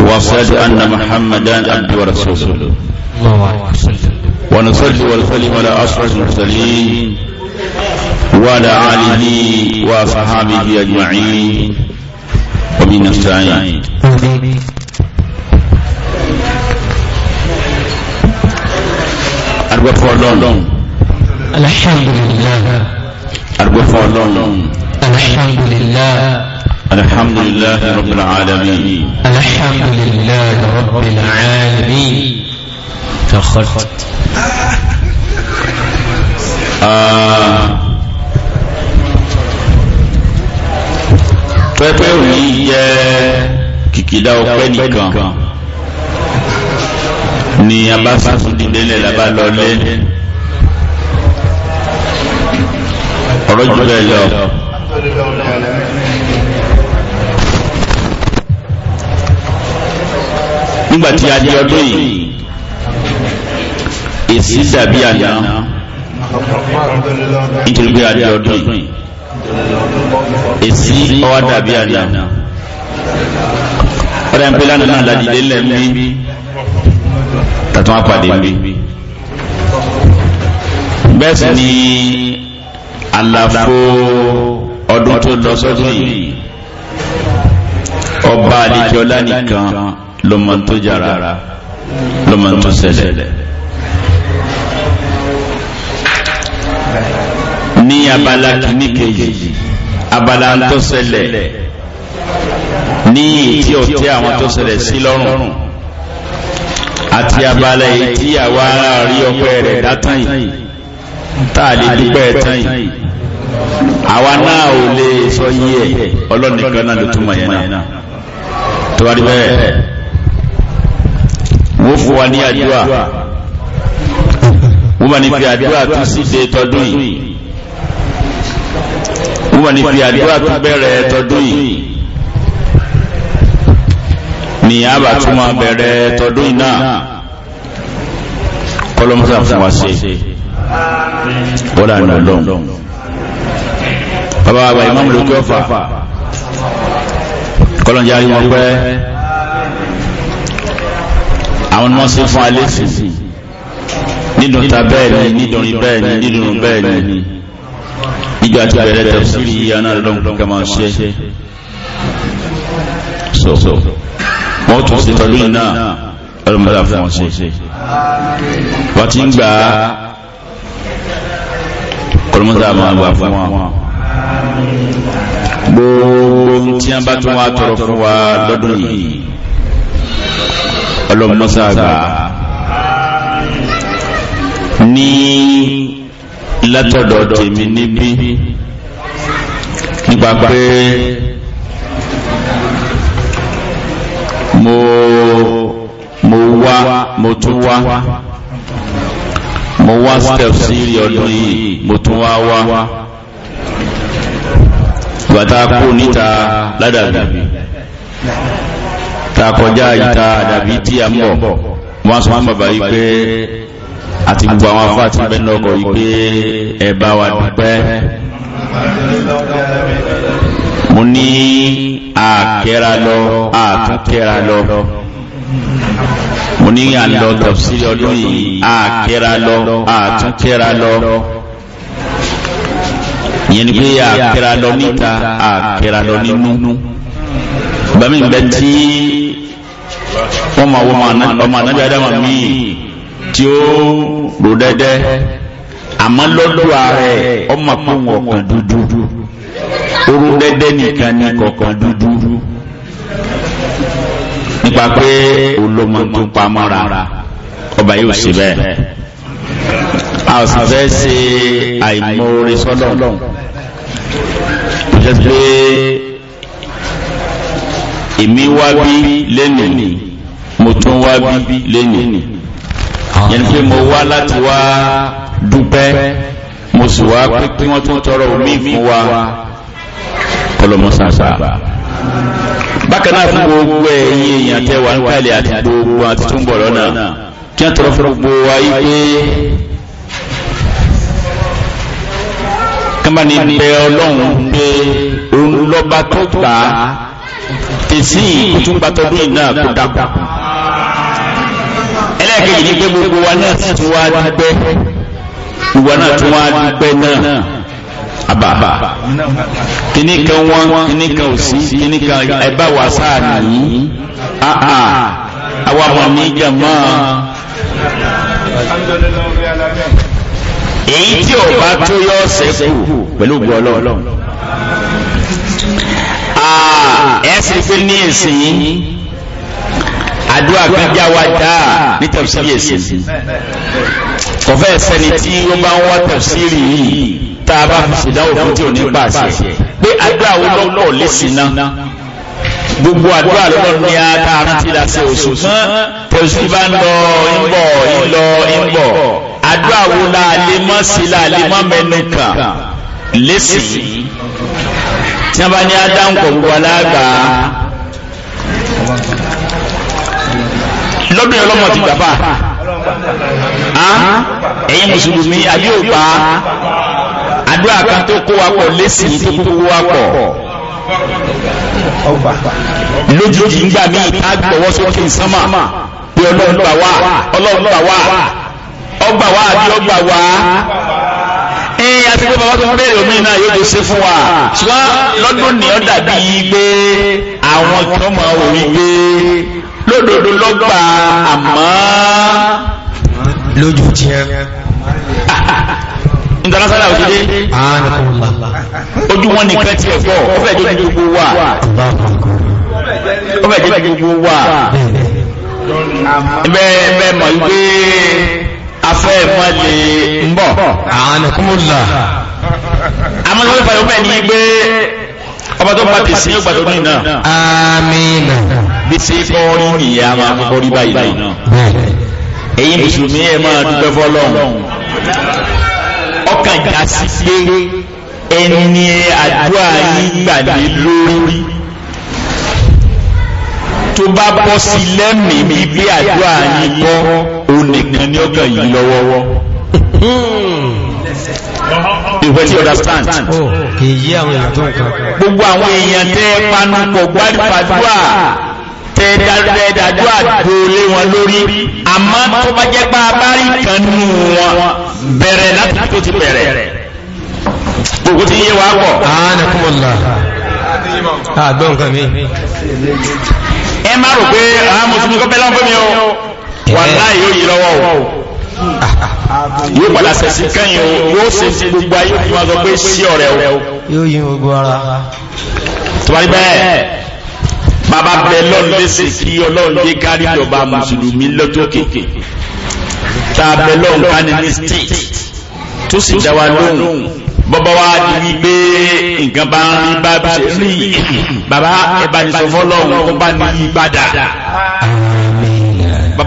واشهد ان محمدا عبده ورسوله اللهم صل وسلم ونصلي ونسلم على اشرف المرسلين وعلى اله وصحبه اجمعين ومن نستعين أربع فردون الحمد لله أربع فردون الحمد لله الحمد لله رب العالمين الحمد لله رب العالمين فخرت pẹ́pẹ́ òní jẹ́ kìkìdá ọpẹ́ nìkan ni a bá sáfún dídélẹ̀ lábá lọlé ọ̀rọ̀ jù bẹ́ẹ̀ lọ. nígbàtí a di ọdún yìí èsì dàbí àná nítorí pé a di ọdún yìí èsì ọwá dàbí àná ọ̀rẹ́ ń pè lánàá náà ládìdé lẹ́mí tàtún apàdé mi bẹ́ẹ̀ sì ni àlàfo ọdún tó lọ sọ́dún yìí ọba àlejò ọlá nìkan lọ́mọ tó jara lọ́mọ tó ṣẹlẹ̀ ní abala kìíní kejì abala tó ṣẹlẹ̀ ní ìtí ọ̀tí àwọn tó ṣẹlẹ̀ sí lọ́rùn àti abala ìtí àwa ara rí ọpẹ́ rẹ̀ dátàn yìí tá a lè dúpẹ́ tán yìí àwa náà ò lè sọ yí ẹ̀ ọlọ́nìkan náà ló túmọ̀ yẹn náà tó wá rí bẹ́ẹ̀ wọ́n fún wa ní àdúrà wọ́n bá ní fi àdúrà tún sí de tọdún yìí wọ́n bá ní fi àdúrà tún bẹ̀rẹ̀ tọdún yìí ní àbá tún máa bẹ̀rẹ̀ tọdún yìí náà kọlọ́mọ́sá fún wa ṣe wọ́n dà nù bàbá àgbà ìmọ̀ ọ̀fà kọlọ́njà rí wọn pẹ́ àwọn náà ṣe fún alẹ́ fèfè nídùn ta bẹ́ẹ̀ ni nídùn bẹ́ẹ̀ ni nídùn bẹ́ẹ̀ ni ìjọ àti bẹ̀rẹ̀ tẹ̀sílì yíyaná lọ́dún kama ṣe so wọ́n tún ṣe tọ́lú iná ọlọ́mọdá fún wọn ṣe wà tí ń gbà kọlọ́mọdá máa gbà fún gbogbo tí wọ́n bá tún wá tọrọ fún wa lọ́dún yìí ọlọ́mọsá àgbà ní látọ̀dọ̀ tèmi níbí nípa pé mo mo wá mo tún wá mo wá step sí ọdún yìí mo tún wá wá bàtà kú níta ládàbí ta kọjá ìta àdàbí tí a ń bọ̀ wọ́n sọ mọ́ bàbá yìí pé àti gbogbo àwọn afá àti bẹ́ẹ̀ ọkọ̀ yìí pé ẹ bá wa dúpẹ́ mo ní àkẹ́ra lọ àtúnkẹ́ra lọ mo ní à ń ọdún yìí àkẹ́ra lọ àtúnkẹ́ra lọ ìyẹn ni pé àkẹ́ra lọ níta àkẹ́ra lọ nínú bàmí bẹ tí wọ́n máa wọ́n ọmọ ànábì adama míì tí ó rò dẹ́dẹ́ àmọ́ lọ́dọ̀ ààrẹ ọmọ pọ̀wọ̀ ọ̀kan dúdú oró dẹ́dẹ́ nìkan ní kọ̀ọ̀kan dúdú nípa pé olómọ tó pamọ́ra ọba yóò ṣe bẹ́ẹ̀ a sì fẹ́ ṣe àìmoore sọ́dọ̀ jẹ́ èmi wá bí lẹ́nìí mo tún wá bí lẹ́nìí ah. yẹn pé mo wá láti wá dúpẹ́ mo sì wá pé wọ́n tún tọrọ omi fún wa kọlọmọsàsà bákan náà fún gbogbo ẹ̀yin èèyàn tẹ́ wà níkàlẹ̀ àti gbogbo àti túnbọ̀ lọ́nà kí wọ́n tọrọ fún gbogbo wa pé kí wọ́n bá ní bẹ ọlọ́run pé òun lọ́ba tó gbà á tèsí ìkútúngbàtọ́dún náà kó dákù ẹlẹ́ẹ̀kejì ní pé gbogbo wa náà ti tún wá dúpẹ́ gbogbo náà tún wá dúpẹ́ náà àbàbà kíní kan wọ́n kíní kan ò sí kíní kan ẹ bá wà sáà nìyí àà àwa mọ̀ ní jàmọ́ èyí tí ò bá tó yọ ọ̀sẹ̀ kù pẹ̀lú gbọ́ ọlọ́run ẹ̀sìn pé ní ìsìn àdúrà kan já wa dáa ní tẹ̀síìrì ẹ̀sìn kò fẹ́ sẹ́ni tí ó bá ń wá tẹ̀síìrì yìí tá a bá fi dáwọ́ fún tí ò ní pàṣẹ pé àdúrà wo lọ́pọ̀ lẹ́sìn náà gbogbo àdúrà lọ́dọ̀ ní ata àrántí lásì oṣù fún tẹ̀sí bá ń lọ ìbọ̀ ìlọ ìbọ̀ àdúrà wo la lè mọ́ sí la lè mọ́ mẹ́nu kàn lẹ́sìn tí wọ́n bá ní adáǹkọ̀ gbogbo alágbà lọ́dún ọlọ́mọ ti gbàfà ẹ̀yin mùsùlùmí àbí òpá àdúrà kan tó kó wa pọ̀ lẹ́sìn tó kó wa pọ̀ lójijì ń gbà mí ká gbọ́wọ́ sókè sánmà pé ọlọ́run gbà wá ọlọ́run gbà wá ọgbà wá àbí ọgbà wá àti pé bàbá tó ń bèèrè omi náà yóò tó ṣe fún wa ṣùgbọ́n lọ́dún ni ó dàbí pé àwọn kan máa wò wípé lódodo lọ́gbà àmọ́ lójú tiẹ̀ international òjìdé ojú wọn nìkan tí ẹ̀fọ́ ó fẹ́ jẹ́ gbogbo wà ó fẹ́ jẹ́ gbogbo wà ibẹ̀ mọ̀ wípé afẹ́ mọ́ lè ń bọ̀ àánàkúnmọ́lá amọ́lọ́wọ́ ìfàyọ́ mẹ́ ní gbé ọba tó bá kìí sí ìgbàdó ní náà amínà bí sí kọ́ orí ìyá máa mú kọrí báyìí náà èyí mùsùlùmí ẹ máa dúpẹ́ fọ́lọ́run ọkàn ìjà sí pé ẹni àdúrà yín gbàdé lórí tó bá bọ́ sí lẹ́mìí bí àdúrà yín bọ́ ó nìkan ní ọkàn yìí lọ́wọ́wọ́ ìwé tí understand oh, gbogbo àwọn èèyàn tẹ́ panupọ̀ gbádùpàdùà tẹ́ dájúà dòlé wọn lórí àmọ́ tó bá jẹ́ pa abárí kan nù wọn bẹ̀rẹ̀ láti tó ti bẹ̀rẹ̀ gbogbo ti yé wa pọ̀ àgbọ̀n kan mi ẹ má rò pé àwọn ah, mùsùlùmí kọ́ bẹ́ẹ̀ lọ́n fún mi o wàláhì yóò yí lọ́wọ́ o yóò padà sẹ̀sí kẹ́yìn o yóò ṣe gbogbo ayé fún wa sọ pé sí ọ̀rẹ́ o yóò yí gbogbo ara tó bá rí bẹ́ẹ̀ bàbá bẹ lọ́nà lẹ́sì kí ọlọ́run dé kárí ìjọba mùsùlùmí lọ́tọ́kè tá a bẹ lọ́nà kání ní state tó sì dá wa lóhùn bọ́bá wa di wípé nǹkan bá ń rí bá rí bàbá ẹ̀ bá kó bá ní yí padà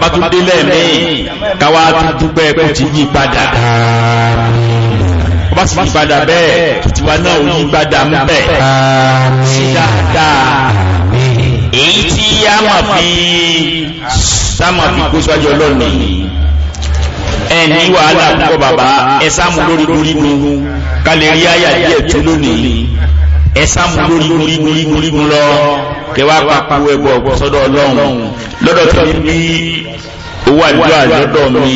bàbá tún délẹ̀ mí káwá tún dúpẹ́ kó ti yí padà bá sì yí padà bẹ́ẹ̀ tìtiwa náà ò yí padà ń bẹ̀ sí dáadáa èyí tí a mà fi sáàmà fi kó síwájú ọlọ́ọ̀nì ẹni wàhálà púpọ̀ bàbá ẹ sáàmù lórí lórí nu kálẹ̀ rí díẹ̀ tó lónìí ẹ̀sà mú lórí gbórígbórí gbórígbó lọ kẹwàá pàpàwọ ẹ̀bọ̀ sọ́dọ̀ ọlọ́run lọ́dọ̀ tó ní bí owó àdúrà lọ́dọ̀ mi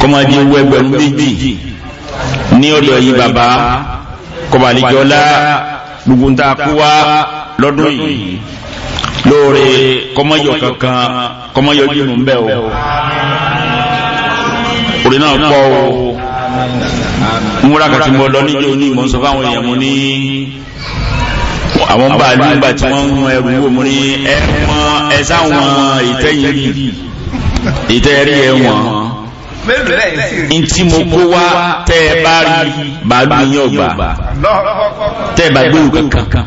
kọ́mọdé owó ẹgbẹ̀rún méjì ní ọ̀dọ̀ yìí bàbá kọ̀bàlìjọ́lá gbogbo ta kú wá lọ́dún yìí lóore kọ́mọyọ kankan kọ́mọyọ dínú ń bẹ̀ o òrìnà pọ̀ o múra kàtí mo lọ níjó ní mo ń sọ fáwọn èèyàn mo ní àwọn bá ní ìgbà tí wọ́n ń ẹrù wò mo ní ẹ̀wọ̀n ẹ̀sà wọn ìtẹ́yìn rí ìtẹ́rí ẹ̀wọ̀n ntí mo kó wá tẹ́ ẹ bá rí bàálù yín ọgbà tẹ́ ẹ bá gbèrú kankan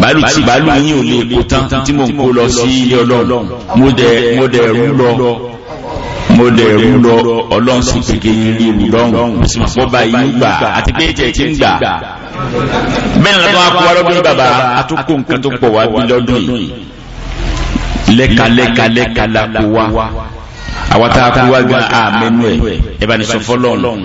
bàálù tí bàálù yín ò lè kó tán tí mo kó lọ sí ilé ọlọ́run mo dẹ̀ rú lọ mo dẹ̀ ń lọ ọlọ́run sì fi kí n rí ìrùlọ́run sì máa bọ́ba yìí gbà àti pé ìjẹ́ wá bí lọ́dún yìí lẹ́kalẹ́kalẹ́ka la kó wa àwa tá a kó wa gbà á mẹ́nu ẹ̀ ẹ̀ bá ní sọ fọ́lọ́run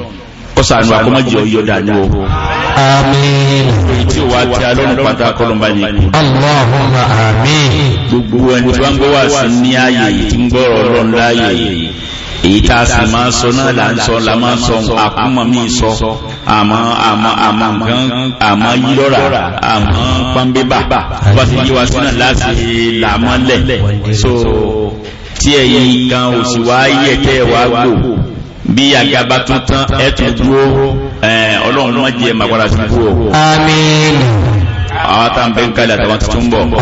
tí o wá tí a lọ́nà pátá kọlọmba ni. Allahumma àmín. gbogbo ẹni tí wọ́n ń gbọ́ sí ní ààyè tí ń gbọ́rọ̀ ọlọ́run láàyè èyí tá a sì máa sọ náà là ń sọ là máa sọ àkúmọ̀ mí sọ àmọ́ àmọ́ àmọ́ nǹkan àmọ́ yílọ́ra àmọ́ pọ́nbébà bá ti yíwa sí náà láti là mọ́lẹ̀ so tí ẹ̀yin kan ò sì wá yẹ tẹ́ ẹ wá gbò bí àgàbà tuntun ẹ̀ tún dúró ọlọ́run wọn màgbára sí dúró. àmín àwọn tá ń bẹ́ ń kalẹ̀ àtàwọn tuntun bọ̀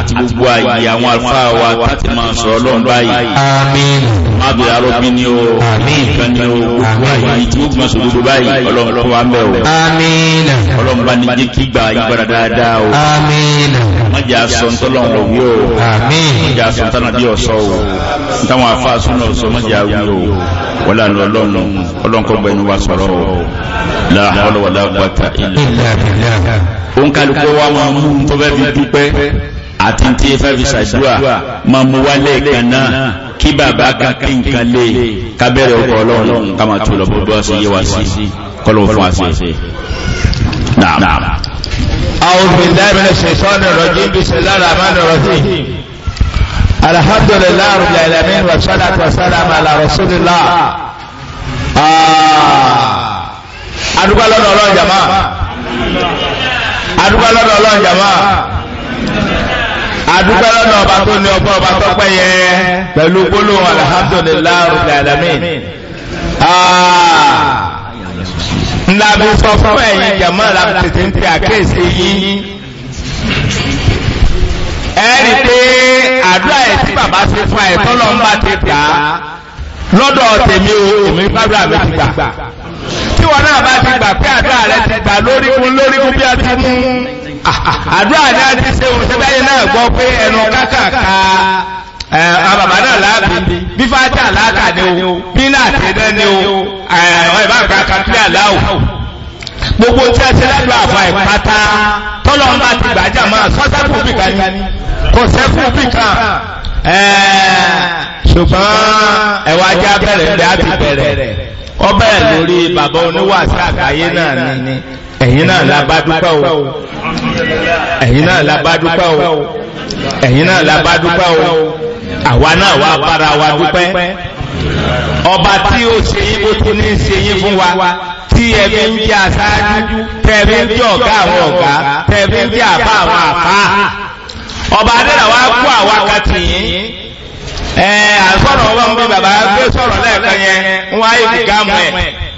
àti gbogbo àyè àwọn àlùfáà wa láti máa sọ ọlọ́run báyìí má bèrè arọ́bí ni o gbogbo àyè tí ó gbogbo báyìí ọlọ́run mọ́jà sọ ntọ́lọ́wọ́ wí o mọ́jà sọ ntánàbí ọ̀sọ́ o ntáwọn afáàsùn náà sọ mọ́jà wí o wọ́n lànà ọlọ́run ọlọ́nkọ́ gbẹ̀yìn wa sọ̀rọ̀ o láàrín wọ́n lágbàtà ilẹ̀ òǹkàlùkọ́ wa máa mú tó fẹ́ fi dúpẹ́ àti tí ẹ fẹ́ fi ṣàdúrà máa mú wálé kan náà kí bàbá kan kí nǹkan lè kábẹ́rẹ̀ ọkọ̀ ọlọ́run ká máa tó lọ bó bá ṣe yé wa sí kọ́lọ́ fún àṣẹ. Naam. أعوذ بالله من الشيطان الرجيم بسم الله الرحمن الرحيم الحمد لله رب العالمين والصلاة والسلام على رسول الله adúgbà lọ́dọ̀ Ọlọ́run jama adúgbà lọ́dọ̀ Ọlọ́run jama adúgbà lọ́dọ̀ ọba tó ní ọgbọ́n ọba tó pẹ́ yẹ pẹ̀lú gbólóhùn alhamdulillahi rabbil alamin ńlábi sọ fún ẹ̀yin jẹ̀mọ́ la tètè ń pe àkéèsí yín ẹ̀rì pé àdúrà ẹ̀ tí bàbá ṣe fún ẹ̀ tọ́lọ́ ń bá ti gbà á lọ́dọ̀ tèmi o èmi gbàdúrà mi ti gbà tí wọn náà bá ti gbà pé àdúrà rẹ ti gbà lóríkún lóríkún bí a ti mú àdúrà ni a ti ṣe òṣèlú ẹ̀yìn náà gbọ́ pé ẹnu kákàká àbàbà náà láàbí bí fájá aláàkà ni o bí náà tẹ́lẹ̀ ni o àwọn ìbá nǹkan kan tí aláwò gbogbo tí a ṣe lẹ́nu àfa ìpátá tọ́lọ́ ń bá ti gbàjà máa sọ́sẹ́kù bìkan ni kò sẹ́kù bìkan ṣùgbọ́n ẹ̀wà ajá bẹ̀rẹ̀ bí ti bẹ̀rẹ̀ ọ lórí bàbá oníwàásí àgbáyé náà ni ẹ̀yin náà labádúpẹ́ o ẹ̀yin náà labádúpẹ́ o ẹ̀yin náà labádúpẹ́ o. àwa náà wá wa dúpẹ́ ọba tí ó ṣe yín bó ti ní ṣe yín fún wa tí ẹbí ń jẹ́ aṣáájú tẹ̀bí ń ọ̀gá àwọn ọ̀gá tẹbí ń àwọn àbá ọba adẹ́rà wa kú àwa kan tì yín ọba ń bí bàbá gbé yẹn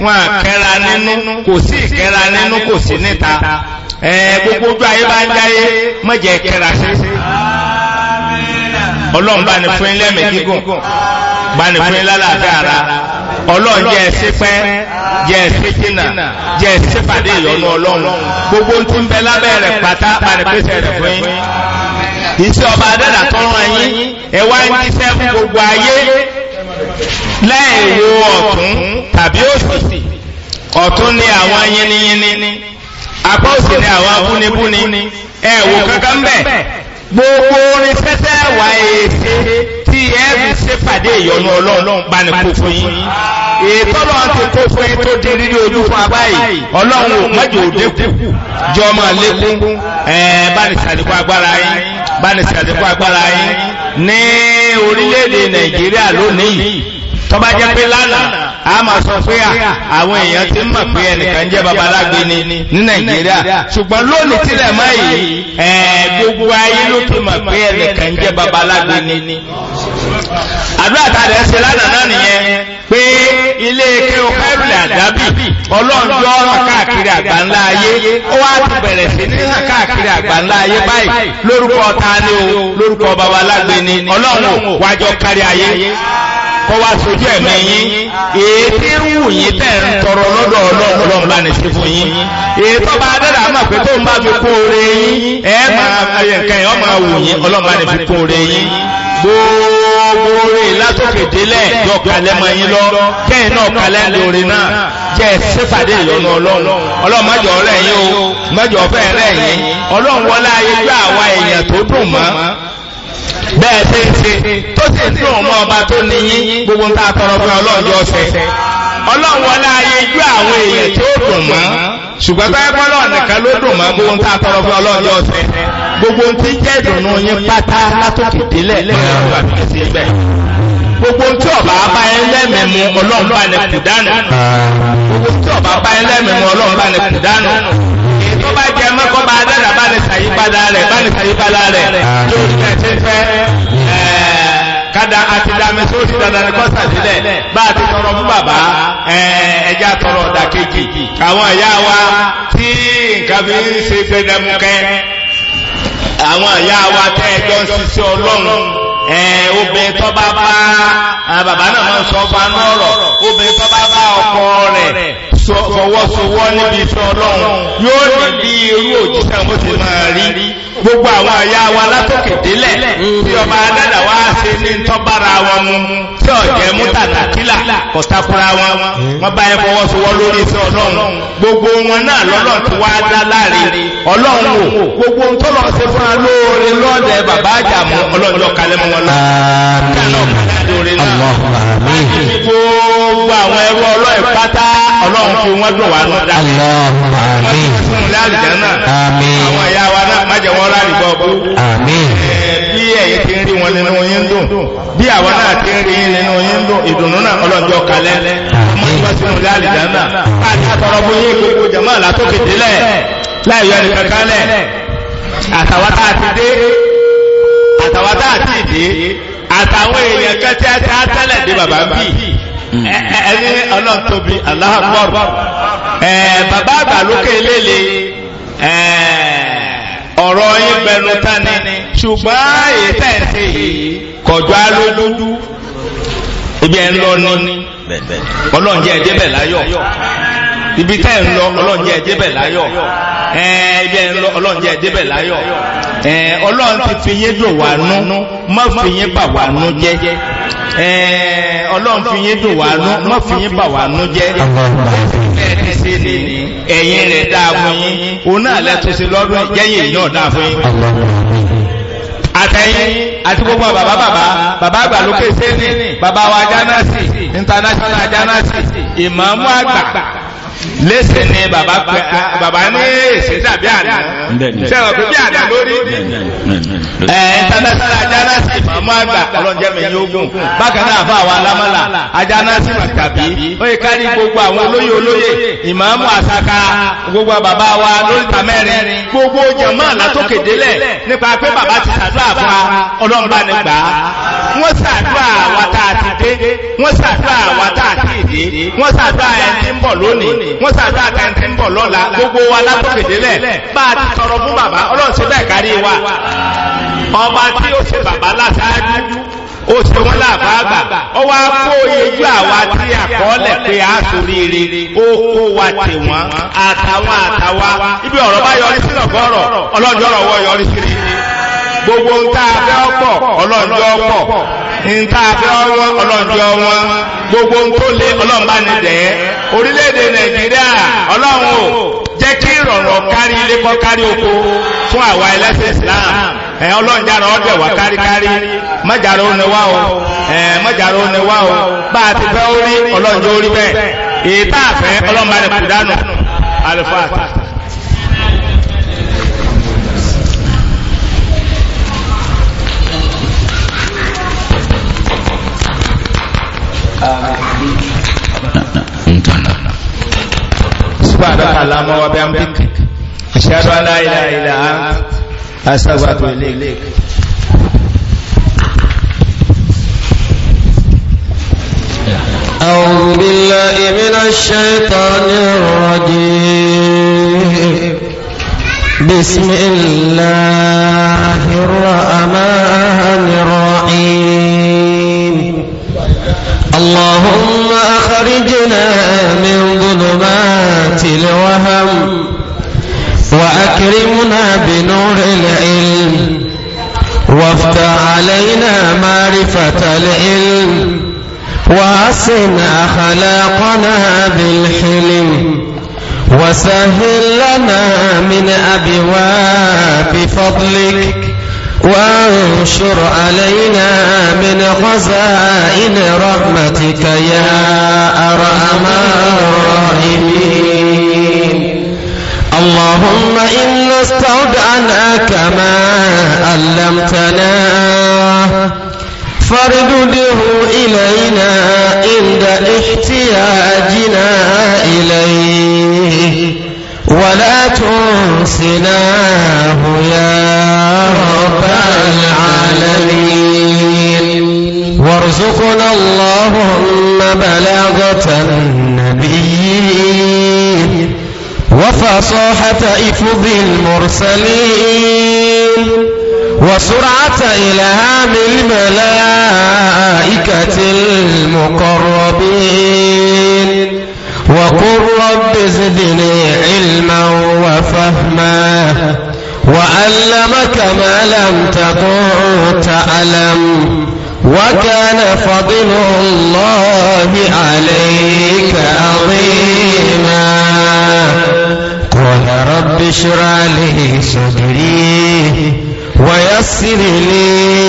wọn kẹ́ra nínú kò sí ìkẹ́ra nínú kò sí níta gbogbo ojú ayé bá ń dáyé mọ̀jẹ̀ kẹ́ra sí ọlọ́run bá ní fún ilé mẹ́gígùn bá ní fún ilé aláàfẹ́ ara ọlọ́run jẹ́ ẹ̀sí pẹ́ jẹ́ ẹ̀sí jìnà jẹ́ ẹ̀sí pàdé ìyọnu ọlọ́run gbogbo tí ń bẹ lábẹ́ rẹ̀ pátá bá ní pèsè rẹ̀ fún yín iṣẹ́ ọba adẹ́dà tọ́rọ ẹ̀yìn ẹ̀wá ń jíṣẹ́ fún gbogbo ayé lẹ́yìn wo ọ̀tún ọ̀tún ni àwọn yínníyínní apá òsì ni àwọn abúnibúni ẹ wò kankan ń bẹ gbogbo orin sẹ́sẹ́ wà èsè tí ẹ fi ṣèpàdé ìyọnu ọlọ́run bá ní kó fún yín ètò ọlọ́run ti kó fún yín tó di rírí ojú fún apá yìí ọlọ́run ò mọ́jọ òdekù jọ ọmọ lẹ́kún ẹ̀ẹ́ bá ní ṣàdékù agbára yín bá ní ṣàdékù agbára yín ní orílẹ̀-èdè nàìjíríà lónìí tó lánàá a ma sọ pé àwọn èèyàn ti mọ̀ pé ẹnìkan jẹ́ babalágbé ni ní nàìjíríà ṣùgbọ́n lónìí tí lẹ̀ mọ́ yìí gbogbo ayé ló ti mọ̀ pé ẹnìkan jẹ́ babalágbé ni àdúrà tá a lè ṣe lánàá náà nìyẹn pé ilé kéwọ́ kẹ́rùlẹ̀ àdábì ọlọ́run yọ ọ̀rọ̀ káàkiri àgbáńlá ayé ó wá ti bẹ̀rẹ̀ sí ní hàn káàkiri àgbáńlá ayé báyìí lórúkọ ta ni o lórúkọ babalágbé ni ọlọ́run wájọ kárí ayé kọ́ wá sojú ẹ̀mí yín èédé ń wù yín tẹ̀ ń tọrọ lọ́dọ̀ ọlọ́run bá ní ṣe fún yín èétọ́ bá dẹ́dà mọ̀ pé tó ń bá fi kó ore yín ẹ máa nǹkan yẹn ọmọ wù yín ọlọ́run bá ní fi kó ore yín gbogbo ore látòkè délẹ̀ yọ kalẹ̀ mọ́ yín lọ kẹ́yìn náà kalẹ̀ ń náà jẹ́ sípàdé ìyọnu ọlọ́run ọlọ́run mọ́jọ ọ̀rẹ́ yín o mọ́jọ ọ̀fẹ́ rẹ̀ yín ọlọ́run wọlé ayé gbé àwa èèyàn tó dùn mọ́ bẹ́ẹ̀ ṣe ń ṣe tó sì ń dùn mọ́ ọba tó gbogbo ń ta ọlọ́ọ̀jọ́ ọ̀sẹ̀ ọlọ́run wọlé ayé ju àwọn èèyàn tí ó dùn mọ́ ṣùgbọ́n tó ẹgbọ́n nìkan ló dùn mọ́ gbogbo ń ta ọlọ́ọ̀jọ́ gbogbo ń jẹ́ ìdùnnú yín pátá látòkè délẹ̀ gbogbo tí ọba ọba dẹ́dà bá ní ṣàyípadà rẹ̀ bá ní ṣàyípadà rẹ̀ yóò tẹ̀ ṣe fẹ́ kada àti dàmẹ́ tó ti dandan ní kọ́sà sílẹ̀ bá a ti tọrọ fún bàbá ẹja tọrọ ọ̀dà kejì àwọn ìyá wa tí nǹkan fi ń ṣe gbẹdẹmukẹ àwọn ìyá wa tẹ́ ẹjọ́ ń ṣiṣẹ́ ọlọ́run obìnrin tó bá bá baba, náà máa ń sọ fún anú ọ̀rọ̀ obìnrin tó bá bá ọkọ rẹ̀ fọwọ́sowọ́ níbi ìfẹ́ ọlọ́run yóò ní bí irú òjíṣẹ́ bó ti máa rí gbogbo àwọn àyà wa látòkè délẹ̀ tí ọba adáda wá ṣe ní tọ́bára wọn mu tí ọ̀jẹ̀ mú tàtàkìlà kọ̀tàkùrà wọn wọn bá yẹ fọwọ́sowọ́ lórí ìfẹ́ ọlọ́run gbogbo wọn náà lọ́lọ́ ti wá dá láre ọlọ́run wò gbogbo ohun tó lọ ṣe fúnra lóore lọ́dẹ bàbá àjàmú ọlọ́run lọ kalẹ̀ mọ́ wọn náà. Gbogbo àwọn ẹrú ọlọ́ ìpátá ọlọ́run fi wọ́n dùn wà náà Allahumma àmín. Wọ́n ti láàrín jẹ́nà. Àmín. Àwọn ìyá wa náà má jẹ́ wọ́n rárí bọ́ bú. Àmín. Bí ẹ̀yin ti ń rí wọn nínú yín dùn, bí àwọn náà ti ń rí yín nínú yín dùn, ìdùnnú náà ọlọ́jọ́ kalẹ̀. Àmín. Wọ́n ti láàrín jẹ́nà. Àtàwátá àti dé, àtàwátá àti ìdé, àtàwọn èèyàn kan tí a ẹni mm. eh, eh, eh, ọlọ́ntóbi aláhàgbọ́rù bàbá àgbà lókè lélẹ̀ ọ̀rọ̀ yín bẹnu tani ṣùgbọ́n èyí tẹ̀sí yìí kọjọ́ alólódú ibi ẹ̀ ń lọ ní ọlọ́njẹ́ ẹ̀jẹ̀ bẹ̀ láyọ̀ ibi tẹ́ ń lọ ọlọ́njẹ́ ẹ̀jẹ̀ bẹ̀ láyọ̀ ibi ẹ̀ ń lọ ọlọ́njẹ́ ẹ̀jẹ̀ bẹ̀ láyọ̀ ọlọ́run ti fi yín dùn wà nú má fi yín bà wà nú jẹ́ ọlọ́run fi yín dùn wá nú mọ́ fi yín bà wá nú jẹ́ ẹ̀yìn rẹ̀ dáa fún yín òun náà lẹ́tọ́ sí lọ́dún jẹ́yìn èèyàn dáa fún yín àtẹ̀yìn àti gbogbo bàbá bàbá bàbá àgbà lókè sẹ́ni bàbá wa jánásì international jánásì ìmáàmù àgbà lẹ́sẹ̀ ni bàbá pẹ́ bàbá ní èsì dàbí àná sẹ́wọ̀n pé bí àná lórí international ajanasi màmú àgbà ọlọ́njẹ́ mi yóò gùn bákan náà fún àwọn alámọ́là ajanasi màtàbí ó yẹ kárí gbogbo àwọn olóyè olóyè ìmáàmù àsaka gbogbo bàbá wa lóríta mẹ́rin gbogbo jẹ̀mọ́ àlátòkè délẹ̀ nípa pé bàbá ti ṣàdúrà fún wa ọlọ́mọba ni gbà á wọ́n ṣàdúrà wa tá a ti dé wọ́n ṣàdúrà wa tá a ti dé wọ́n ṣàdúrà ẹni ń bọ̀ lónìí wọ́n sàdá àkàntí ń bọ̀ lọ́la gbogbo wa látòkèdélẹ̀ bá a ti sọ̀rọ̀ fún bàbá ọlọ́run ṣe bẹ́ẹ̀ kárí wa ọba tí ó ṣe bàbá láṣáájú ó ṣe wọ́n láàbàgbà ó wá kó oyejú àwa tí àkọọ́lẹ̀ pé a soríire ó kó wa tè wọ́n àtàwọn àtàwa ibi ọ̀rọ̀ bá yọrí sí lọ́gọ́rọ̀ ọlọ́run ọ̀rọ̀ wọ́n yọrí sí rí gbogbo ń tá a fẹ́ ọ̀pọ̀ nta àfi ọwọ́ ọlọ́jọ́ wọn gbogbo ń tó lé ọlọ́run bá ní dẹ̀ orílẹ̀-èdè nàìjíríà ọlọ́run ò jẹ́ kí ìrọ̀rọ̀ kárí ilé kọ́ kárí oko fún àwa ẹlẹ́sìn islam ẹ̀ ọlọ́run jára ọdẹ wà káríkárí mọ́jàrá ó ní wá o ẹ̀ mọ́jàrá ó ní wá o bá a ti fẹ́ orí ọlọ́run orí bẹ́ẹ̀ èyí tá a kùdánù àlùfáà. سبحانك اللهم وبحمدك أشهد أن لا إله إلا أنت أستغفرك إليك أعوذ بالله من الشيطان الرجيم بسم الله الرحمن الرحيم اللهم أخرجنا من ظلمات الوهم وأكرمنا بنور العلم وافتح علينا معرفة العلم وأحسن أخلاقنا بالحلم وسهل لنا من أبواب فضلك وانشر علينا من خزائن رحمتك يا أرحم الراحمين اللهم إنا استودعناك ما علمتنا فردده إلينا عند احتياجنا إليه ولا تنسناه يا رب العالمين وارزقنا اللهم بلاغة النبيين وفصاحة إفض المرسلين وسرعة إلهام الملائكة المقربين وقل رب زدني علما وفهما وعلمك ما لم تكن تعلم وكان فضل الله عليك عظيما قال رب اشرع لي صدري ويسر لي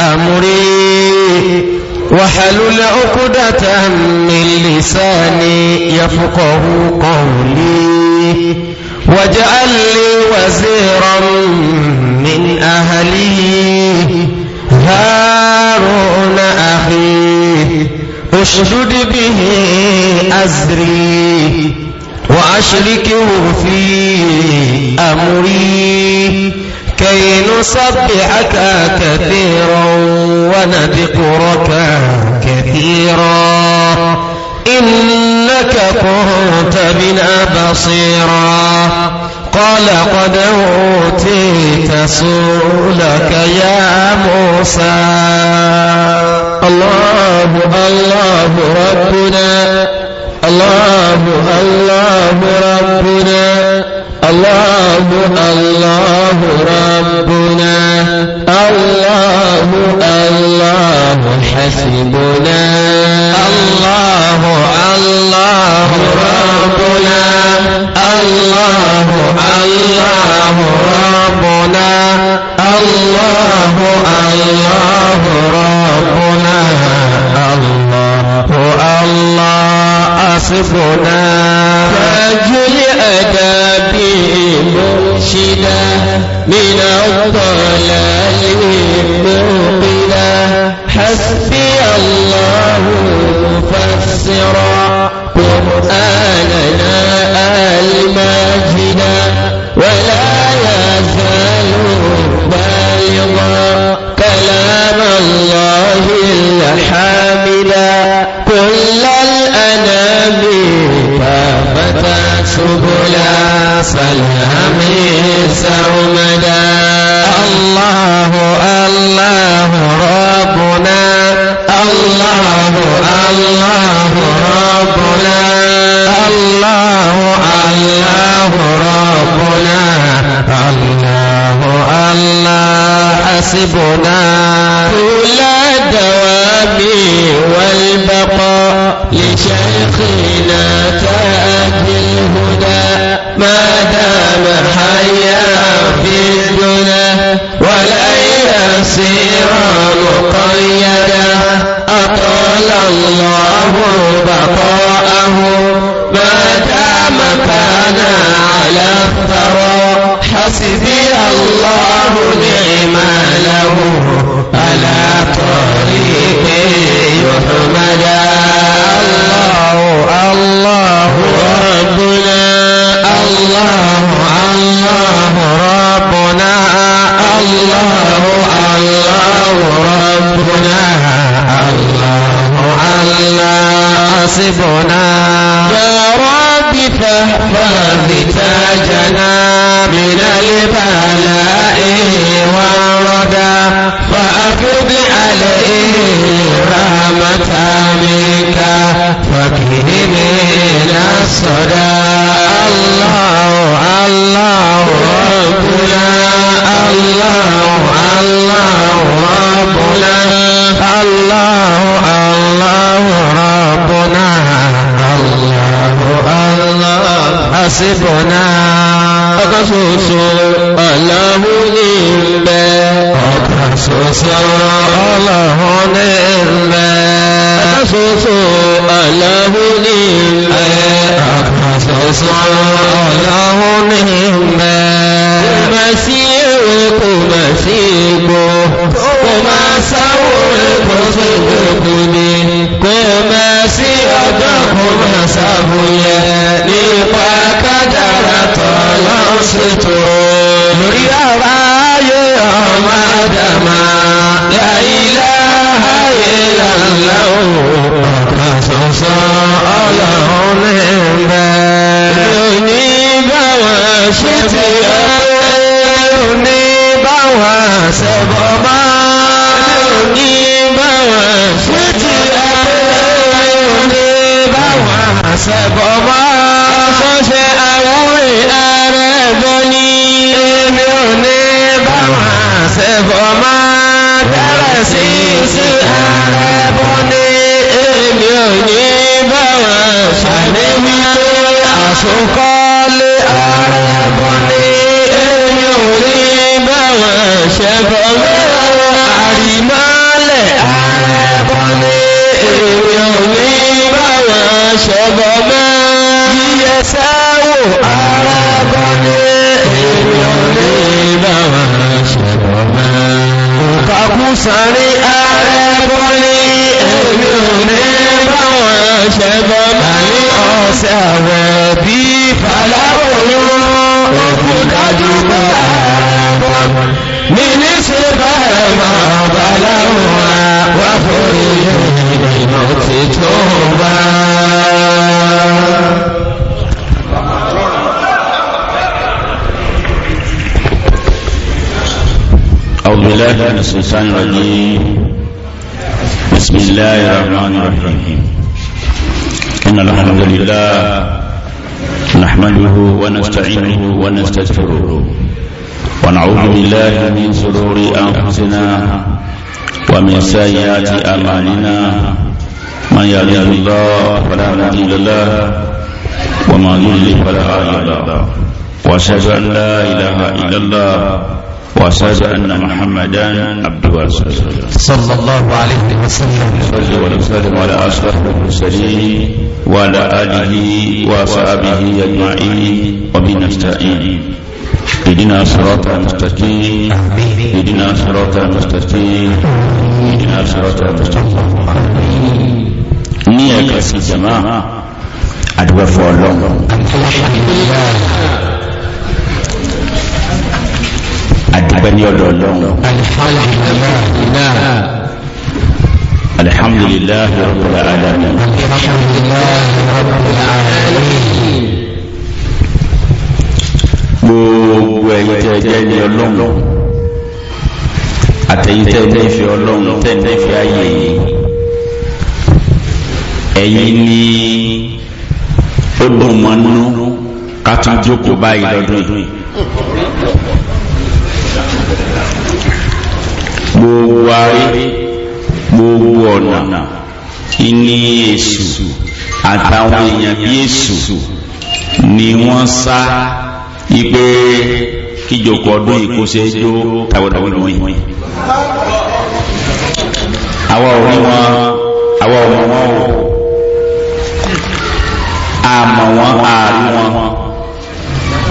أمري وحلل عقدة من لساني يفقه قولي واجعل لي وزيرا من أهلي هارون أخي اشدد به أزري وأشركه في أمري كي نسبحك كثيرا ونذكرك كثيرا إنك كنت بنا بصيرا قال قد أوتيت سؤلك يا موسى الله الله ربنا الله الله ربنا الله الله ربنا الله الله حسبنا الله الله ربنا الله الله ربنا الله الله ربنا الله الله أصفنا أجل أداب مرشدا من الضلال موقدا حسبي الله مفسرا قرآننا الماجدا ولا يزال بالغا كلام الله الحمد العلا فالهم سرمدا الله الله ربنا الله الله ربنا الله الله ربنا الله الله حسبنا كل الدوام والبقاء لشيخنا hasbi Allah بالله من شرور أنفسنا ومن سيئات أعمالنا من يهده الله فلا مضل له ومن يضلل فلا هادي له وأشهد أن لا إله إلا الله وأشهد أن محمدا عبده ورسوله صلى الله عليه وسلم صلى وسلم على أشرف المرسلين وعلى آله وصحبه أجمعين وبنستعين اهدنا صراط المستقيم اهدنا صراط المستقيم اهدنا صراط المستقيم نية كسي جماعة أدوى فولون أدوى نيودو لون الحمد لله رب العالمين الحمد لله رب العالمين ẹ̀yin tẹ́ jẹ́ ní ọlọ́run àtẹ̀yin tẹ́ nífẹ̀ẹ́ ọlọ́run tẹ́ nífẹ̀ẹ́ ayé yìí ẹ̀yin ni ó dùn mọ́nú ká tún jókòó báyìí lọ́dún yìí gbogbo ayé gbogbo ọ̀nà ìní èṣù àtàwọn èèyàn bí èṣù ni wọ́n sá ipé kíjọkọ ọdún ìkóṣe jó tàwọn àwọn ìlú yìí àwọn òní wọn àwọn ọmọ wọn ò àmọ́ wọn ààrí wọn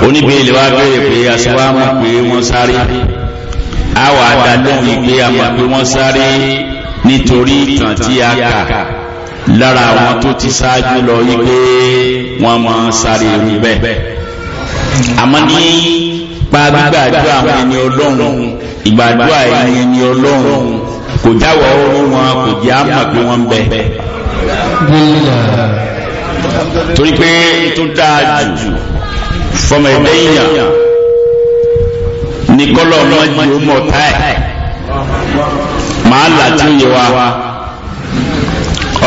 oníbèèlè wa béèrè pé aṣọwá mọ̀ pé wọ́n sáré àwọn àdádóhùn ìgbé àmọ̀ pé wọ́n sáré nítorí ìtàn tí a kà lára àwọn tó ti ṣáájú lọ yí wọ́n máa sáré rú bẹ́ẹ̀ àmọ́ ní nípa gbígbàdúrà àwọn ẹni ọlọ́run ìgbàdúrà ẹni ẹni ọlọ́run kò jáwọ́ orí wọn kò jẹ́ àmọ̀ pé wọ́n ń bẹ. torí pé tó dáa jù fọmọ ẹgbẹ́ yìnyàn ní kọ́lọ̀ wọn ju ọmọ ọ̀tá ẹ̀ máa là tí ó yẹ wa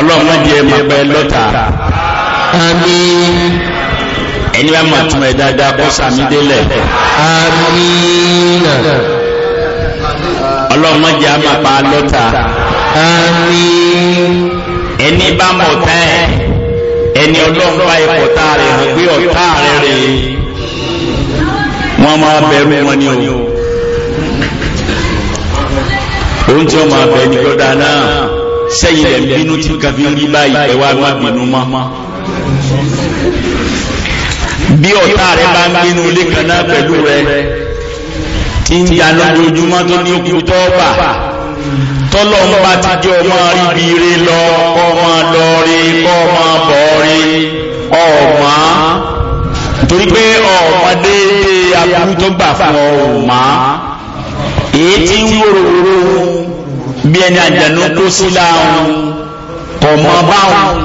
ọlọ́run jẹ́ mọ̀ pẹ́ lọ́ta. àmín ẹni bá mọ̀ túnmọ̀ ẹ̀ dáadáa kó sàmì délẹ̀. amínà. ọlọ́run jẹ́ àmà pa ẹni bá mọ̀ tá ẹni ọlọ́run bá ipò tá rẹ̀ hàn pé ọ̀tá rẹ̀ rèé. wọ́n máa bẹ̀rù wọn ni o. òun tí wọ́n máa bẹ̀ ní gbọ́dá náà sẹ́yìn rẹ̀ bínú tí kàbí rí báyìí ẹ̀ wá bínú mọ́ bí ọ̀tá rẹ̀ bá ń gbénu ilé kan náà pẹ̀lú rẹ̀ tí ń jà lójoojúmọ́ tó ní okùn tọ́ọ̀bà tọ́lọ̀ ń bá ti jẹ́ ọmọ ríbi rí lọ ọmọ lọ rí ọmọ bọ̀ rí torí pé ọmọdé aburú tó gbà fún ọmọ èyí tí ń wòròwòrò bí ẹni àjànú kó sí láàrún kọ̀mọ́ báwọn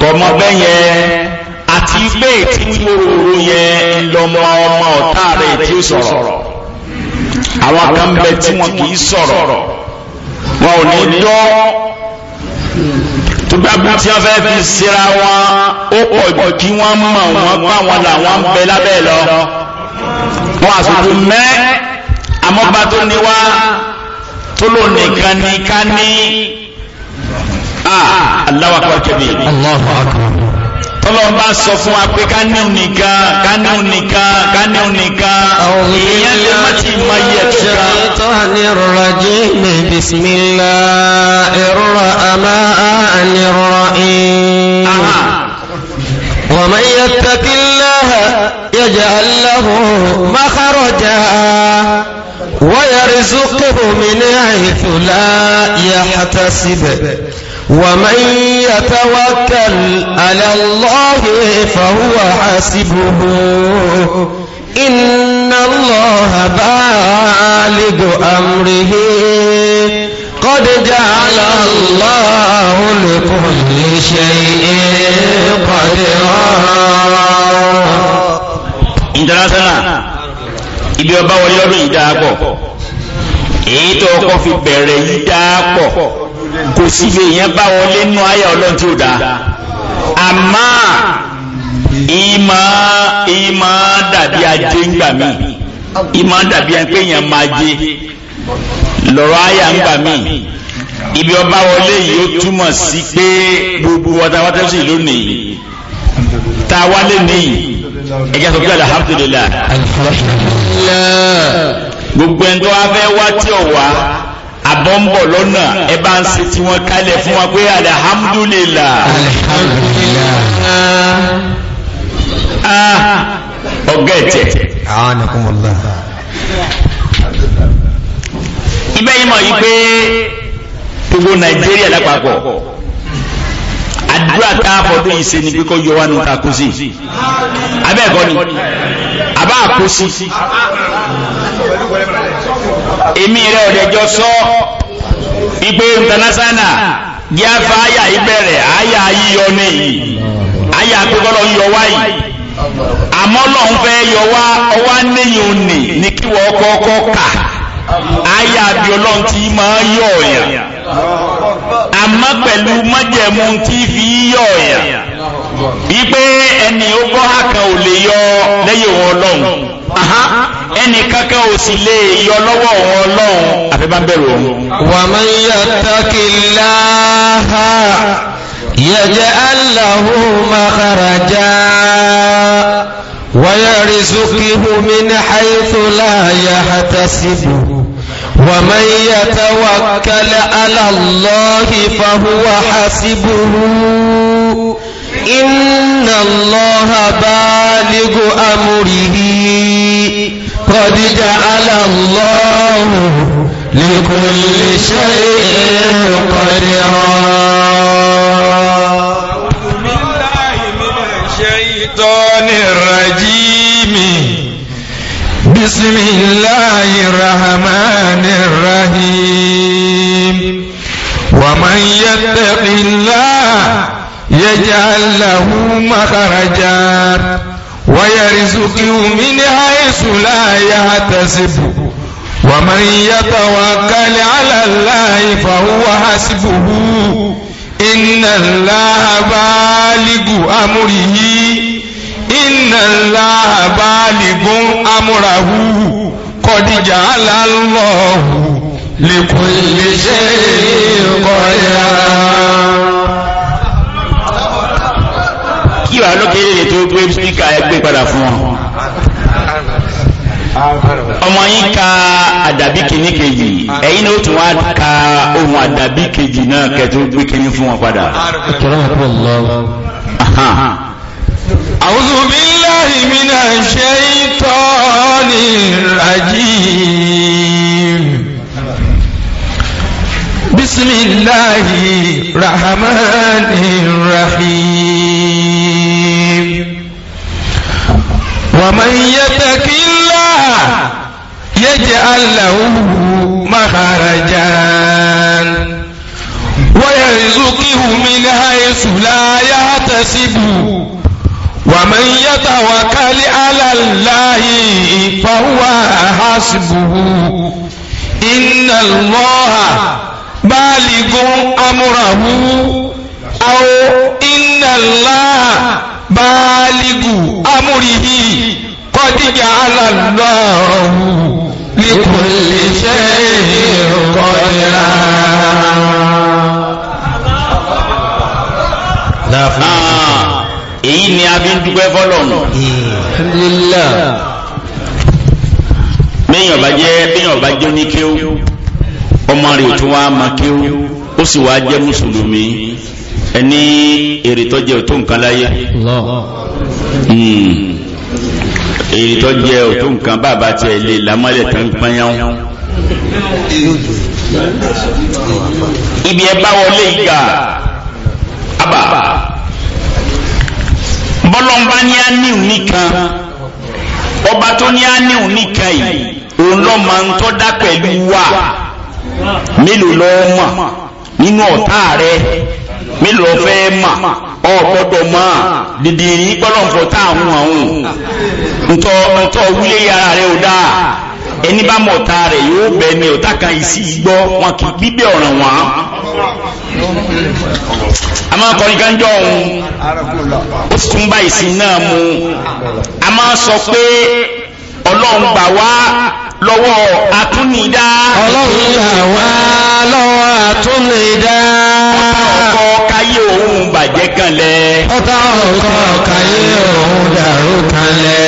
kọ̀mọ́ bẹ́yẹn àti pé tí mo rò yẹn lọmọ ọmọ ọ̀tá rẹ̀ tí ó sọ̀rọ̀ àwọn kan bẹ tí wọn kì í sọ̀rọ̀ wọn ò ní dọ́ tùgbàgbà tí wọ́n fẹ́ fi síra wọn ó pọ̀ kí wọ́n mọ̀ wọ́n báwọn làwọn bẹ lábẹ́ lọ wọn àsìkò mẹ́ àmọ́ba tó ní wá tó lò nìkan ní ká ní ah, Allahu akbar kẹ́bí tọ́lọ́n bá sọ fún wa pé ká ní nìkan ká ní nìkan ká ní nìkan ìyẹn lè má ti má yẹ tuka. ṣètọ́ni rọ̀jì ní bisimilá ìrora àmà àní rọ̀ìn. ومن يتق الله يجعل له مخرجا ويرزقه من حيث لا يحتسب ومن يتوكل على الله فهو حاسبه إن الله بالغ أمره قد جعل الله لكل شيء قدرا international ibi ọba wọlé ọdún ìdáàpọ̀ èyí tó kọ́ fi bẹ̀rẹ̀ yìí dáàpọ̀ kò sí lè yẹn bá wọlé nú àyà ọlọ́run tí ó dáa àmọ́ ìmọ̀ ìmọ̀ dàbí ajé ńgbà mí ìmọ̀ dàbí pé èèyàn máa jẹ lọ́rọ̀ àyà ńgbà mí ibi ọba wọlé yìí ó túmọ̀ sí pé gbogbo wọ́tawọ́tá sí lónìí ta wálé ní ẹjẹ́ sọ pé alhamdulillah gbogbo ẹni tó wá fẹ́ wá tí ọ̀ wá àbọ̀nbọ̀ lọ́nà ẹ bá ń ṣe tí wọ́n kálẹ̀ fún wa pé alhamdulillah alhamdulillah ah, ọgá ẹ̀tẹ̀ ibẹ̀ yìí mọ̀ yí pé gbogbo Nàìjíríà lápapọ̀ àdúrà tá a fọdún yìí ṣe ni pé kọ́ yọ wá nù takú sí abẹ́ẹ̀kọ́ ni abá àkó sí èmi rẹ̀ ọ̀dẹ̀jọ sọ ipò international jẹ́ afá àyà ìbẹ̀rẹ̀ àyà yíyọ ní yìí àyà pẹ́kọ́lọ́ yọ wáyì àmọ́ lọ́n fẹ́ yọ wá ọwá níyìn òní ní kíwọ́ kà ayé àbí ọlọ́run tí máa yọ̀ ọ̀yàn àmọ́ pẹ̀lú májẹ̀mú tí fi yọ̀ ọ̀yàn wípé ẹni ó gbọ́ àkàn ò lè yọ lẹ́yìn òun ọlọ́run ẹni kankan ò sì lè yọ lọ́wọ́ òun ọlọ́run àfi ń bẹ̀rù òun. wa man yattaqillaha yaj'al lahu makhraja wa yarzuqhu min haythu la yahtasib. ومن يتوكل على الله فهو حسبه إن الله بالغ أمره قد جعل الله لكل شيء قدرا أعوذ بالله من الشيطان الرجيم بسم الله الرحمن الرحيم ومن يتق الله يجعل له مخرجا ويرزقه من حيث لا يحتسب ومن يتوكل على الله فهو حسبه إن الله بالغ أمره inna Allaha baligun amúrahu kọdíjà aláàlọ́hù li kulli shay'in qadira kí wà lókèrè tó gbé spíkà ẹgbẹ́ padà fún wọn ọmọ yín ka àdàbí kìíní kejì ẹ̀yin ni ó tún wá ka ohun àdàbí kejì náà kẹtù gbé kìíní fún wọn padà. أعوذ بالله من الشيطان الرجيم بسم الله الرحمن الرحيم ومن يتق الله يجعل له مخرجا ويرزقه من حيث لا يحتسبه ومن يتوكل على الله فهو حسبه إن الله بالغ أمره أو إن الله بالغ أمره قد جعل الله لكل شيء قدرا a ń dúpẹ́ fọ́lọ̀nù bíyàn bá jẹ́ bíyàn bá jẹ́ ní kéw ọmọ rẹ̀ tún wá ma kéw ó sì wá jẹ́ mùsùlùmí ẹni èrè tó jẹ́ òtún nǹkan láyé hmm. èrè tó jẹ́ òtún nǹkan bàbá tiẹ̀ lè lámọ́lẹ̀ tó ń pányán ibi ẹ bá wọlé ìgbà abà bọlọmba ní áníù nìkan ọba tó ní áníù nìkan yìí òun lọ máa ń pẹ̀lú wà mélòó lọ ma nínú ọ̀tá rẹ mélòó fẹ́ mọ̀ ọ̀gbọ́dọ̀ mọ̀ dìdì yìí pọ́lọ́mfọ́ tá ẹni bá mọ̀ ọ̀tá rẹ̀ yóò bẹ̀ ni ọ̀tá kan ìsí gbọ́ wọn kì í gbígbẹ́ ọ̀ràn wọn. a máa kọ́ ní gánjọ́ òun ó sì tún bá ìsìn náà mu a máa sọ pé ọlọ́run gbà wá lọ́wọ́ àtúnidá. ọlọ́run gbà wá lọ́wọ́ àtúnidá. ọ̀tá ọkọ̀ òun bàjẹ́ kanlẹ̀. ọ̀tá ọkọ̀ káyé òun dàrú kanlẹ̀.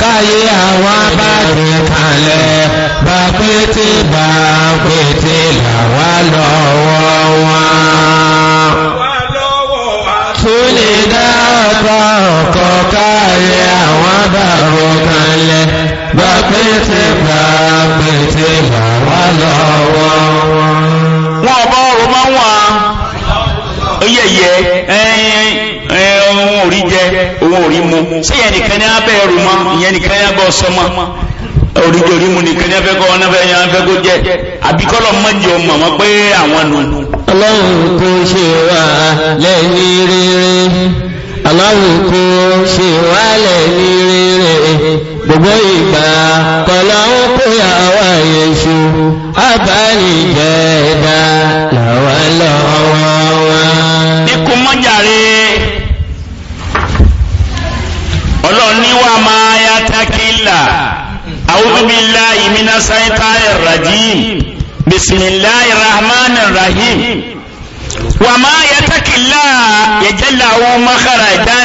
káyé àwọn bá rìn kalẹ̀ bá pété bá pété làwa lọ́wọ́ wọn. tún lè dá ọkọ̀ ọkọ̀ káyé àwọn bá rìn kalẹ̀ bá pété. orí mu sí ẹnìkan ní abẹ́ ẹrù mọ́ ìyẹn nìkan ní abẹ́ ọsọ mọ́ oríjì orí nìkan ní abẹ́ kọ́ ọ́nà fẹ́ yan kó jẹ́ àbíkọ́lọ̀ mọ́jì ọmọ mọ́ pé àwọn nù. ọlọ́run kò ṣe wá lẹ́yìn rere ọlọ́run kò ṣe wá lẹ́yìn rere gbogbo ìgbà kọlọ́run kò yà wá yẹ̀ṣù àbáyìjẹ́ ẹ̀dá làwọn lọ́wọ́ wa. ní mọ́jà rèé. أعوذ بالله من الشيطان الرجيم بسم الله الرحمن الرحيم وما يتك الله يجله مخرجا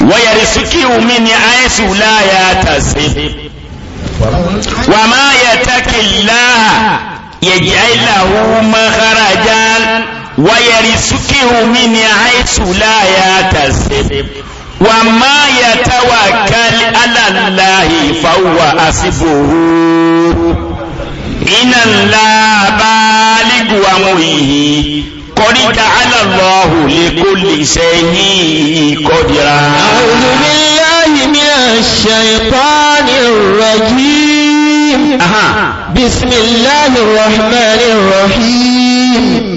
ويرزقه من حيث لا يحتسب وما يتك الله يجعله مخرجا ويرزقه من حيث لا يحتسب wà máa yàtàwà kálí aláàláhì fàúwà àsìbòhó iná ńlá bá lígù àwọn ìhì kọ́ríta aláàlọ́hù lè kó lè ṣe ní ìkọdìra بسم الله الرحمن الرحيم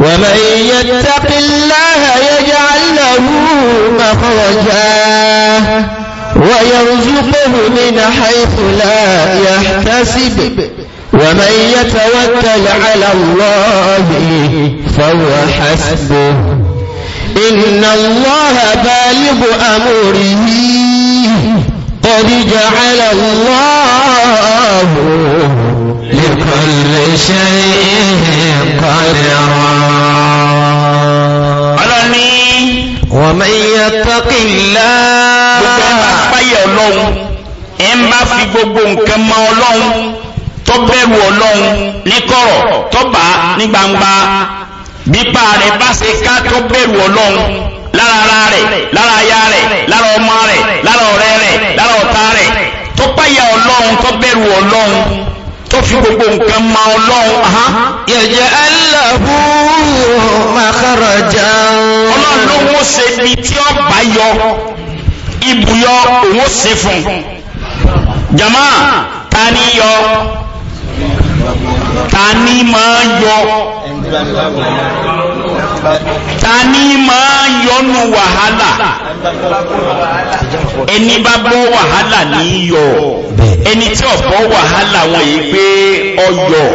ومن يتق الله يجعل له مخرجا ويرزقه من حيث لا يحتسب ومن يتوكل على الله فهو حسبه إن الله بالغ أمره قد جعل الله بكل شيء قدرا ومن يتق الله ẹn bá fi gbogbo nǹkan mọ ọlọ́run tó bẹ̀rù ọlọ́run ní kọ̀rọ̀ tó bá ní gbangba bípa rẹ̀ bá ṣe ká tó bẹ̀rù ọlọ́run lára ara rẹ̀ lára aya rẹ̀ lára ọmọ rẹ̀ lára ọ̀rẹ́ rẹ̀ lára ọ̀tá rẹ̀ tó páyà ọlọ́run tó bẹ̀rù ọlọ́run tó fi gbogbo nǹkan ma ọlọ́run yẹ̀jẹ̀ aláàbù makarajà ọlọ́run ló wọ́n ṣe ibi tí ó bá yọ ibùyọ òun ṣe fún jama ta ni yọ ta ni máa yọ Tani ní máa yọnu wàhálà ẹni bá bọ́ wàhálà ní yọ ẹni tí ọ̀pọ̀ wàhálà wọn yìí pé ọyọ̀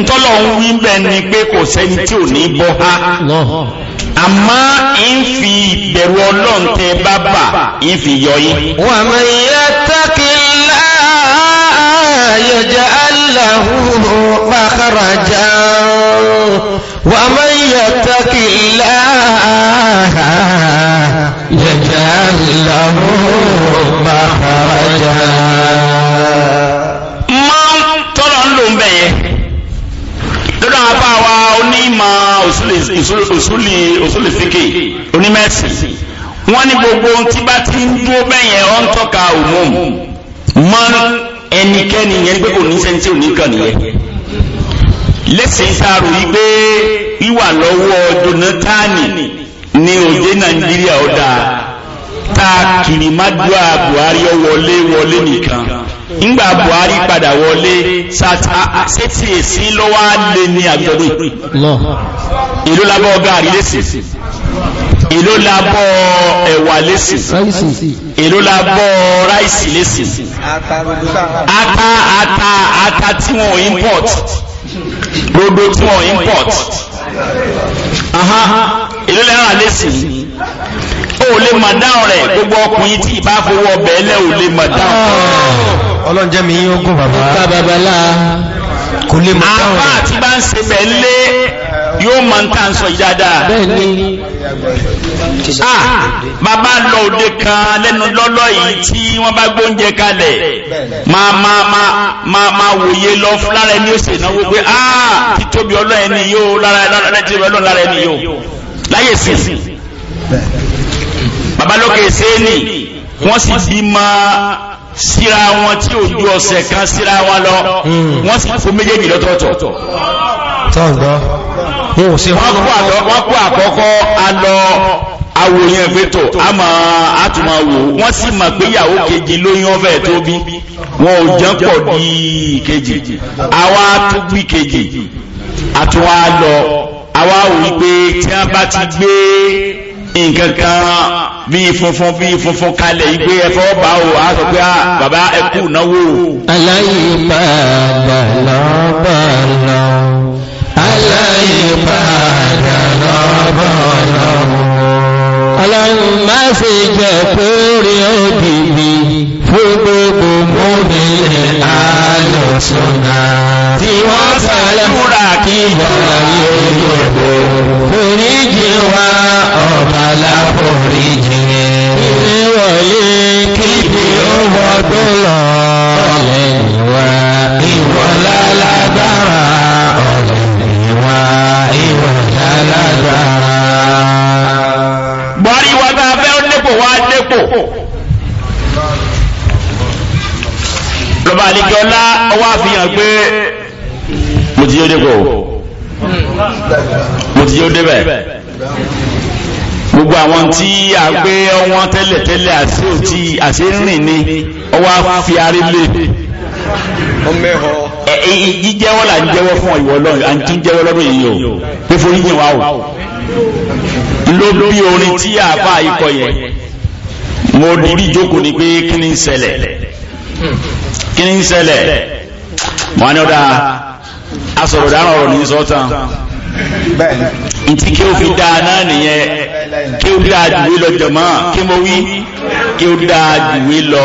ntọ́lọ̀ ń wí bẹ́ẹ̀ ni pé kò sẹ́ni tí ò ní bọ́ ha àmọ́ ń fi ìbẹ̀rù ọlọ́run tẹ bábà ń fi yọ yín. wà á máa yẹ tákìlá yẹjẹ aláhùn bàkàràjà wà á máa yẹ يتق الله يجعل له مخرجا ما ترى لهم بيه lọ́dọ̀ apá wa onímọ̀ òsúlì fíkè onímẹ̀sì wọ́n ní gbogbo ohun tí bá ti ń dúró bẹ́yẹn ọ́ ń tọ́ka òmùm mọ́ ẹnikẹ́ni yẹn pé kò ní sẹ́ńtì oníkan nìyẹn lẹ́sìn sáà rò yí pé ìwà lọ́wọ́ Jonatani ní òjé Nàìjíríà ó dáa káàkiri mádùá Buhari ó wọlé wọlé nìkan ńgbà Buhari padà wọlé sátì èsì lọ́wọ́ lé ní àjọ̀dún ìlú lábọ́ gàrí lẹ́sì èló la bọ́ ẹ̀wà lẹ́sì èló la ráìsì lẹ́sì ata ata ata tí wọ́n import gbogbo tí wọ́n import ìlú lẹ́rọ alẹ́ sí o lè mà dáhùn rẹ̀ gbogbo ọkùnrin tí ìbá fowó ọbẹ̀ ẹlẹ́ o lè mà dáhùn ọlọ́njẹ́ mi yín ogún bàbá kò lè mà dáhùn rẹ̀ àbá àti bá ń ṣe bẹ̀ lé yóò mọ̀ ń tàn sọ yìí ah bàbá lọ òde kan lẹ́nu lọ́lọ́ yìí tí wọ́n bá gbóúnjẹ kalẹ̀ máa máa máa máa máa wòye lọ lára ẹni ó sì náwó pé ah títóbi ọlọ́run ẹni yóò lára ẹni yóò láyé sí bàbá lókè sí ni wọ́n sì bí máa síra wọn tí ò ju ọ̀sẹ̀ kan síra wọn lọ hmm. wọ́n sì fún méjèèjì lọ́tọ̀ọ̀tọ̀ wọ́n kú àkọ́kọ́ alọ àwòyàn ìfẹ́tọ̀ a máa àtùmà wò wọ́n sì mọ̀ pé ìyàwó kejì lóyún ọ̀fẹ́ tó bí wọn ò jẹ́ pọ̀ bí kejì àwa tó bí kejì àtúwà lọ àwa wò wípé tí wọ́n bá ti gbé nkankan bí funfun bí funfun kalẹ̀ igbe ẹ̀fọ́ bá o a sọ pé ah, bàbá ẹkù náwó. aláyé máa dà jẹ́ kórè òbí mi gbogbogbò múni àlọ́sọ̀nà tí wọ́n sàlẹ̀ múra kí ìjọba yóò yẹ̀bọ̀ oríjì wa ọba láforíjì rẹ̀ ilé wọlé kí ìdí ó wọ́dún lọ àlejọ́lá ọwọ́ àfihàn pé mo ti yóò dé kò mo ti yóò dé bẹ̀ gbogbo àwọn tí a gbé ọwọ́n tẹ́lẹ̀ tẹ́lẹ̀ àti òtí àti rìn ni ọwọ́ àfi arílẹ̀ jíjẹ́wọ́ là ń jẹ́wọ́ fún ìwọ lọ́rùn à ń tún jẹ́wọ́ lọ́rùn yìí o pé forí yìn wá o ló bí orin tí a bá ikọ̀ yẹn mo dirí ìjókòó ni pé kí ni ń ṣẹlẹ̀ kí ni ń ṣẹlẹ̀ wọ́n á ní ọ̀dà asọ̀rọ̀ dáná ọ̀rọ̀ ní sọ́tàn ntí kí ó fi dáa náà nìyẹn kí ó dáa jùwé lọ jọmọ́ kí mo wí kí ó dáa jùwé lọ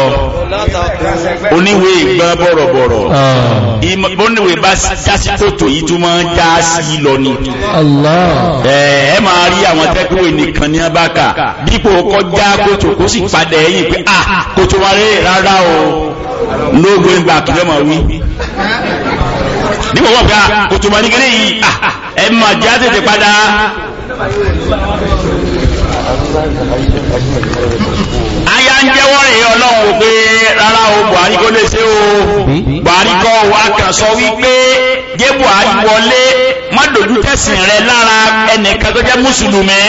oníwé gbọ́n bọ̀rọ̀bọ̀rọ̀ oníwé ah. bá jásí kòtò yìí tún máa ń jásí lọ ni ẹ máa rí àwọn tẹ́kùwé nìkan ní abáka dípò kọjá kòtò kó sì padà ẹ̀yìn pé à ah, kòtò wa rẹ̀ rárá o lóògùn ìgbà kìlọ́ máa wí nígbà wọ́n pé à ah, kòtò wa ní kéré yìí ẹ máa jásí ti padà aya ń jẹ́wọ́ rẹ̀ ọlọ́run pé rárá o buhari kó lè ṣe o hmm? buhari kọ́ o akàṣọ wípé jẹ́ buhari wọlé má dojú tẹ̀sìn rẹ̀ lára ẹnìkan tó jẹ́ mùsùlùmí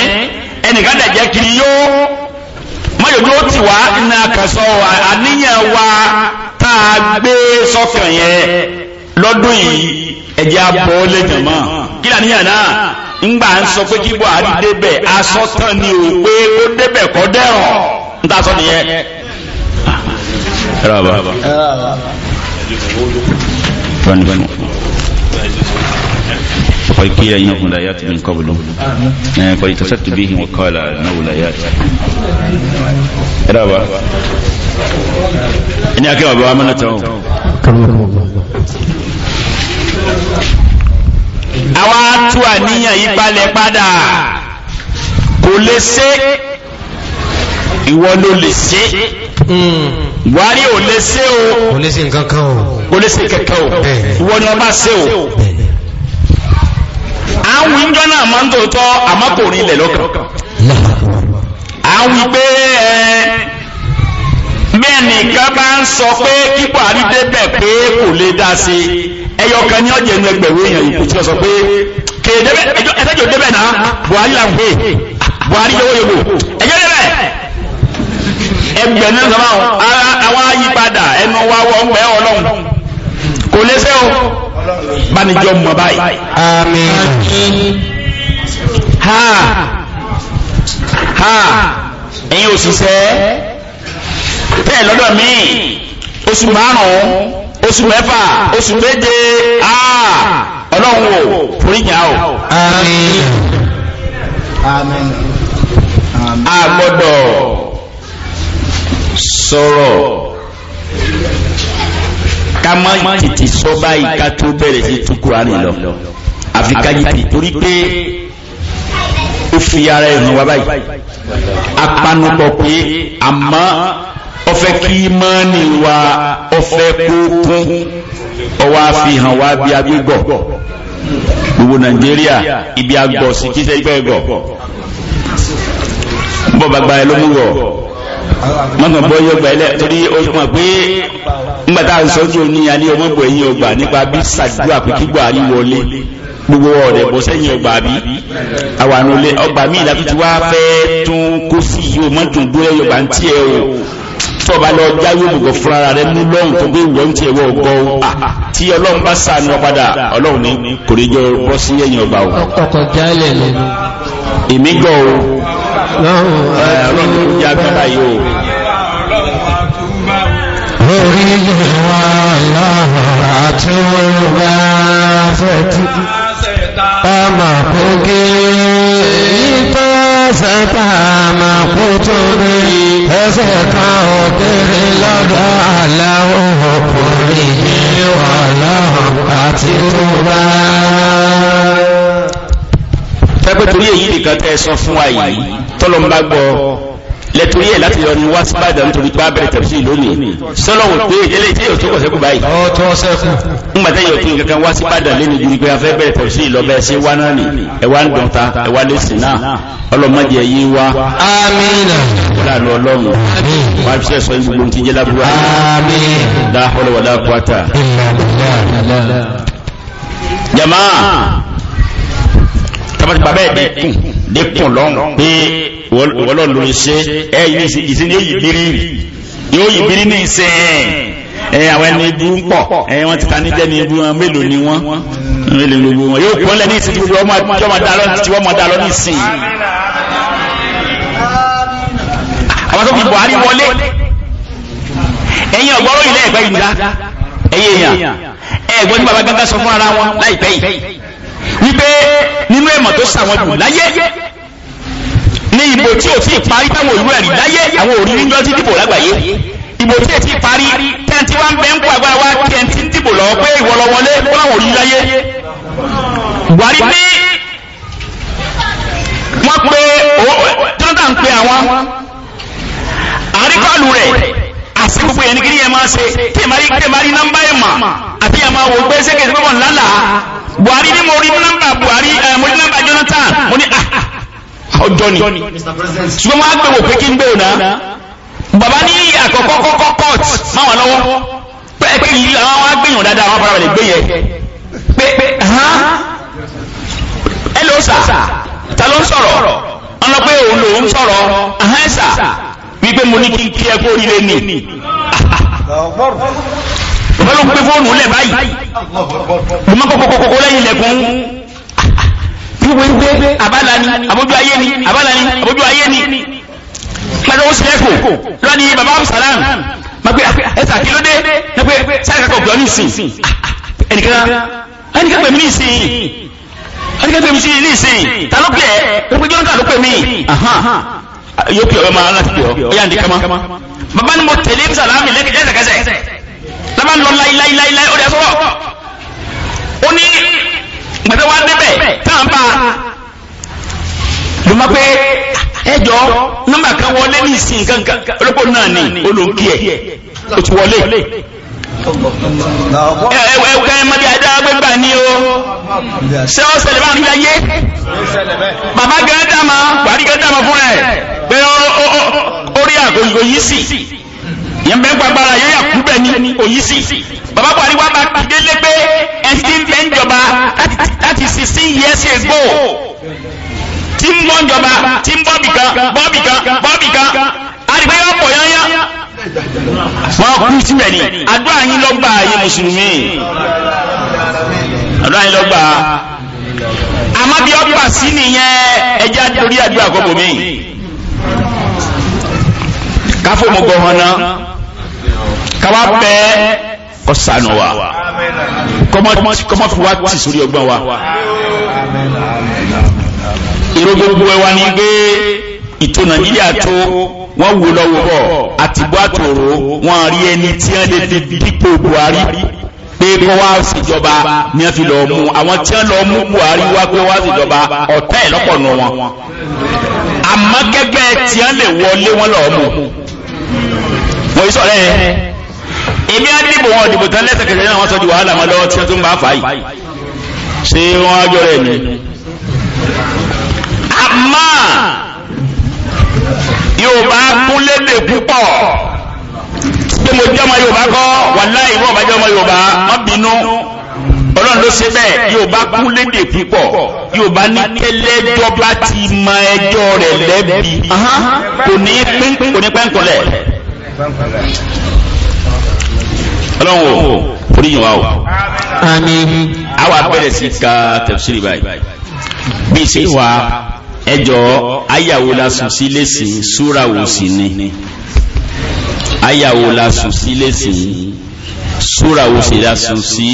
ẹnìkan dẹ̀ jẹ́ kiri yó má dojú ó ti wá ní akàṣọ àníyàn wa tá a gbé sọ́kàn yẹn lọ́dún yìí ẹjẹ́ abọ́ lẹ́jàn mọ́ kí là níyàn náà ńgbà ń sọ pé kí Buhari débẹ̀ aṣọ tán ni ò pé ó débẹ̀ kọ́ dẹ̀rọ̀ ń tà sọ nìyẹn. فقد قيل إنه لا يأتي من قبله فالتفت به وقال إنه لا يأتي إرابة إني أكيد أبو أمانة àwa tú àníyàn yí palẹ̀ padà kò lè ṣe ìwọ ló lè ṣe buhari hmm. ò lè ṣe o kò lè ṣe kankan o kò lè ṣe kankan o ìwọ ni wọn bá ṣe o àwọn ìjọ náà máa ń tòótọ́ àmọ́ kò rí ilẹ̀ lọ́kàn àwọn ìgbé ẹ̀ bẹ́ẹ̀ nìkan bá ń sọ pé kíkọ́ àrídébẹ̀ pé kò lè dá sí ẹyọ kan ní ọjẹ́ inú ẹgbẹ̀rún èèyàn yìí kò tí ó sọ pé ẹjọ́ débẹ̀ náà Buhari là ń pè Buhari yóò yóò ẹjọ́ débẹ̀ ẹgbẹ̀rún náà sọ́mọ́ àwọn ayípadà ẹnu wa wọ́n ń ọlọ́run kò lè ṣe o bánijọ́ mọ̀ báyìí. ha ha ẹ̀yin òṣìṣẹ́ bẹ́ẹ̀ lọ́dọ̀ mi oṣù márùn-ún oṣù mẹ́fà oṣù méje ọlọ́run o foríjà o. a gbọ́dọ̀ sọ̀rọ̀ ká má tètè sọ báyìí ká tó bẹ̀rẹ̀ sí tú Kùránì lọ àfi ká yìí torí pé ó fi ara ẹ̀ hàn wá báyìí apanupọ̀ pé àmọ́ ọfẹ́ kí mọ́ni wa ọfẹ́ kókún ọwá fi hàn wá bí agbégbọ̀ gbogbo Nàìjíríà ibi agbọ̀ sí kí sẹ́gbẹ́ gọ̀ bọ́ba gba ẹ ló mú gọ̀ mọ́tàn bọ́ yóò gba ẹlẹ́ torí ó mọ̀ pé nígbà tá à ń sọ́jú ní a ọmọ bọ̀ ẹ̀yìn ọgbà nípa bí sàdúrà pé kígbà rí wọlé gbogbo ọ̀rẹ́ bọ́ sẹ́yìn ọgbà bí àwọn olè ọgbà míì láti wá fẹ́ tún kó sí yóò mọ́tún gbólẹ́yìn ọgbà ń tiẹ̀ o tọ́ba lọ jáwé ògùgọ̀ fúnra rẹ̀ mú lọ́hùn tó gbé ìwọ̀n tí ẹ̀wọ̀ ọgọ́ à ah, tí ọlọ́run bá sànù ọpadà ọlọ́run ní kò lè jọ bọ́ sí ẹ̀yìn ọba o. ọkọ̀ jálẹ̀ lẹ. èmi gọ̀ o. ọlọ́run eh, ló jẹ́ agbára yìí o. orí ìwà lọ́rọ̀ àti wọn bá fẹ́ tí. a máa kó gé ìtàn ẹsẹ̀ ká máa kú tó rí ẹsẹ̀ ká òkèrè lọ́dọ̀ aláwọ̀ ọkùnrin ní ọ̀làhàn àti tó bá. fẹ́pẹ́ torí èyí nìkan tẹ́ sọ fún wa yìí lẹ́torí ẹ̀ láti yọ ní wá sí bàdàn nítorí pé abẹ́rẹ́ tẹ̀sí lónìí sọ́lọ́wọ́ pé eléyìí tí yóò tó kọ̀ sẹ́kù báyìí. ọ̀ tọ́ sẹ́kù. ń gbàtẹ́ yóò tún kankan wá sí bàdàn lẹ́nu ju pé afẹ́ bẹ̀rẹ̀ tẹ̀sí lọ́bẹ̀ ṣé wá náà nì ẹ̀ wá ń dọ̀ta ẹ̀ wá lé sí tọ́ba ti bàbá ẹ̀ dínkùn dínkùn lọ́rùn pé wọ́lọ́ lórí ṣe ẹ ìsìn yóò yí bírí yóò yí bírí ní ìsìn ẹ àwọn ẹni ibú ń pọ̀ ẹ wọ́n ti ta ní jẹ́ ní ibú wọn mélòó ni wọ́n mélòó ni wọ́n yóò kún lẹ́ni ìsìn gbogbo ọmọ tí wọ́n mọ̀ dá lọ ní ìsìn. àwọn tó fi Buhari wọlé ẹ̀yin ọ̀gbọ́rọ̀ ilé ẹ̀gbẹ́ yìí ńlá ẹ̀yẹ èèyàn ẹ̀gbọ́n ní baba gángan sọ fún ara wọn láìpẹ́ yìí wípé nínú ẹ̀mọ̀ tó sàwọn jù láyé ní ìbò tí ò tí ì parí táwọn òlú ẹ̀rí láyé àwọn òrírí ń jọ tí dìbò lágbàáyé ìbò tí ò tí ì parí tẹ́ntí wá ń bẹ́ ń kó agbára wá tẹ́ntí dìbò lọ pé ìwọ lọ wọlé kó láwọn òrírí láyé Buhari ní wọ́n pe jọ́ńtà ń pe àwọn àríkọ́lù rẹ̀ àti gbogbo ẹni kiri yẹn máa ṣe tèmarí nọ́mbà ẹ̀ mà àti yẹn máa wò gbé ṣéke ṣe gbọ́n buhari ni mo rí nọ́mbà buhari ẹ eh, mo rí nọ́mbà jonathan mo ní ah, ah, ọjọ́ ni ṣùgbọ́n wọ́n á gbé wò pé kí n gbé òun náà bàbá ní àkọ́kọ́ kọ́kọ́ court má wà lọ́wọ́ pé kí n àwọn wá gbìyànjú dáadáa àwọn afárá rẹ̀ gbé yẹ pé ẹ ló sà ta ló ń sọ̀rọ̀ ọ̀nà òun lòun sọ̀rọ̀ ahẹ́sà wípé mo ní kí n kí ẹ kó rí lé ní bàbá ló ń gbé fóònù lẹ̀ báyìí mo máa kókó kókó lẹ́yìn ilẹ̀kùn wíwé wíwé abala ni abójú ayé ni abala ni abójú ayé ni pẹ̀lú ó sì lẹ́kọ̀ọ́ lọ́ni bàbá abdulsalam ma pé ẹ̀sà kí ló dé na pé sáré kakọ̀ gbọ́ ní ìsìn ẹnìkan ẹnìkan pè mí ní ìsìn ẹnìkan pè mí ní ìsìn ta ló pè ẹ́ ó pé jọ́ńtà ló pè mí yóò pè ọ́ máa láti pè ọ́ ó yà ní kama bàbá ni mo tẹ̀lé abdulsalam lẹ́kẹ̀ẹ́ lábà ń lọ láíláíláí ó dẹ̀ sọ̀rọ̀ ó ní gbèsè wa débẹ̀ táwọn bá ló máa pé ẹjọ́ nọ́mbà kan wọlé ní ìsìn kankan olóko náà ni olóńkì ẹ̀ ó ti wọlé ẹ̀wọ̀n ẹ̀ mọ́bí adágbégbà ní o ṣe ó ṣẹlẹ̀ bá ń gbáyé bàbá gẹ́gẹ́ dàmà wàrí gẹ́gẹ́ dàmà fún ẹ̀ pé orí àgòyìí sí yẹn bẹ́ gbagbara yóò yà kú bẹ́ẹ̀ ni òyì sí bàbá Buhari wà bá délé pé ẹni ń bẹ́ ń jọba láti sixteen years ago tí ń bọ́ ń jọba tí ń bọ́bì kan bọ́bì kan bọ́bì kan àdìgbé yóò pọ̀ yányá wọn kú síbẹ̀ ni àdúrà yín lọ́gbà ayé mùsùlùmí àdúrà yín lọ́gbà àmọ́ bí ọgbà sí nìyẹn ẹja torí àdúrà kọ́bọ̀ mi káfọ́ mọ́gbọ́n hàn náà káwá bẹ́ẹ̀ kọ́sánù wa kọ́mọ́ fi wá tì sórí ọgbọ́n wa èrò gbogbo ẹ wa ni gbé ìtò nàìjíríà tó wọ́n wò lọ́wọ́ bọ̀ àtìgbọ́ àtòrò wọ́n rí ẹni tí wọ́n lè fi dípò Buhari pé kó wá síjọba ni wọ́n fi lọ mú àwọn tí wọ́n lọ mú Buhari wá pé wá síjọba ọ̀tá ẹ̀ wọn àmọ́ gẹ́gẹ́ tí wọ́n lè wọlé wọn lọ mú wọ́n yí sọ̀rọ̀ ẹ̀ èmi á dìbò wọn òdìbò tán lẹ́sẹ̀kẹsẹ̀ náà wọ́n sọ di wàhálà máa lọ́wọ́ tí wọ́n tún bá fà yìí ṣé wọ́n á jọ rẹ̀ ni. àmọ́ Yorùbá kún lédè púpọ̀ pé mo jẹ́ ọmọ Yorùbá kọ́ wàláì wọ́n bá jẹ́ ọmọ Yorùbá má bínú ọlọ́run ló ṣe bẹ́ẹ̀ Yorùbá kún lédè púpọ̀ Yorùbá ní kẹlẹ́jọ́ bá ti mọ ẹjọ́ rẹ̀ lẹ́bi kò ní pín ọlọ́run o oríyìn wa o àmín àwa bẹ̀rẹ̀ sí ka tafsiri báyìí bí ṣe wà ẹjọ́ ayàwó la sùn sí lẹ́sìn súra wò sí ni ayàwó la sùn sí lẹ́sìn súra wò sí la ah, sí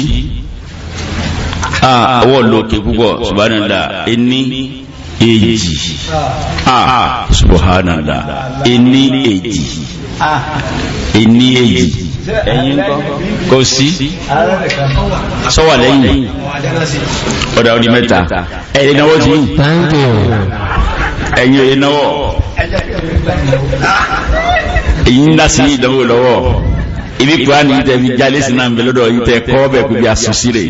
àwọ̀ lókè púpọ̀ subhanallah ẹni èjì ah, subhanallah ẹni èjì ẹni èjì ẹ̀yìn ńkọ́ kò sí sọ́wà lẹ́yìn ọ̀dà orí mẹ́ta ẹ̀yìn náwó ti ẹ̀yìn èyí náwó èyí ńlá sí ìdánwò lọ́wọ́ ibi kura ni tẹ fi jalè sí náà bẹlẹ́dọ̀ yìí tẹ kọ́ bẹ̀ kó bí a sùn sí rè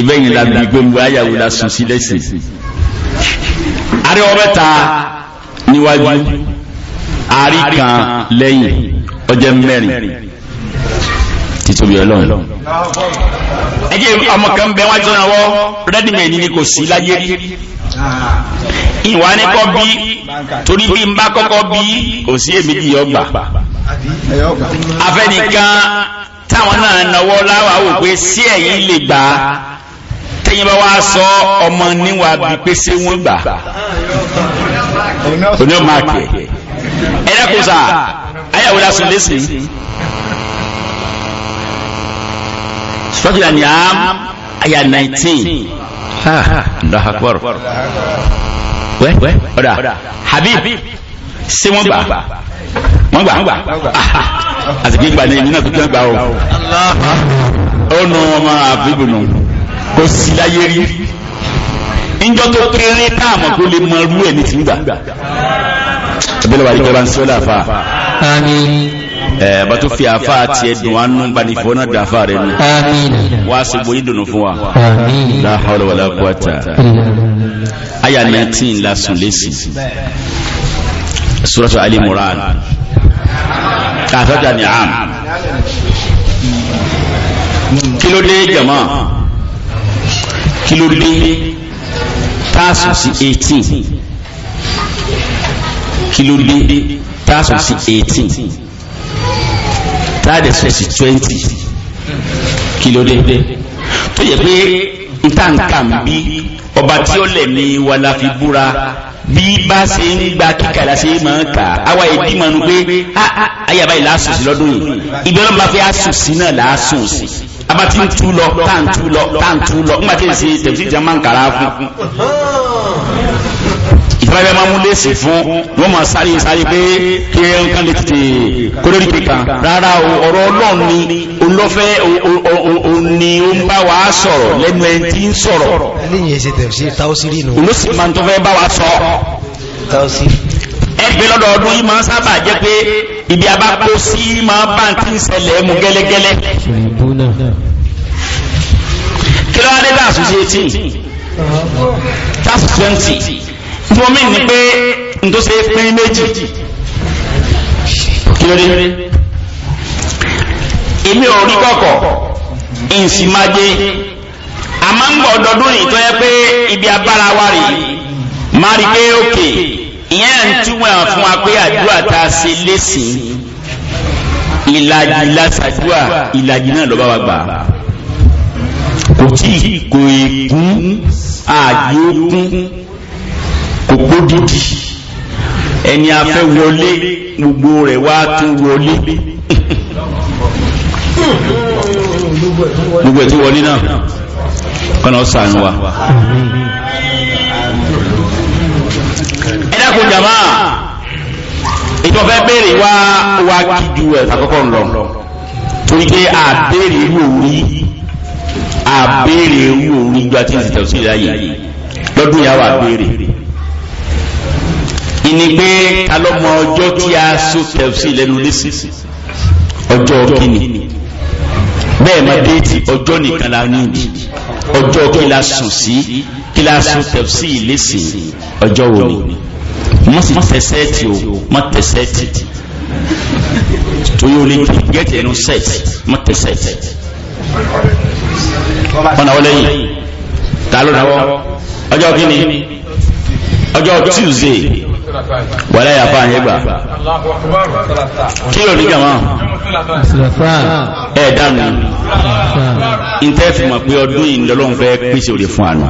ibẹ̀yìn la bí gbẹ̀ngbẹ̀ ayàwó la sùn sí lẹ́sìn ariwo mẹ́ta ọjẹ́ mẹ́rin títóbi ọlọ́run ẹjẹ́ ọmọ kan bẹ wájú náà wọ́ rẹ́dìmẹ̀ẹ́ ni kò sí láyé rí ìwà ní kọ́ bí torí bí n bá kọ́kọ́ bí kò sí èmi di ọgbà afẹ́nìkan táwọn náà náwó láwà wò pé sí ẹ̀yìn lè gbà tẹ́yìn bá wá sọ ọmọ níwà bí pé ṣé wọ́n gbà oní ọmọ àkẹ́ ẹ̀rẹ́kùsà ayàwó la sùn lẹ́sìn sọ́jìlá ni am aya 19 ndahakbar wẹ́ ọ̀dà habib ṣé wọ́n gbà wọ́n gbà wọ́n gbà àtìkí gbà ní èmi náà tó tẹ́ gbà o ó nu ọmọ àbíbù nù kò sí láyé rí njọ́ tó kéré táàmù kó lè mọ irú ẹ̀ ní ti ń gbà ń sọ́lá fà àmín bàtú fi àfà àti ẹ̀dùn anú gbanifọ́ náà dùn àfà rẹ̀ nù wá sí gbóyí dùnú fún wa la hawla wala quwwata àyà 19 lásùn lẹ́sì suratu Ali Imran kàfẹ́ta ni àm kí ló dé jama kí ló dé tásù sí 18 kí ló dé táàsù sí eighteen táàdẹ̀ sọ sí twenty kí ló dé tó yẹ pé ntànkà ń bí ọba tí ó lẹ̀ ní wa la fi búra bí bá ṣe ń gba kíkà la ṣe máa ń kà àwa ìdí máa ń gbé ayaba yìí láàsùn sí lọ́dún yìí ibi ọlọ́mọba fẹ́ àsùn sí náà láàsùn sí abá ń tú lọ tá ń tú lọ tá ń tú lọ nígbà tí èsì tẹ̀sí jẹ́ máa ń kàrà fún ìsàlẹ̀ máa mú léèsì fún wọ́n máa sáré sáré pé kí ẹran kan lè tètè kólórí kíkan rárá ọ̀rọ̀ ọlọ́run ni olọ́fẹ́ òní ó ń bá wa sọ̀rọ̀ lẹ́nu ẹni tí ń sọ̀rọ̀ lẹ́yìn ẹsẹ̀ tẹ̀sí táwọ́sírì olóṣì máa tó fẹ́ bá wa sọ. táwọ́sírì. ẹgbẹ́ lọ́dọọdún yìí máa ń sábà jẹ́ pé ibi abákó sí máa bá ń tí ń ṣẹlẹ̀ mú gẹ́lẹ́gẹ́lẹ́. kí ló wá dé tí? táàsù twenty tí wọ́n mìí ní pé n tó ṣe é pín méjì kí lórí èmi ò rí kọ̀kọ̀ ìsì máa jẹ a máa ń gbọ́ ọdọọdún yìí tó yẹ pé ibi abára wa rèé máa rí pé òkè ìyẹn ń túwọ̀n fún wa pé àdúrà tá a ṣe lẹ́sìn ìlàjì lásàdúà ìlàjì náà lọ́ba wa gbà kò tí kò èkún àyókún òpó dídì ẹni afẹ́ wọlé gbogbo rẹ̀ wá tún wọlé gbogbo ẹ̀ tún wọlé náà kọ́nà ọ̀sán wa ẹ̀dá kò jàmá ìjọ fẹ́ bèèrè wá wá gíjú ẹ̀ àkọ́kọ́ ń lọ torí pé àbèèrè irú orí àbèèrè irú orí gbá tí ń sì láyé lọ́dún yà wà ìní pé talọ́mọ ọjọ́ tí a so tẹ̀sí lẹ́nu lẹ́sí ọjọ́ kìíní bẹ́ẹ̀ ma déètì ọjọ́ nìkan la ní ọjọ́ kí la sùn sí kí la so tẹ̀sí lẹ́sí ọjọ́ wo ni wọ́n sì tẹ̀sẹ̀ tì o wọ́n tẹ̀sẹ̀ tì torí o lè ti gẹ́tì ẹnu sẹ́ẹ̀tì wọ́n tẹ̀sẹ̀ tì wọ́n náwó lẹ́yìn ta ló náwó ọjọ́ kìíní ọjọ́ Tuesday wàlá yà fà yẹ gbà kí ló ní jàmá ẹ dànù n tẹ́ fi mọ̀ pé ọdún yìí lọ́lọ́run fẹ́ pèsè òde fún àná.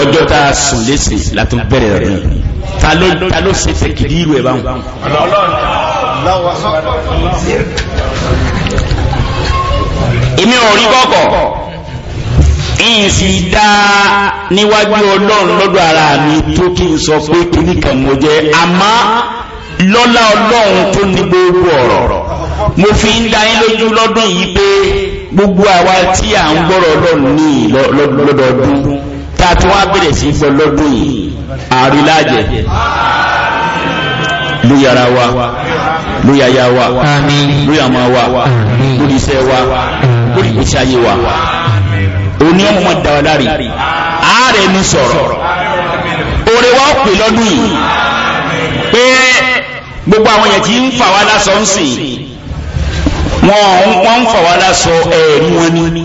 ọjọ́ tá a sùn lẹ́sìn látún bẹ̀rẹ̀ rẹ̀ ta ló ṣe fẹ́ kìdí irú ẹ̀ báwọn èmi ò rí kọ́kọ́ ìsì dá níwájú ọlọ́run lọ́dọ̀ ara mi tó kí n sọ pé kìíní kan mo jẹ́ àmọ́ lọ́lá ọlọ́run tó ní gbogbo ọ̀rọ̀ mo fi ń dá yín lójú lọ́dún yìí pé gbogbo àwa tí à ń gbọ́rọ̀ ọlọ́run ní lọ́dọọdún tá a tún wá bẹ̀rẹ̀ sí fọ lọ́dún yìí àrílájẹ̀ lórí ara wa lórí aya wa lórí àmọ́ wa lórí iṣẹ́ wa lórí ìgbésí ayé wa òní ọmọ mọ̀ dáwà lárí ààrẹ ní sọ̀rọ̀ orí wa pè lọ́dún yìí pé gbogbo àwọn yẹn ti ń fà wá lásọ ń sìn wọ́n ń fà wá lásọ ẹ̀rí wọn ni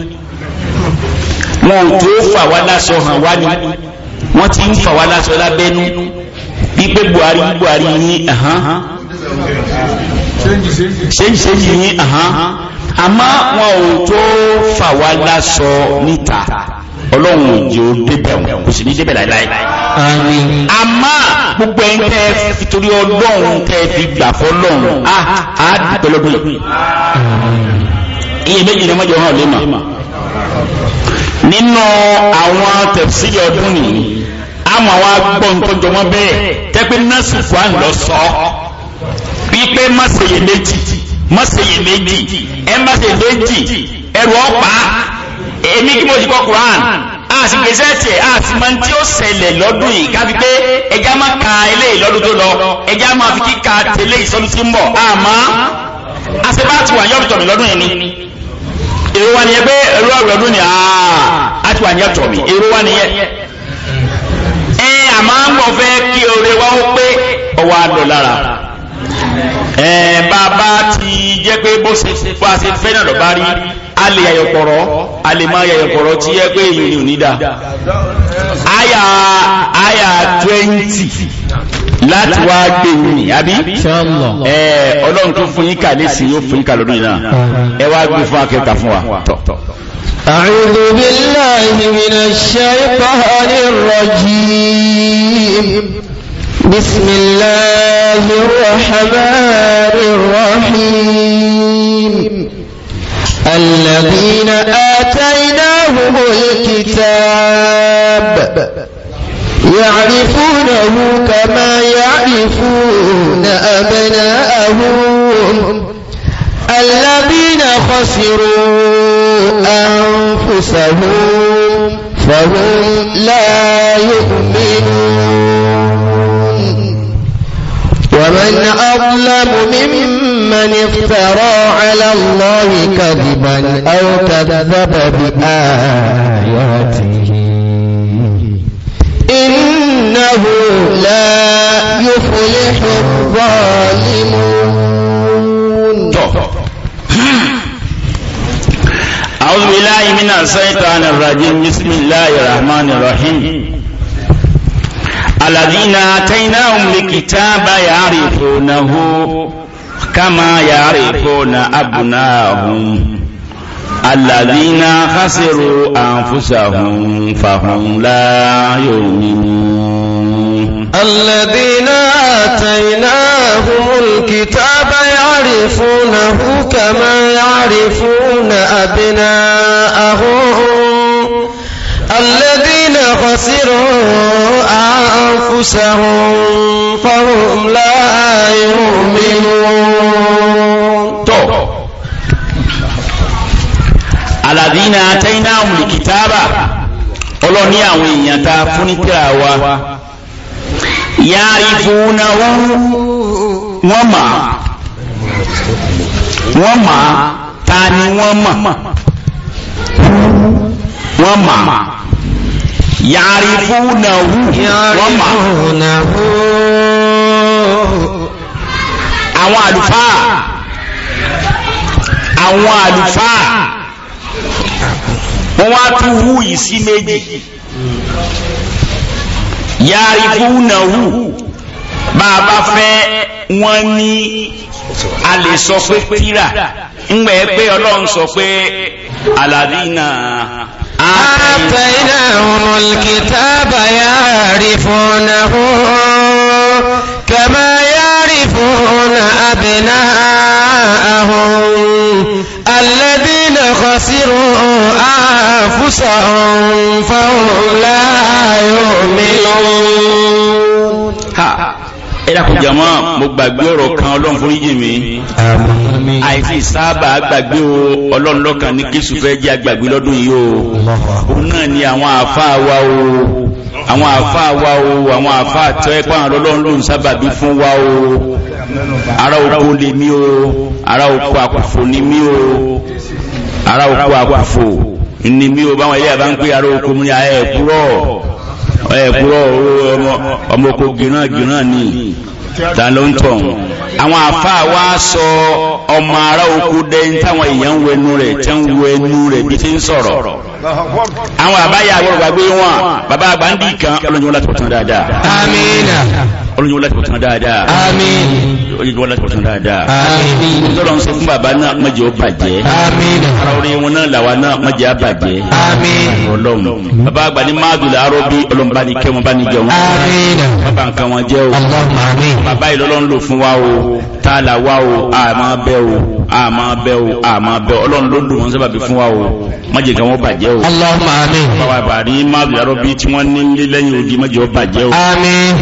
wọn ò tó fà wá lásọ hàn wá ni wọ́n ti ń fà wá lásọ lábẹ́nú pípé Buhari Buhari ní ṣéǹjì ṣéǹjì ní àmọ́ wọn ò tó fà wá lásọ níta ọlọ́run òjò débẹ̀ wọn kò sì ní débẹ̀ láíláí àmọ́ gbogbo ẹ̀ ń tẹ́ fi torí ọlọ́run tẹ́ fi gbà fọlọ́run á dúpẹ́ lọ́dún yìí iye méjì ni wọ́n jọ hàn lé mà nínú àwọn tẹ̀sílì ọdún nìyí àmọ́ wa gbọ́ nǹkan jọmọ́ bẹ́ẹ̀ tẹ́pẹ́ nọ́ọ̀sì kwan lọ sọ wípé má ṣèyí méjì má ṣe yè méjì ẹ má méjì ẹrù ọ̀pá èmi kí mo ti kọ́ Quran a sì gbèsè ẹsẹ̀ a sì máa ń tí ó ṣẹlẹ̀ lọ́dún yìí kábi pé ẹja máa ka eléyìí lọ́dún tó lọ ẹja máa fi kíka tẹ̀lé ìsọlù tí ń bọ̀ àmọ́ àṣebá wà ní mi lọ́dún yìí ni èrò wa nìyẹn pé èrò ọ̀rọ̀ ọdún ni a wà ní mi èrò wa nìyẹn ẹ àmọ́ ń bọ̀ kí oore wa ó pé ọwọ́ àdọ̀ lára ẹ̀ẹ́ bàbá ti jẹ́ pé bó ṣe fẹ́ náà lọ́bá rí a lè yàyọ̀pọ̀rọ̀ a lè máa yàyọ̀pọ̀rọ̀ tí yẹ pé èyí ò ní dá àyà àyà 20 láti wá gbé ní àbí ẹ̀ẹ́ ọlọ́run tó fún yín kà lè sí yóò fún yín kà lọ́dún yìí náà ẹ wá gbé fún akẹta fún wa أعوذ بالله من الشيطان الرجيم بسم الله الرحمن الرحيم الذين آتيناهم الكتاب يعرفونه كما يعرفون أبناءهم الذين خسروا أنفسهم فهم لا يؤمنون ومن أظلم ممن افترى على الله كذبا أو كذب بآياته إنه لا يفلح الظالمون أعوذ بالله من الشيطان الرجيم بسم الله الرحمن الرحيم الذين آتيناهم الكتاب يعرفونه كما يعرفون أبناءهم الذين خسروا أنفسهم فهم لا يؤمنون الذين آتيناهم الكتاب يعرفونه كما يعرفون أبناءهم الذين خسروا أنفسهم فهم لا يؤمنون الذين آتيناهم الكتاب ọlọ́ni àwọn èèyàn ta fún ní tíra wa yáàrí fún náà wọ́n máa wọ́n máa ta ni wọ́n yàrífúnàwó wọ́n mà àwọn àlùfáà àwọn àlùfáà wọ́n wá tún wú yìí sí méjì yàrífúnàwó bàbá fẹ́ wọ́n ní a lè sọ pé tíra ń gbẹ̀ pé ọlọ́run sọ pé àlàdínà آتيناهم الكتاب يعرفونه كما يعرفون أبناءهم الذين خسروا أنفسهم فهم لا يؤمنون ẹ̀dàkùn jama mo gbàgbé ọ̀rọ̀ kan ọlọ́run foríjì mi àìsí sábà gbàgbé o ọlọ́run lọ́kàn ní kí sùfẹ́ jẹ́ àgbàgbé lọ́dún yìí o òun náà ni àwọn àáfàá wa o àwọn àáfàá wa o àwọn àáfàá tọ́ ẹ pàrọ̀ ọlọ́run ló ń sábàbí fún wa o ara oko lè mí o ara oko àkùfò ni mí o ara oko àkùfò ni mí o báwọn ilé àbá ń pè ara oko mi ni kúrọ̀. ẹ̀kúrọ̀ ọmọ oko gíràn ní àwọn àfáà wá sọ ọmọ ará okú dẹ́yìn táwọn èèyàn wẹnu rẹ̀ tẹ́ ń wẹnu rẹ̀ bí ti ń àwọn àbáyà awọ́rọ̀gbàgbé wọn bàbá àgbà kan olóyún láti pọ̀tán dáadáa amina olóyún láti pọ̀tán dáadáa amina olóyún láti pọ̀tán dáadáa amina tọ́lọ̀ ń sọ fún bàbá náà mọ́jẹ́ ó bàjẹ́ amina ara wọn náà làwa náà mọ́jẹ́ á bàjẹ́ amina ọlọ́run bàbá àgbà ní máàdùn làárọ̀ bí ọlọ́run bá ní kẹ́ wọn bá ní jẹun amina bàbá nǹkan wọn jẹ́ bàjẹ́ o. Allahumma àmín. bàbá àbàrí máa bí arọ́ bí tí wọ́n ní ní lẹ́yìn òdì mọ́jọ bàjẹ́ o. àmín.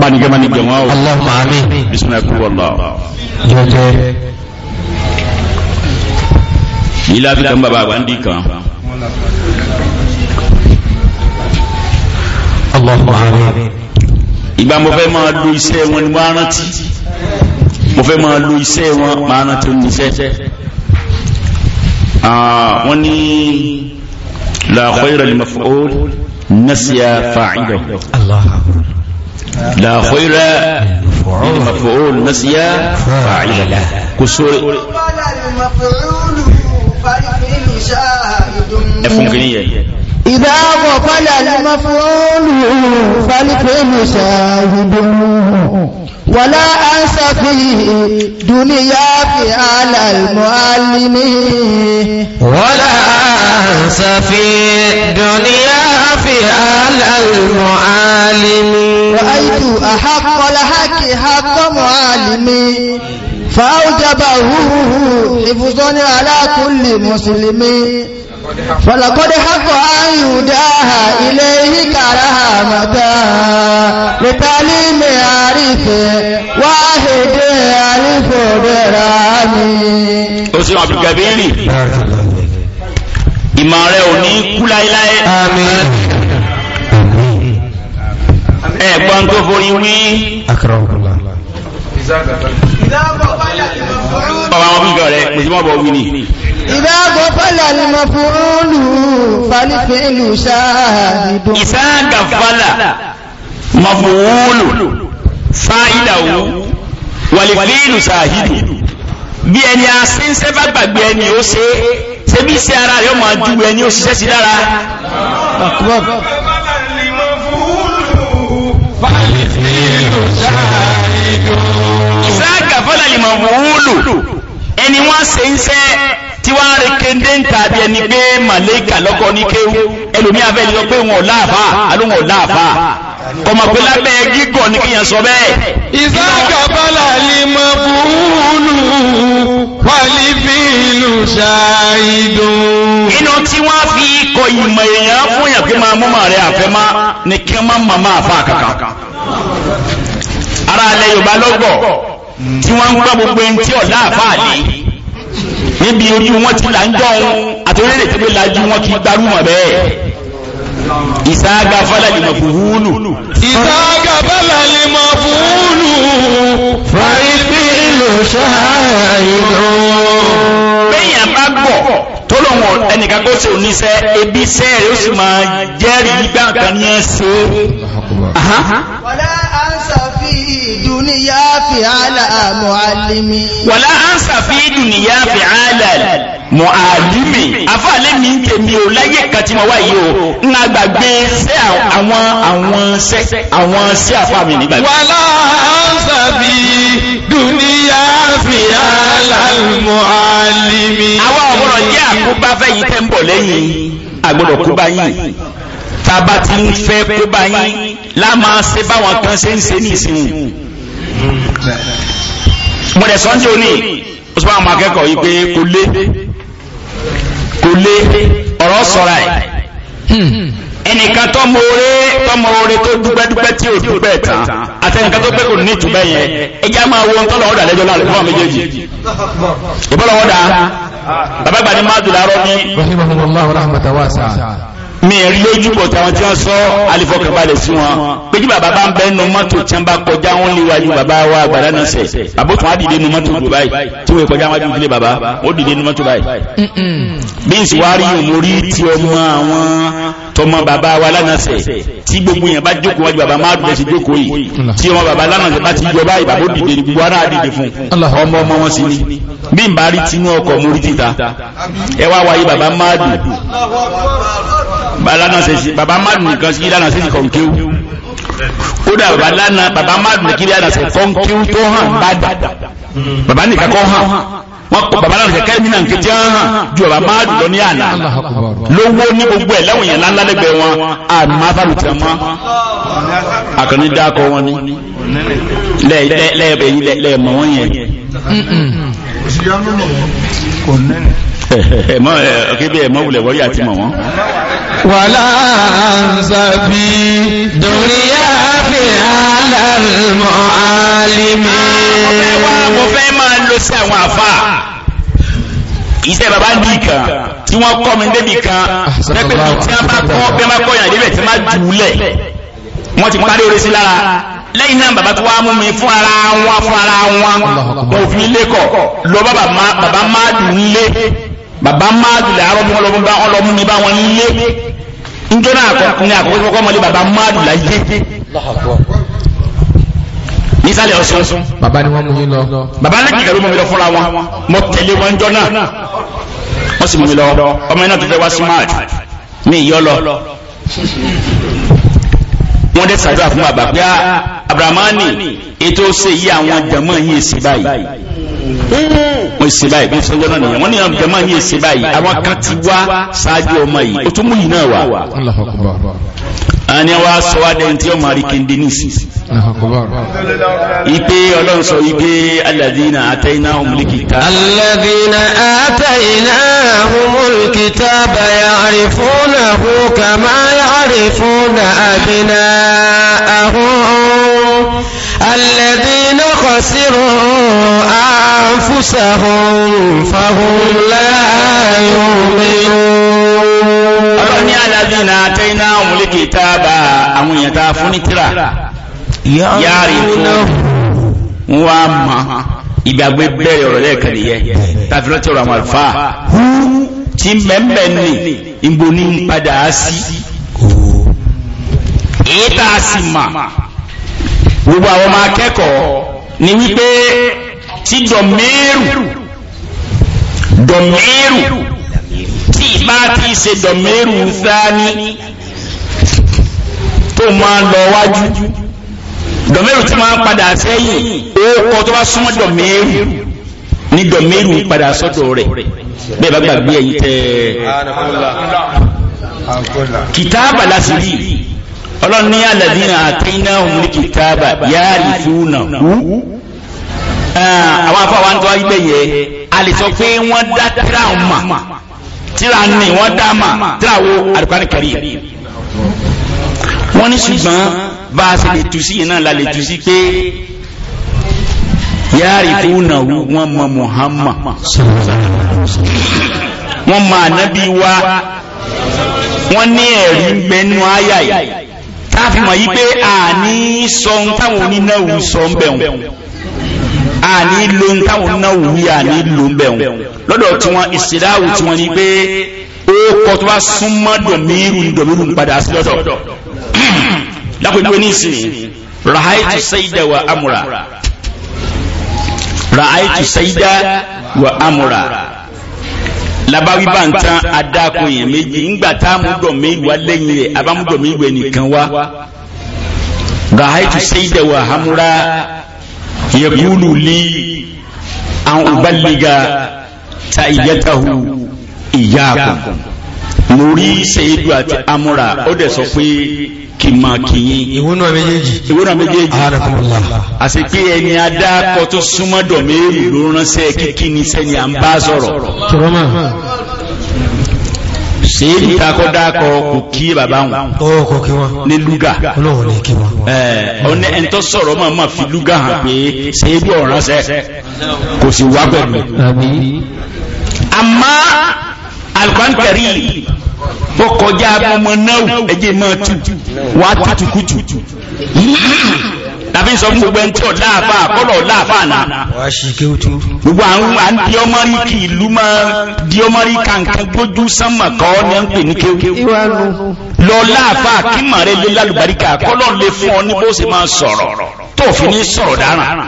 panigẹ́ manigẹ́ wọn o. Allahumma àmín. bisimilayi kúrò lọ. jọjọ. ilé afi kan bàbá àgbàndì kan. Allahumma àmín. ìgbà mo fẹ́ máa lo iṣẹ́ wọn ni mo rántí mo fẹ́ máa lo iṣẹ́ wọn máa rántí oníṣẹ́ ah, wọ́n ní لا خير المفعول نسي فاعله الله لا خير المفعول نسي فاعله كسور إذا غفل المفعول فالفعل شاهد ولا أنسى فيه دنيا آل المعلم ولا أنسى فيه دنيا آل المعلم رأيت أحق الحق حق معلمي فأوجبه حفظا على كل مسلم ولقد حق أن يداها إليه كرامة لتعليم عارف واحد ألف درامي أسمع بالكبير ìmọ̀ rẹ̀ ò ní kú láíláí àmín ẹ̀gbọ́n tó forí wí akọ̀rọ̀kọ̀lá ọ̀rọ̀ àwọn ọmọ ìgbà rẹ̀ pèsè mọ́bọ̀ wí ni إذا غفل المفعول فالفعل شاهد إذا غفل مفعول فاعله والفعل شاهد bí ẹni a sí ń sẹ́fà gbàgbé ẹni ó ṣe ṣe bí iṣẹ́ ara rẹ̀ ó máa ju ẹni ó ṣiṣẹ́ sí lára ìsáàgà fọ́lá ẹni wọ́n ṣe ń sẹ́ tí wọ́n á rè kéńdé ń ta bí ẹni pé màlẹ́kà lọ́kọ́ ní kéwú ẹlòmí abẹ́ lọ pé wọn ò láàfà àlóhùn ò láàfà ọmọ pé lábẹ́ gígọ̀ ní kíyàn sọ bẹ́ẹ̀. ìsákàbálà lè mọ búrúnù wàlífìlù fi kọ ìmọ̀ èèyàn fún yàn pé máa mú màrẹ́ àfẹ́ má ni kí wọ́n má mọ̀ ara alẹ́ yorùbá lọ́gbọ̀ tí wọ́n ń gbogbo ẹni tí ọ̀la àfáà níbi orí wọn ti là ń jọ ohun àtòrẹ́rẹ́ tí wọ́n lajú wọn kì í gbárùmọ̀ bẹ́ẹ̀ ìsáàgà fálàlì mọ̀fúhúlù ìsáàgà fálàlì mọ̀fúhúlù fàíbí ló ṣáàyìnrò bẹ́yìn àbá gbọ̀ tó lọ́wọ́ ẹnìkan kó sí oníṣẹ́ ebi sẹ́ẹ̀rẹ́ ó sì máa jẹ́rìí gbàǹkan ní ẹ̀ṣẹ́ dúníyà fi àlà mọ̀álímì. wọ̀lá ánsà fi dúníyà fi àlà mọ̀álímì. àfààlẹ́ mi ń tèmi o láyé kan tí mo wá yìí o ń gbàgbé sí àwọn àwọn sẹ́ àwọn sí àfa mi nígbà. wọ̀lá ánsà fi dúníyà fi àlà mọ̀álímì. àwa ọ̀rọ̀ jẹ́ àkóbá fẹ́ yìí tẹ́ ń bọ̀ lẹ́yìn àgbọ̀dọ̀ kóbá yìí tá a ti ń fẹ́ kóbá yìí láàmà ṣe báwọn kan ṣe ń ṣe ní ìsìn mo dẹ̀ sọ́njẹ́ òní ó sọ fún àwọn akẹ́kọ̀ọ́ yìí pé kò lé kò lé ọ̀rọ̀ sọ̀ra ẹ̀ ẹnìkan tó mọ oore tó mọ oore tó dúpẹ́dúpẹ́ tí ò dúpẹ́ tán àtẹnìkan tó pé kò ní ìtúbẹ̀ yẹn ẹjá máa wo ohun tọ́lọ́wọ́dà lẹ́jọ́ láàrin fún méjèèjì ìbọ́lọ́wọ́dà bàbá gbani máa dùn láàárọ̀ ní mi rí lójúbọ̀ táwọn tí wọ́n sọ alifọkànbalẹ̀ sí wọn péjú bàbá bá ń bẹ́ nu mọ́tò tí wọ́n bá kọjá wọn níwájú bàbá wa àgbàdá náà sẹ̀ àbó tí wọ́n á dìde nu mọ́tò dùn báyìí tí wọ́n kọjá wọn dìde bàbá ó dìde nu mọ́tò báyìí. bí n sì wá rí òun orí tí ọmọ àwọn tọmọ bàbá wa lánàṣẹ tí gbogbo yẹn bá jókòó wájú bàbá má dùn sí jókòó yìí tí ọmọ bàbá lánàṣẹ bá ti jọ báyìí bàbá ó dìde gbogbo ara dìde fún ọmọ ọmọ wọn sí ni bí n bá rí tinú ọkọ̀ mórí títa ẹ wá wáyé bàbá má dùn baba madu nìkan sí lánàá sí kàn kíw ó dà baba lánàá baba madu nìkan sí lánàá sí kàn kíw tó hàn bàdà baba nìkan kọ́ hàn wọ́n kọ baba lánàá kẹ́kẹ́ mi náà nké tí hàn ju baba madu lọ ní àná lówó ní gbogbo ẹ̀ lẹ́wọ̀n yẹn lánàá lẹ́gbẹ̀ẹ́ wọn àmì máa fà lùtẹ̀ mọ́ àkànní dákọ̀ wọn ni lẹ́ẹ̀bẹ̀ yìí lẹ́ẹ̀mọ̀ wọn yẹn ẹ̀mọ́ ẹ̀kẹ́bẹ̀ ẹ̀mọ́ wulẹ̀ wọ́rí àti mọ̀ wọ́n wàlá àǹsàbí dòríyà fi àlàmọ́ alìmí. mo fẹ́ máa lọ sí àwọn àfà iṣẹ́ bàbá ní ìkan tí wọ́n kọ́ mi débì kan pẹ́pẹ́ tí wọ́n bá kọ́ pé máa kọ́ yàn débẹ̀ tí máa jùúlẹ̀ wọ́n ti parí orí sí lára lẹ́yìn náà bàbá tó wá mú mi fún ara wọn fún ara wọn òfin lẹ́kọ̀ọ́ lọ bàbá má dùn lé bàbá máàdù làárọ̀ bí wọ́n lọ bá wọn lọ mú mi bá wọn lé nítorí àkọ́kọ́ ní àkọ́kọ́ kọ́kọ́ mọ́lé bàbá máàdù láyé nísàlẹ̀ ọ̀sán bàbá ni wọ́n mú yín lọ bàbá ní kìkẹ́rù mú mi lọ fúnra wọn mo tẹ̀lé wọn jọ náà wọ́n mi lọ ọmọ iná tó fẹ́ wá sí máàdù ní ìyọ́ lọ wọ́n dẹ̀ ah, abrahamani eto se yí àwọn jàmọ́ yìí sí báyìí wọ́n ṣe báyìí bí sọ́jọ́ náà nìyẹn wọ́n ní àbùdá máa ń yẹ ṣe báyìí àwọn kan ti wá ṣáájú ọmọ yìí ó tún mú yìí náà wá. àní wa sọ wá dẹ́yìn tí ó máa rí kéde nísì. ipe ọlọ́run sọ ipe alladhina atayna humul kitaba. alladhina atayna humul kitaba ya'rifunahu kama ya'rifuna abna'ahum alladhina. خسروا أنفسهم فهم لا يؤمنون ọlọ́ni aládìnà àtẹ́yìnà òmùlìkì tàbà كتابا èèyàn tàà ترى ní tíra yàrí fún wa ma ìgbàgbé bẹ̀rẹ̀ ọ̀rọ̀ lẹ́ẹ̀kan nìyẹn tàbí lọ́tí ọ̀rọ̀ àwọn àlùfáà tí mẹ́mẹ́ ní ìgbò ní padà sí èyí tàà sì mà gbogbo àwọn ọmọ akẹ́kọ̀ọ́ ni wípé tí dọ̀mẹ́rù dọ̀mẹ́rù tí ìbá ti ṣe dọ̀mẹ́rù sáání tó máa lọ wájú dọ̀mẹ́rù tí máa padà sẹ́yìn ókọ tó bá súnmọ́ dọ̀mẹ́rù ní dọ̀mẹ́rù padà sọ́dọ̀ rẹ̀ bẹ́ẹ̀ bá gbàgbé ẹ̀yìn tẹ́ kìtáàbà láti rí ọlọ́run ní alladhina atainahumul kitaba ya'rifunahu àwọn afọwà ń tọ́ ibẹ̀ yẹ a lè sọ pé wọ́n dá tíra mà tíra ní wọ́n dá mà tíra wo Al-Qur'an Karim wọ́n ní ṣùgbọ́n bá a sì lè tu sí iná la lè tu sí pé ya'rifunahu wọ́n mọ Muhammad wọ́n mọ ànábì wa wọ́n ní ẹ̀rí ń bẹnu táàfì mọ̀ yí pé àní sọ ń táwọn onínáwó sọ ń bẹ̀wọ̀n àní lo ń táwọn onínáwó wí àní lo ń bẹ̀wọ̀n lọ́dọ̀ tí wọ́n ìsìláwò tí wọ́n ní pé ó kọ́ tó bá súnmọ́ dòmíìrù dòmíìrù padà sí lọ́dọ̀ lápẹ̀lú ní ìsìn rahaitu sayida wa amura rahaitu sayida wa amura labari bá ń tán adákun yẹn méjì ńgbà tá a mú dọ̀ méjì wá lẹ́yìn rẹ̀ a bá mú dọ̀ méjì wẹ̀ nìkan wá. rahaitu seyida wa hamura yakulu li an ubaliga ta iyatahu iyakun mo rí sẹ́yìdù àti amúra ó dẹ̀ sọ pé kì máa kì yín. ìwúnà méjèèjì. ìwúnà méjèèjì. arakumula. àti pé ẹni adákọ tó súnmọ́ dọ̀mẹ́rù ló ránṣẹ́ kíkí ni sẹ́ni à ń bá sọ̀rọ̀. tọ́lọ́mà. sẹ́yìdù takọ́ dákọ̀ kò kí bàbá wọn. ó kò kí wọn. ní lúgà. olóhùn ní kí wọn. ẹ ọ̀nà ẹni tó sọ̀rọ̀ máa ma fi lúgà hàn pé sẹ́yìdù ọ̀ránṣẹ́ kò sì wá pẹ̀lú. àmọ́ alùpàǹtẹ̀rì ó kọjá ọmọ náà ẹjẹ́ máa tú wá tútùkútù tàbí sọ fún gbogbo ẹni tí ọ̀ láàfà kọ́lọ̀ láàfà náà gbogbo àwọn àǹdí ọmọríkì ìlú máa di ọmọríkà nǹkan gbójú sánmà kọ́ ní à ń pè ní kéwù lọ láàfà kí màrẹ́ lé lálùbáríkà kọ́lọ̀ lè fún ọ ní bó ṣe máa sọ̀rọ̀ tó fi ní sọ̀rọ̀ dáràn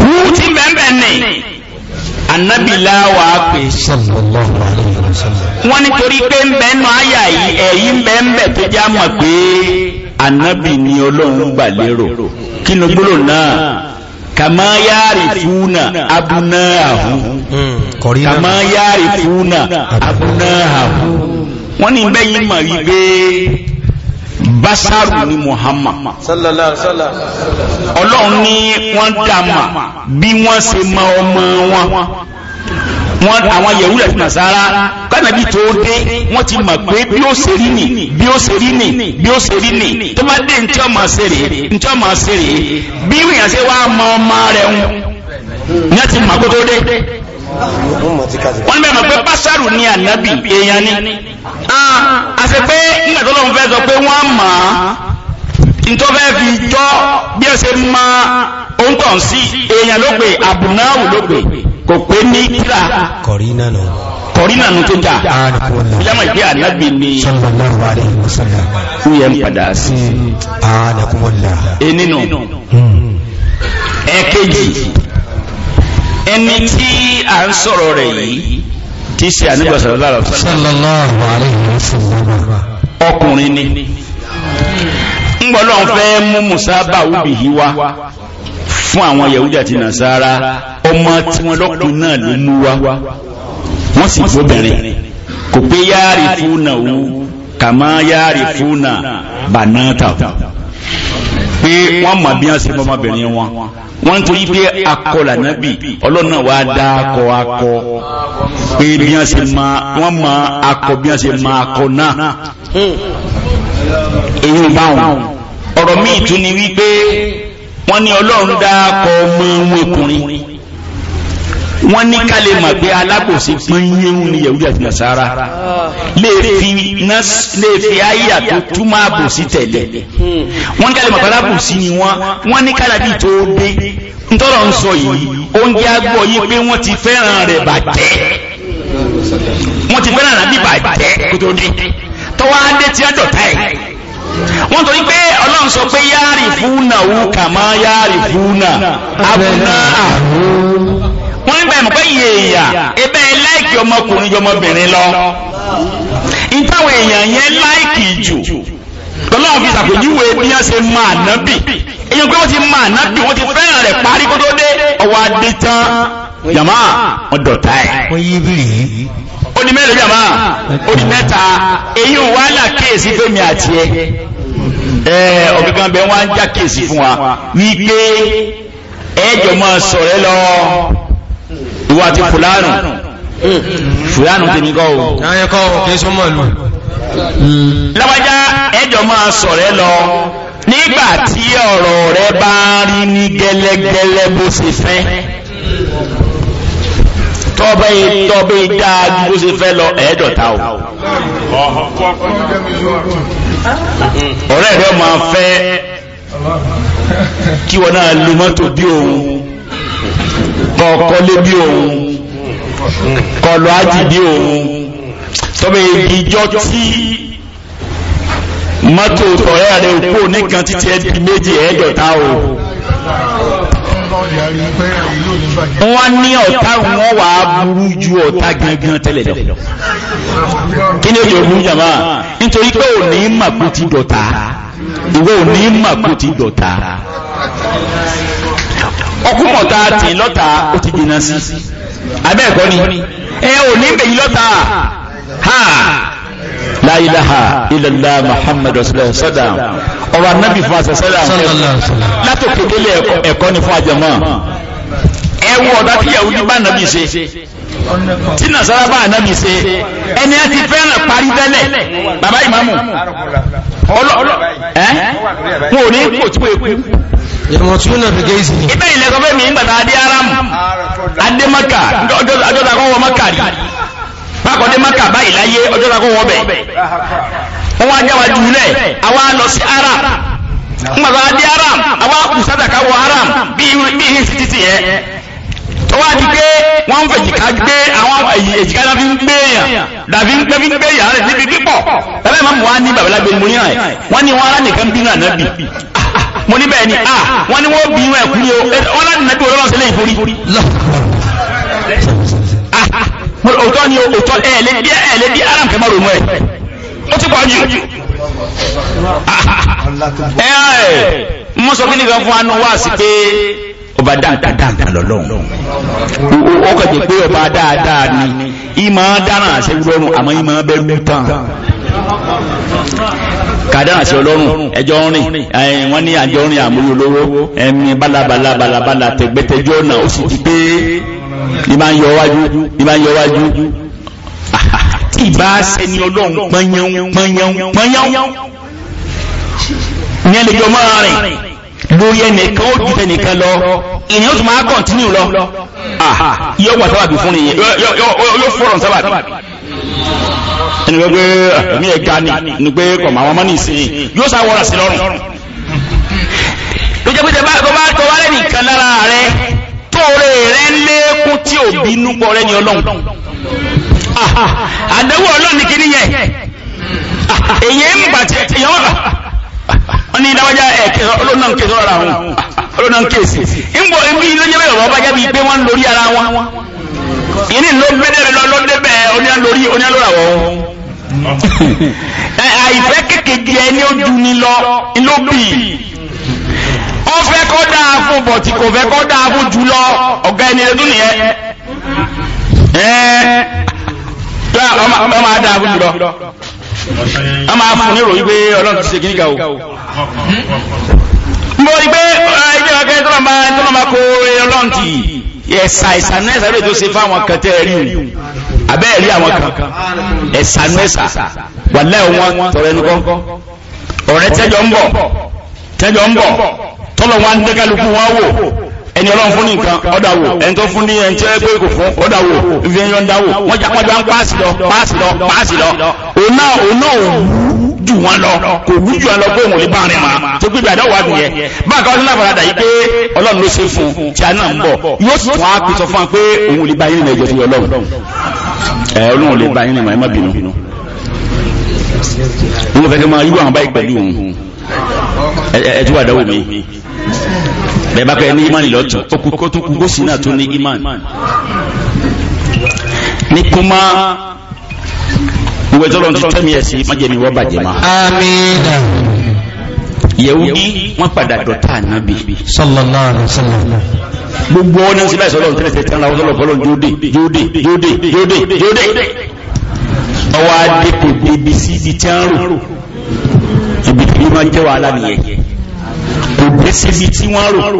wú bẹ́ẹ̀ bẹ́ẹ̀ ni anábìláwà pè wọ́n nítorí pé ń bẹ́ẹ̀nù àyà yìí ẹ̀yí ń bẹ́ẹ̀ ń bẹ̀ tó já mọ̀ pé anábì ni ọlọ́run gbà lérò kí ló gbólò náà kàmá yáàrì fúnà abúnáàhù kàmá yáàrì fúnà abúnáàhù wọ́n ní bẹ́yìn mọ̀ wípé basaru ni muhammad ni ọlọ́run wọ́n ma bí wọ́n ṣe ma ọmọ wọn wọn àwọn yẹ̀wù rẹ̀ kánàbí tó dé wọ́n ti mọ̀ pé bí ó ṣe rí nì bí ó ṣe rí nì bí ó ṣe rí nì tó bá dé ṣe wa mọ ọmọ rẹ̀ ń ní a ti mọ̀ kó tó wọ́n bẹ̀rẹ̀ mọ̀ pé báṣàrù ni ànábì èèyàn ni ah, àti pé nígbà tó lọ́n fẹ́ sọ pé wọ́n mọ̀ ọ́n tó fẹ́ fi jọ́ bí ẹ ṣe mọ ohun tó ń sí èèyàn ló pè àbùnáwù ló pè kò pé ní kíra kọ̀rí nànú kọ̀rí nànú tó jà ìyámọ̀ ìgbé ànábì ni ìyẹn padà sí ẹnìnú hmm. ẹ̀kejì ẹni tí a ń sọ̀rọ̀ rẹ̀ yìí tí ṣe àníbọ̀sọ̀rọ̀ lára ọkùnrin ni ń gbọ́lọ́ fẹ́ mú musa bá ubi yìí wá fún àwọn nasara ọmọ tí wọ́n lọ́kùnrin náà ló mú wá wọ́n sì gbóbìnrin kò pé yáàrì fúnà kàmá yáàrì fúnà bànáta pé wọ́n mọ̀ bí wọ́n ṣe mọ́mọbìnrin wọn wọ́n torí pé akọ lànàbì ọlọ́nà wa dá akọ akọ pé bí wọ́n ṣe mọ wọ́n mọ akọ bí wọ́n ṣe mọ akọ náà èyí ò bá wọn ọ̀rọ̀ míì tún ni wípé wọ́n ní ọlọ́run dá akọ ọmọ wọn ọkùnrin wọ́n ní ká lè mọ̀ pé alákòsí pínyéhun ni yẹ̀wúdí àti nàṣàrà lè fi àyà tó túmọ̀ àbòsí tẹ̀lé wọ́n ní ká lè mọ̀ pé alákòsí ni wọ́n wọ́n ní ká làbí tó dé ntọ́rọ̀ ń sọ yìí oúnjẹ agbọ̀ yìí pé wọ́n ti fẹ́ràn rẹ̀ bàjẹ́ wọ́n ti fẹ́ràn rẹ̀ bàjẹ́ kó tó dé tọ́wọ́ adé tí a dọ̀tá ẹ̀ wọ́n torí pé ọlọ́run sọ pé yáàrì fúnà wú kàmá yáàrì fúnà abúná àhún wọ́n ń bẹ̀rẹ̀ pẹ́ yìí èèyàn ẹbẹ́ láìkì ọmọkùnrin jọmọbìnrin lọ ìtàwọn èèyàn yẹn láìkì jù lọ́lọ́run fi ṣàpèjúwe bí wọ́n ṣe máa nábì èèyàn pé wọ́n ti máa nábì wọ́n ti fẹ́ràn rẹ̀ parí kó tó dé ọwọ́ adé tán yàmá ọ̀dọ̀ta ẹ̀ ó ní mẹ́rin yàmá ó ní mẹ́ta èyí ò wàhálà kéèsì fẹ́mi àti ẹ ọ̀gbẹ̀gbẹ̀ bẹ́ẹ̀ wọ́n á já kéèsì fún wa wípé ẹ̀ẹ́jọ̀ máa sọ̀rẹ́ lọ ìwọ àti fúlánù hmm. fúlánù tèmi kọ́ o ẹ̀yẹ kọ́ o kìí súnmọ̀ lù hmm. lábájá ẹjọ́ máa sọ̀rẹ́ lọ nígbà tí ọ̀rọ̀ rẹ bá rí ní gẹ́lẹ́gẹ́lẹ́ bó ṣe fẹ́ tọ́bẹ̀ tọ́bẹ̀ dáa bó ṣe fẹ́ lọ ẹ̀ẹ́dọ̀ta o ọ̀rẹ́ rẹ máa fẹ́ kí wọn náà lu mọ́tò bí òun kọ̀ọ̀kọ́lé bí òun kọ̀lọ̀ ájì bí òun sọ́bẹ̀ ìjọ tí mọ́tò tọ̀rẹ́ rẹ̀ òpó nìkan títí ẹ́ di méjì ẹ̀ẹ́dọ̀ta o wọ́n ní ọ̀tá wọn wà á burú ju ọ̀tá gangan tẹ́lẹ̀ lọ kí ni òjò burú jàmá nítorí pé ò ní mà kó ti dọ̀tá ìwọ ò ní mà kó ti dọ̀tá ọkùnmọ̀ tá a tì lọ́ta ó ti dènà sí abẹ́ẹ̀kọ́ ni ẹ ò ní bẹ̀yìn lọ́ta ha la ilaha illallah muhammadu rasulullah sọ́dà ọ̀rọ̀ anábì fún àṣẹ sọ́dà látòkèdélé ẹ̀kọ́ ni fún àjẹmọ́ ẹwọ ọ̀dá tí yẹ̀wú bá nàbí ṣe tí nàṣàrà bá nàbí ṣe ẹni ẹ ti fẹ́ràn parí tẹ́lẹ̀ bàbá ìmáàmù ọlọ́ ẹ́ wọn ò ní kò tí wọ́n ekú ìrọ̀túnà fi gẹ́ ìsìn ibẹ̀ ilẹ̀ sọ fẹ́ mi ń gbàtà adé aram adé maka ọjọ́ta kọ́ wọ maka rí pákọ̀dé maka báyìí láyé ọjọ́ta kọ́ wọ bẹ̀ wọ́n wá jáwa jùlẹ̀ àwa lọ sí aram ń gbàtà adé aram àwa kù sádàkà wọ aram bí ìhìn sí títì yẹ tó wá di pé wọ́n ń fèjìká gbé àwọn èjìká náà fi ń gbé èèyàn dàbí ń gbé fi ń gbé èèyàn rẹ̀ níbi pípọ̀ bẹ́ẹ̀ máa mú wa ní bàbá lágbè mo ní ẹ̀ wọ́n ní wọn alánìkan bínú ànábì mo ní bẹ́ẹ̀ ni à wọ́n ní wọ́n bínú ẹ̀kú ni o wọ́n alánìkan bí olóòrùn sílẹ̀ ìforí òtọ́ ni òtọ́ ẹ̀ẹ́lẹ́ bí ẹ̀ẹ́lẹ́ bí aram kẹ mọ́rùn ẹ̀ ó ti pọ̀jù ẹ̀ẹ́ mọ́ sọ kí ní gan fún anú wá sí pé ọba dáadáa lọ́lọ́run ó kẹ̀kẹ́ pé ọba dáadáa ni ìmọ̀ dáná àṣẹ lọ́rùn àmọ́ ìmọ̀ bẹ́ẹ̀ tán kàdára sí ọlọ́run ẹjọ́ rìn wọ́n ní àjọ rìn àmúlò lówó ẹni balabala balabala tẹ̀gbẹ́tẹ̀jọ́ náà ó sì ti pé ìbá ń yọ wájú ìbá ń yọ wájú tí ìbá sẹni ọlọ́run pọ́nyán pọ́nyán pọ́nyán ní ẹlẹ́jọ́ máa rìn lórí ẹnìkan ó dùn fẹ́nìkan lọ ìní ó tún máa kọ̀ntínú lọ yóò wà sábàbí fún nìyẹn yóò fọ́rọ̀ sábàbí ẹni wọ́n pé ní ẹ̀ga ni pé kọ̀mọ̀ àwọn ọmọ ní ìsìn yóò sá wọ́ra sí lọ́rùn lójẹ́ pété báyìí tó bá tó wálé nìkan lára rẹ tó rẹ rẹ ń lékún tí ò bínú pọ̀ rẹ ní ọlọ́run àdéhùn ọlọ́run ní kíní yẹn èyí ń bàtí èyí ọ̀rọ̀ wọ́n ní ìdáwọ́já ẹ̀kẹ́ olóòna ń ké sọ́ra àwọn olóòna ń kéèsì ń bọ̀ ibi ilé jẹ́ bẹ́ẹ̀ ọba jábí pé wọ́n ń lórí ara wọn ìní ló gbẹ́dẹ̀ lọ lọ́dẹ́bẹ̀ oníyàn lórí oníyàn lórí àwọ̀ àìfẹ́ kékeré ẹni ojú ni lọ ló bì ó fẹ́ kọ́ dáa fún bọ̀tì kò fẹ́ kọ́ dáa fún jù lọ ọ̀gá ẹni ẹdún nìyẹn ẹ̀ẹ́ ọmọ àdáa fún jù lọ a máa fún ní ìròyìn pé ọlọ́run ti ṣe kí nígbà o mo rí pé ẹgbẹ́ ọkẹ́ tó máa tó máa kó ọlọ́run ti ẹ̀sà ẹ̀sà náà ẹ̀sà ló tó ṣe fáwọn kan tẹ́ rí o abẹ́ rí àwọn kan ẹ̀sà náà wà láì wọn tọrọ ẹnu ọ̀rẹ́ tẹ́jọ ń bọ̀ tẹ́jọ ń bọ̀ tọ́lọ̀ wọn dẹ́kálukú wọn wò ẹni ọlọ́run fún ní nǹkan ọ̀dàwò ẹni tó fún ní ẹni tí ó pé kò fún ọ̀dàwò ìfi ẹni ọ̀dàwò wọ́n jà pọ́jọ́ ń páàsì lọ páàsì lọ páàsì lọ òun náà òun náà ò wú jù wọn lọ kò wú jù wọn lọ pé òun lè bá rìn máa tó gbé ìgbàdá wà nìyẹn bákan ọdún náà faradà yìí pé ọlọ́run ló ṣe fún tí a náà ń bọ̀ yóò sì tún á sọ fún wa pé òun lè lè bá yín nìyẹn má bẹ́ẹ̀ bá pẹ́ ní imani lọ́tún ó tún kú gósì náà tún ní imani ní kúmá ìwé tọ́lọ́ ti tẹ́mi ẹ̀sìn májèmi wọ́n bàjẹ́ ma. àmín. yẹ̀wùdí wọ́n padà dọ̀tá ànábì. sallallahu alaihi wasallam. gbogbo ọ̀nà sílẹ̀ sọ́lọ́ ní tẹ́lẹ̀ tẹ́lẹ̀ àwọn sọ́lọ́ fọlọ́ jóde jóde jóde jóde jóde. ọwọ́ adé kò débi sí ibi tí wọ́n rò ibi tí wọ́n jẹ́ wàhálà nìyẹn. kò síbi tí wọ́n rò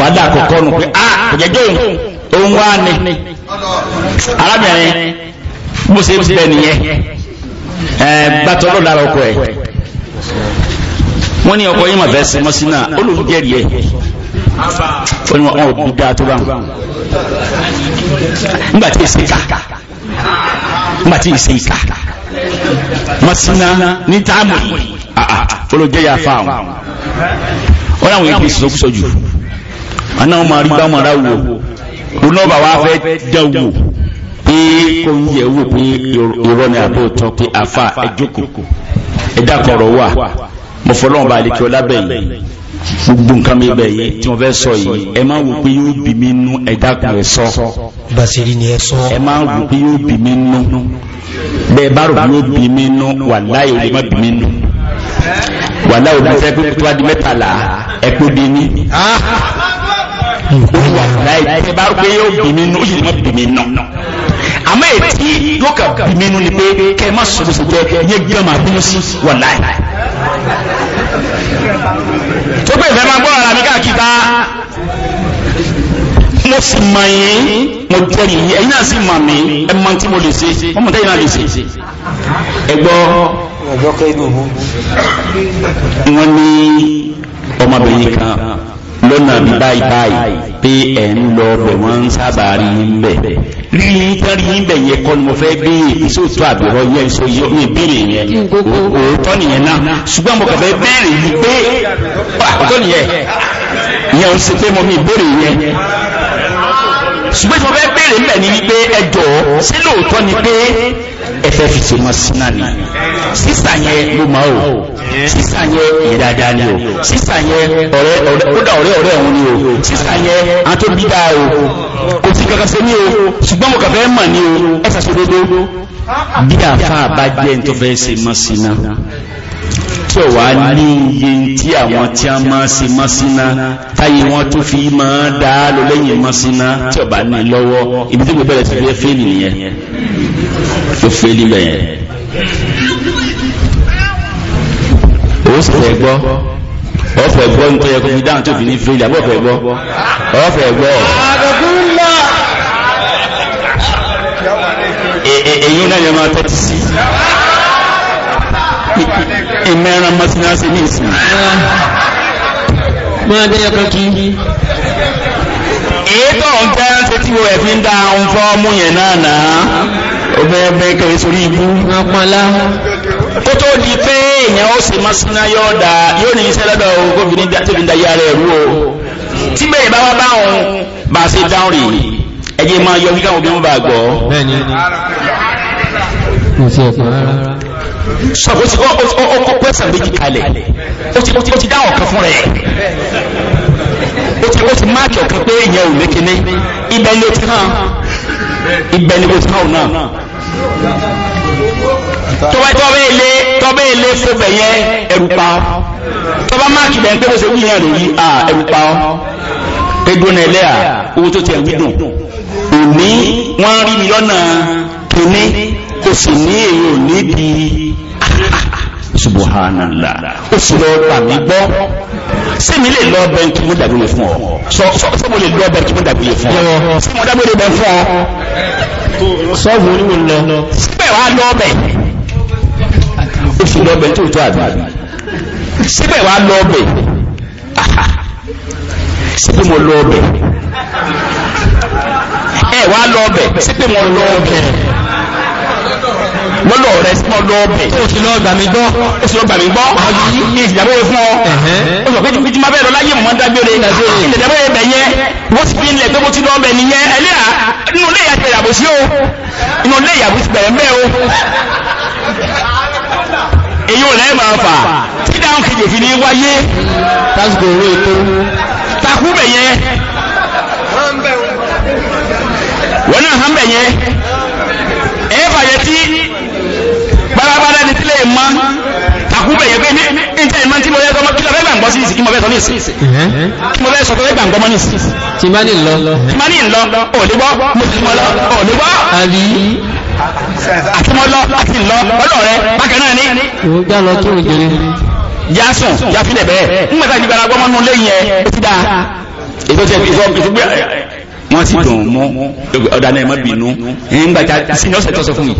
wàdà àkọ́kọ́ nù a ah, kò òun wá ni arábìnrin mo ṣe bẹ nìyẹn gbàtọ́ ló ọkọ ẹ̀ wọ́n ní ọkọ yìí mà fẹ́ sinmọ́ sí náà ó lóun jẹ́rìí ẹ̀ ó ní ò bí dáa tó bá wọn nígbà tí èsì nígbà wọ́n láwọn èdè sọ́kúsọ jù àná wọn máa rí bá wọn ráwò òun náà wá fẹ́ dẹ́wò pé kò ń yẹ̀ wò pé irọ́ ni àbò tọ́ pé àfa ẹjókòó ẹ̀dá kọ̀rọ̀ wà mo fọlọ́run bá lè kí ọ lábẹ́ yìí gbogbo nǹkan mi bẹ̀ yìí tí wọ́n fẹ́ sọ yìí ẹ máa wò pé yóò bì mí nú ẹ̀dá kan ẹ̀ sọ basiri ni ẹ sọ ẹ máa wò pé yóò bì mí nú bẹ́ẹ̀ bá rò pé yóò bì mí nú wàláhì ò lè má bì mí nú wà láwọn bí fẹ́ pípẹ́ tó wá di mẹ́tàlá ẹ̀pẹ́ bí ní wà láì tẹ́ bá pé yóò bí mi nú yìí má bí mi nà àmọ́ ètí yóò kà bí mi nú ni pé kẹ́ ẹ má sọ bó ṣe jẹ́ yé gbọ́n bínú sí wà láì. tó pé ìfẹ́ máa gbọ́ ara mi káàkiri mo sì mọ̀ yín mo jẹ́rìí yín ẹ̀yin náà sì mọ̀ mí ẹ̀ mọ̀ tí mo lè ṣe ọmọ tẹ́yìn náà lè ṣe ẹ̀gbọ́n wọ́n ní ọmọbìnrin kan lọ́nà bí báyìí báyìí pé ẹ̀ ń lọ bẹ̀ wọ́n ń sábà rí ń bẹ̀ rí ń tẹ́rí ń bẹ̀ yẹ kọ́ ni mo fẹ́ bí èso tó àbẹ̀rọ yẹ èso yẹ ní ìbéèrè yẹn òótọ́ nìyẹn náà ṣùgbọ́n mo kàn fẹ́ béèrè yìí pé òótọ́ nìyẹn ìyẹn ń ṣe pé mo mi ìbéèrè yẹn ṣùgbọ́n mo fẹ́ béèrè ń bẹ̀ ni wípé ẹjọ́ sí lóòótọ́ ni pé ẹfẹ́ fi ṣe mọ́ sí náà ni sísà yẹn ló máa o sísà yẹn ìyẹn dáadáa ni o sísà yẹn ọ̀rẹ́ kódà ọ̀rẹ́ ọ̀rẹ́ òun ni o sísà yẹn àti o kò sí kankan ṣe o ṣùgbọ́n mo kàn fẹ́ mọ̀ ní o ẹ ṣàṣe déédéé bí àfa àbájẹ́ ní ṣe mọ́ tí ó wà ní iye tí àwọn tí a máa ṣe mọ́síná táyé wọn tó fi máa dá lọ lẹ́yìn mọ́síná tí ó bá ní lọ́wọ́ ibi tí mo bẹ̀rẹ̀ sí fẹ́ fẹ́ nìyẹn ló fẹ́ níbẹ̀ yẹn. ó sì fẹ́ gbọ́ ọ̀fẹ́ gbọ́ nítorí ẹ̀kọ́ fi dáhùn tó fi ní fẹ́ ìyàbọ̀ ọ̀fẹ́ gbọ́ ọ̀fẹ́ gbọ́ èyí náà yẹn máa tẹ́tí sí ìmẹ́ran mọ́síláṣí ní ìsìn máa dẹ́yẹ kan kí èétọ̀ ń fẹ́ ṣe tí o ẹ̀fí ń da ohun fọ́ mú yẹn náà náà ó bẹ́ẹ̀ bẹ́ẹ̀ kẹ́ sórí ibú kó tó di pé èèyàn ó sì mọ́síná yóò da yóò ní iṣẹ́ lọ́dọ̀ gómìnà tẹ́lẹ̀ ń da yára ẹ̀rú o tí bẹ́ẹ̀ bá wá bá òun bá ṣe dáhùn rèé ẹjẹ́ máa yọ kíkà òbí wọn bá gbọ́. bẹ́ẹ̀ni mo ti ẹ̀kọ́ rárá ọkọ̀ pẹ́sàn méjì kalẹ̀ o ti dá ọ̀kan fún rẹ̀ o ti máàkì ọ̀kan pé ìyẹn ò lékiní ibẹ̀ ni o ti hàn ibẹ̀ ni ó ti hàn náà tọ́bẹ̀ tọ́bẹ̀ ilé tọ́bẹ̀ ilé fọ́bẹ̀ yẹ ẹ̀rù pa tọ́bẹ̀ máàkì bẹ̀ ń pé bó ṣe wúyẹ̀ rẹ̀ yí à ẹ̀rù pa ọ́ egbó náà ẹlẹ́à owó tó ti ẹ̀ wí dùn òní wọ́n rí mi lọ́nà kìíní kò sì ní èyí ò ní di subhanallah ó sì lọ bà mí gbọ́ ṣé mi lè lọ bẹ kí mo dàbí lè fún ọ sọ ṣé mo lè lọ bẹ kí mo dàbí lè fún ọ ṣé mo dàbí lè bẹ fún ọ. sọ́ọ̀bù oníwò lọ. síbẹ̀ wàá lọ bẹ̀ ó sì lọ bẹ̀ tó tó àbí síbẹ̀ wàá lọ bẹ̀ síbẹ̀ mo lọ bẹ̀ ẹ wàá lọ bẹ̀ síbẹ̀ mo lọ bẹ̀ mọ́lọ̀ rẹ̀ sí mọ́ lọ́ọ̀bẹ̀ tó ti lọ gbàmí gbọ́ ó sì lọ gbàmí gbọ́ ní ìsìdàbọ̀ yẹn fún ọ ó sọ pé tí bíjí máa bẹ̀rẹ̀ láyé mọ̀ dágbére ìdẹ̀dẹ̀bọ̀ yẹn bẹ̀ yẹn wọ́n ti fi ń lẹ̀ pé mo ti lọ́ọ̀bẹ̀ nìyẹn ẹlẹ́à inú ilé ìyàtọ̀ ìyàbò sí o inú ilé ìyàbò ti bẹ̀rẹ̀ mbẹ́ o èyí ò lẹ́ẹ̀ máa fà tí dáhùn kejì òfin ní wáyé tásìkò owó ètò takú bẹ̀ yẹn wọ́n náà hàn bẹ̀ yẹn létí gbalagbada ní tílé ma àkúbẹ̀ yẹ pé ní ìjẹ́ ìmọ̀ tí mo lẹ́tọ́ kí mo fẹ́ gbàgbọ́ sí kí mo fẹ́ sọ ní ìsìn kí mo fẹ́ sọ pé gbàgbọ́ mọ́ ní ìsìn tí má ní lọ tí má ní lọ òdìgbọ́ mo ti mọ lọ òdìgbọ́ àbí àti mo lọ láti lọ ọlọ́ rẹ bákan náà ní. ìwọ gbà lọ kí o jẹrẹ. yasun yafilẹ bẹẹ n mẹta ìgbàlagbọmọnú lẹ́yìn ẹ ó ti dáa ètò ìfọgbẹ wọ́n sì dùn mú ọ̀dà náà ẹ̀ má bínú nígbà tí a sì ní ọ̀sẹ̀ tó sọ fún mi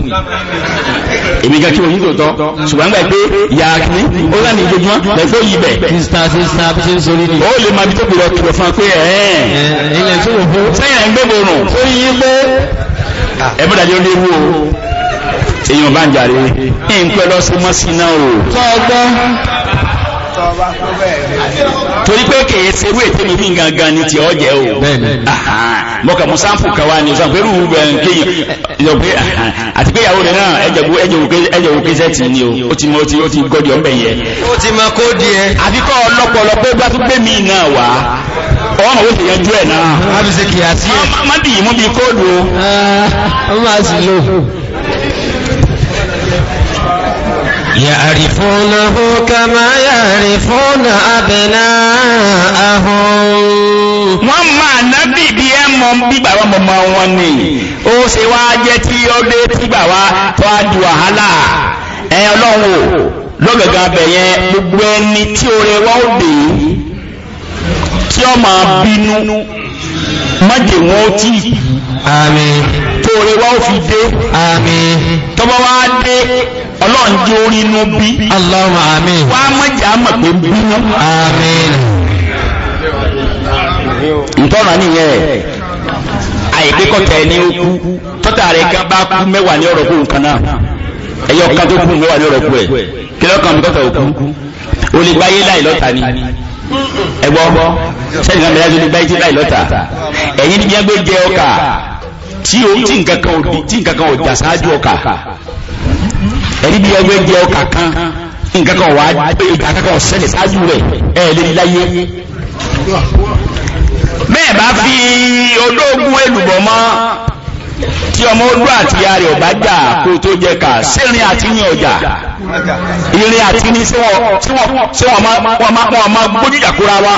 èmi gan kí oyin tó tọ́ ṣùgbọ́n gbà pé ìyá akíní ó lánàá ìjọjúmọ́ lẹ́fọ́ yìí bẹ̀. mr sista bí ṣe ń sori ni. ó lè máa bí tó kìlọ̀ kìlọ̀ fún wa pé ẹ̀ẹ́n. ilẹ̀ tó wò fún. sẹ́yìn ẹ̀ ń gbẹ́gbẹ́ òrùn. ó yí pé ẹ bọ́dà yóò lé wú o èèyàn bá ń jàre ń pẹ́ torí pé kèye serú ètè mi fi gangan ni tí ọ o mọ̀kà mú sáǹpù kàwá ni sáǹpù pẹ̀lú eh, kéyìn ìjọba àti pé ìyàwó rẹ̀ náà ẹjẹ̀ òkè sẹ́ẹ̀tì ni o ó ti mọ ó ti gọ́dì ọ̀bẹ̀ yẹn. ó ti mọ kó di ẹ. àfikọ́ ọlọ́pọ̀lọpọ̀ bá tún gbé mi náà wá ọmọ wo ti yanjú ẹ̀ náà. Ah, má bì í mú bí kóòdù o. ọmọ ah, àti يعرفونه كما يعرفون أبناءهم wọ́n máa nábì bí ẹ mọ̀ bí bàbá mọ̀mọ́ wọn ni ó ṣe wá jẹ́ tí ó dé tí bàbá tó á di wàhálà ẹ ọlọ́run lọ́gàgà bẹ̀ yẹn gbogbo ẹni tí oore wọn ó dé tí ó máa bínú májè wọn ó tí àmín tó oore wọn ó fi dé àmín tó bá wá dé ọlọ́run jẹ́ orí inú bí Allahumma àmín wá mọ́jà mọ̀ pé bínú àmín ìtọ́nà nìyẹn àìdíkọ̀tẹ̀ ní okú tọ́tà rẹ̀ kan bá kú mẹ́wàá ní ọ̀rọ̀ kó nǹkan náà ẹ̀yọ kan tó kú mẹ́wàá ní ọ̀rọ̀ kú ẹ̀ kí lọ́kàn mi tọ́tà òkú o lè gbáyé láì lọ́ta ni ẹgbọ́ ọgbọ́ sẹ́yìn náà mẹ́lájú ní gbáyé láì lọ́ta ẹ̀yìn nígbàgbé jẹ ọkà tí nǹkan kan ò dà sáájú ọkà ẹ̀rí bí ẹgbẹ́ jẹ ọkà kan nǹkan kan wà á gbé ìgbà kankan ọ̀sẹ̀lẹ̀ ṣáájú rẹ̀ ẹ̀ lè láyé bẹ́ẹ̀ bá fi odóògùn èlùbọ̀ mọ́ tí ọmọ odó àti ìyá rẹ̀ ọ̀bá jà kó tó jẹ ká sírin àti ní ọjà irin àti ní sí wọn máa gbójújà kóra wa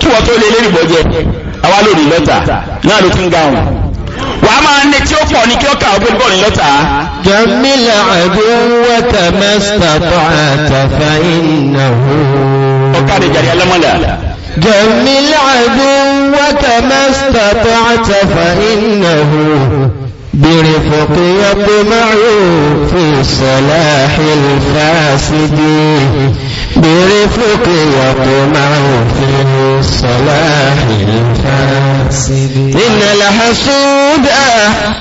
kí wọ́n tó lé lérìbọ̀ jẹ àwa lórí lọ́jà náà ló tún gáhùn wàá máa ní tí ó pọ̀ ní kí ó kà ó gbogbo ní lọ́ta. jẹ́mílẹ̀ àdúwọ́tà mẹ́sàtọ̀ àtàfà iná hù. jàrí alámọ́lá. jẹ́mílẹ̀ àdúwọ́tà mẹ́sàtọ̀ àtàfà iná برفق يطمع في صلاح الفاسد برفق يطمع في صلاح الفاسد إن الحسود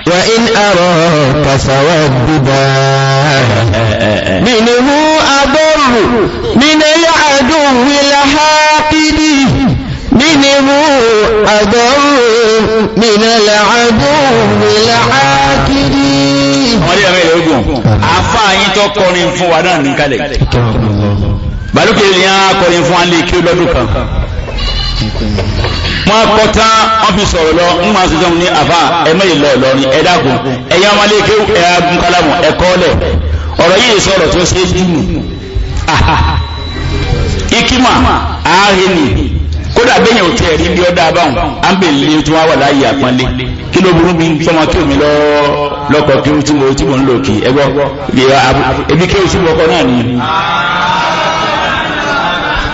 وإن أراك سوددا منه أضر من العدو الحاقد منه أضر من العدو العاكد ọmọdé ẹ̀rẹ́ ilẹ̀ ogun àfá yí tó kọrin fún wa náà nìkalẹ̀ balókè ní a kọrin fún alẹ́ kí ó lọ́dún kan wọ́n kọta ọ́fí sọ̀rọ̀ lọ ń máa sọ́jọ́ ní àfá ẹ̀mẹ́yìn lọ lọ́rin ẹ̀dàkùn ẹ̀yà wọn alẹ́ kí ẹ̀yà gúnkálàmù ẹ̀kọ́ọ́lẹ̀ ọ̀rọ̀ yìí sọ̀rọ̀ tó ṣe é dùn ikima ahini kódà bẹ́yìn òtí ẹ̀rí bí ọ́ dáa báwọn à ń bèèrè lé tí wọ́n wà láàyè àpọ́nlé kí ló burú mi sọmọ kí omi lọ́kọ̀ kí tí mo tí mo ń lò kí ẹgbọ́ ebi kí o sí wọkọ náà ni.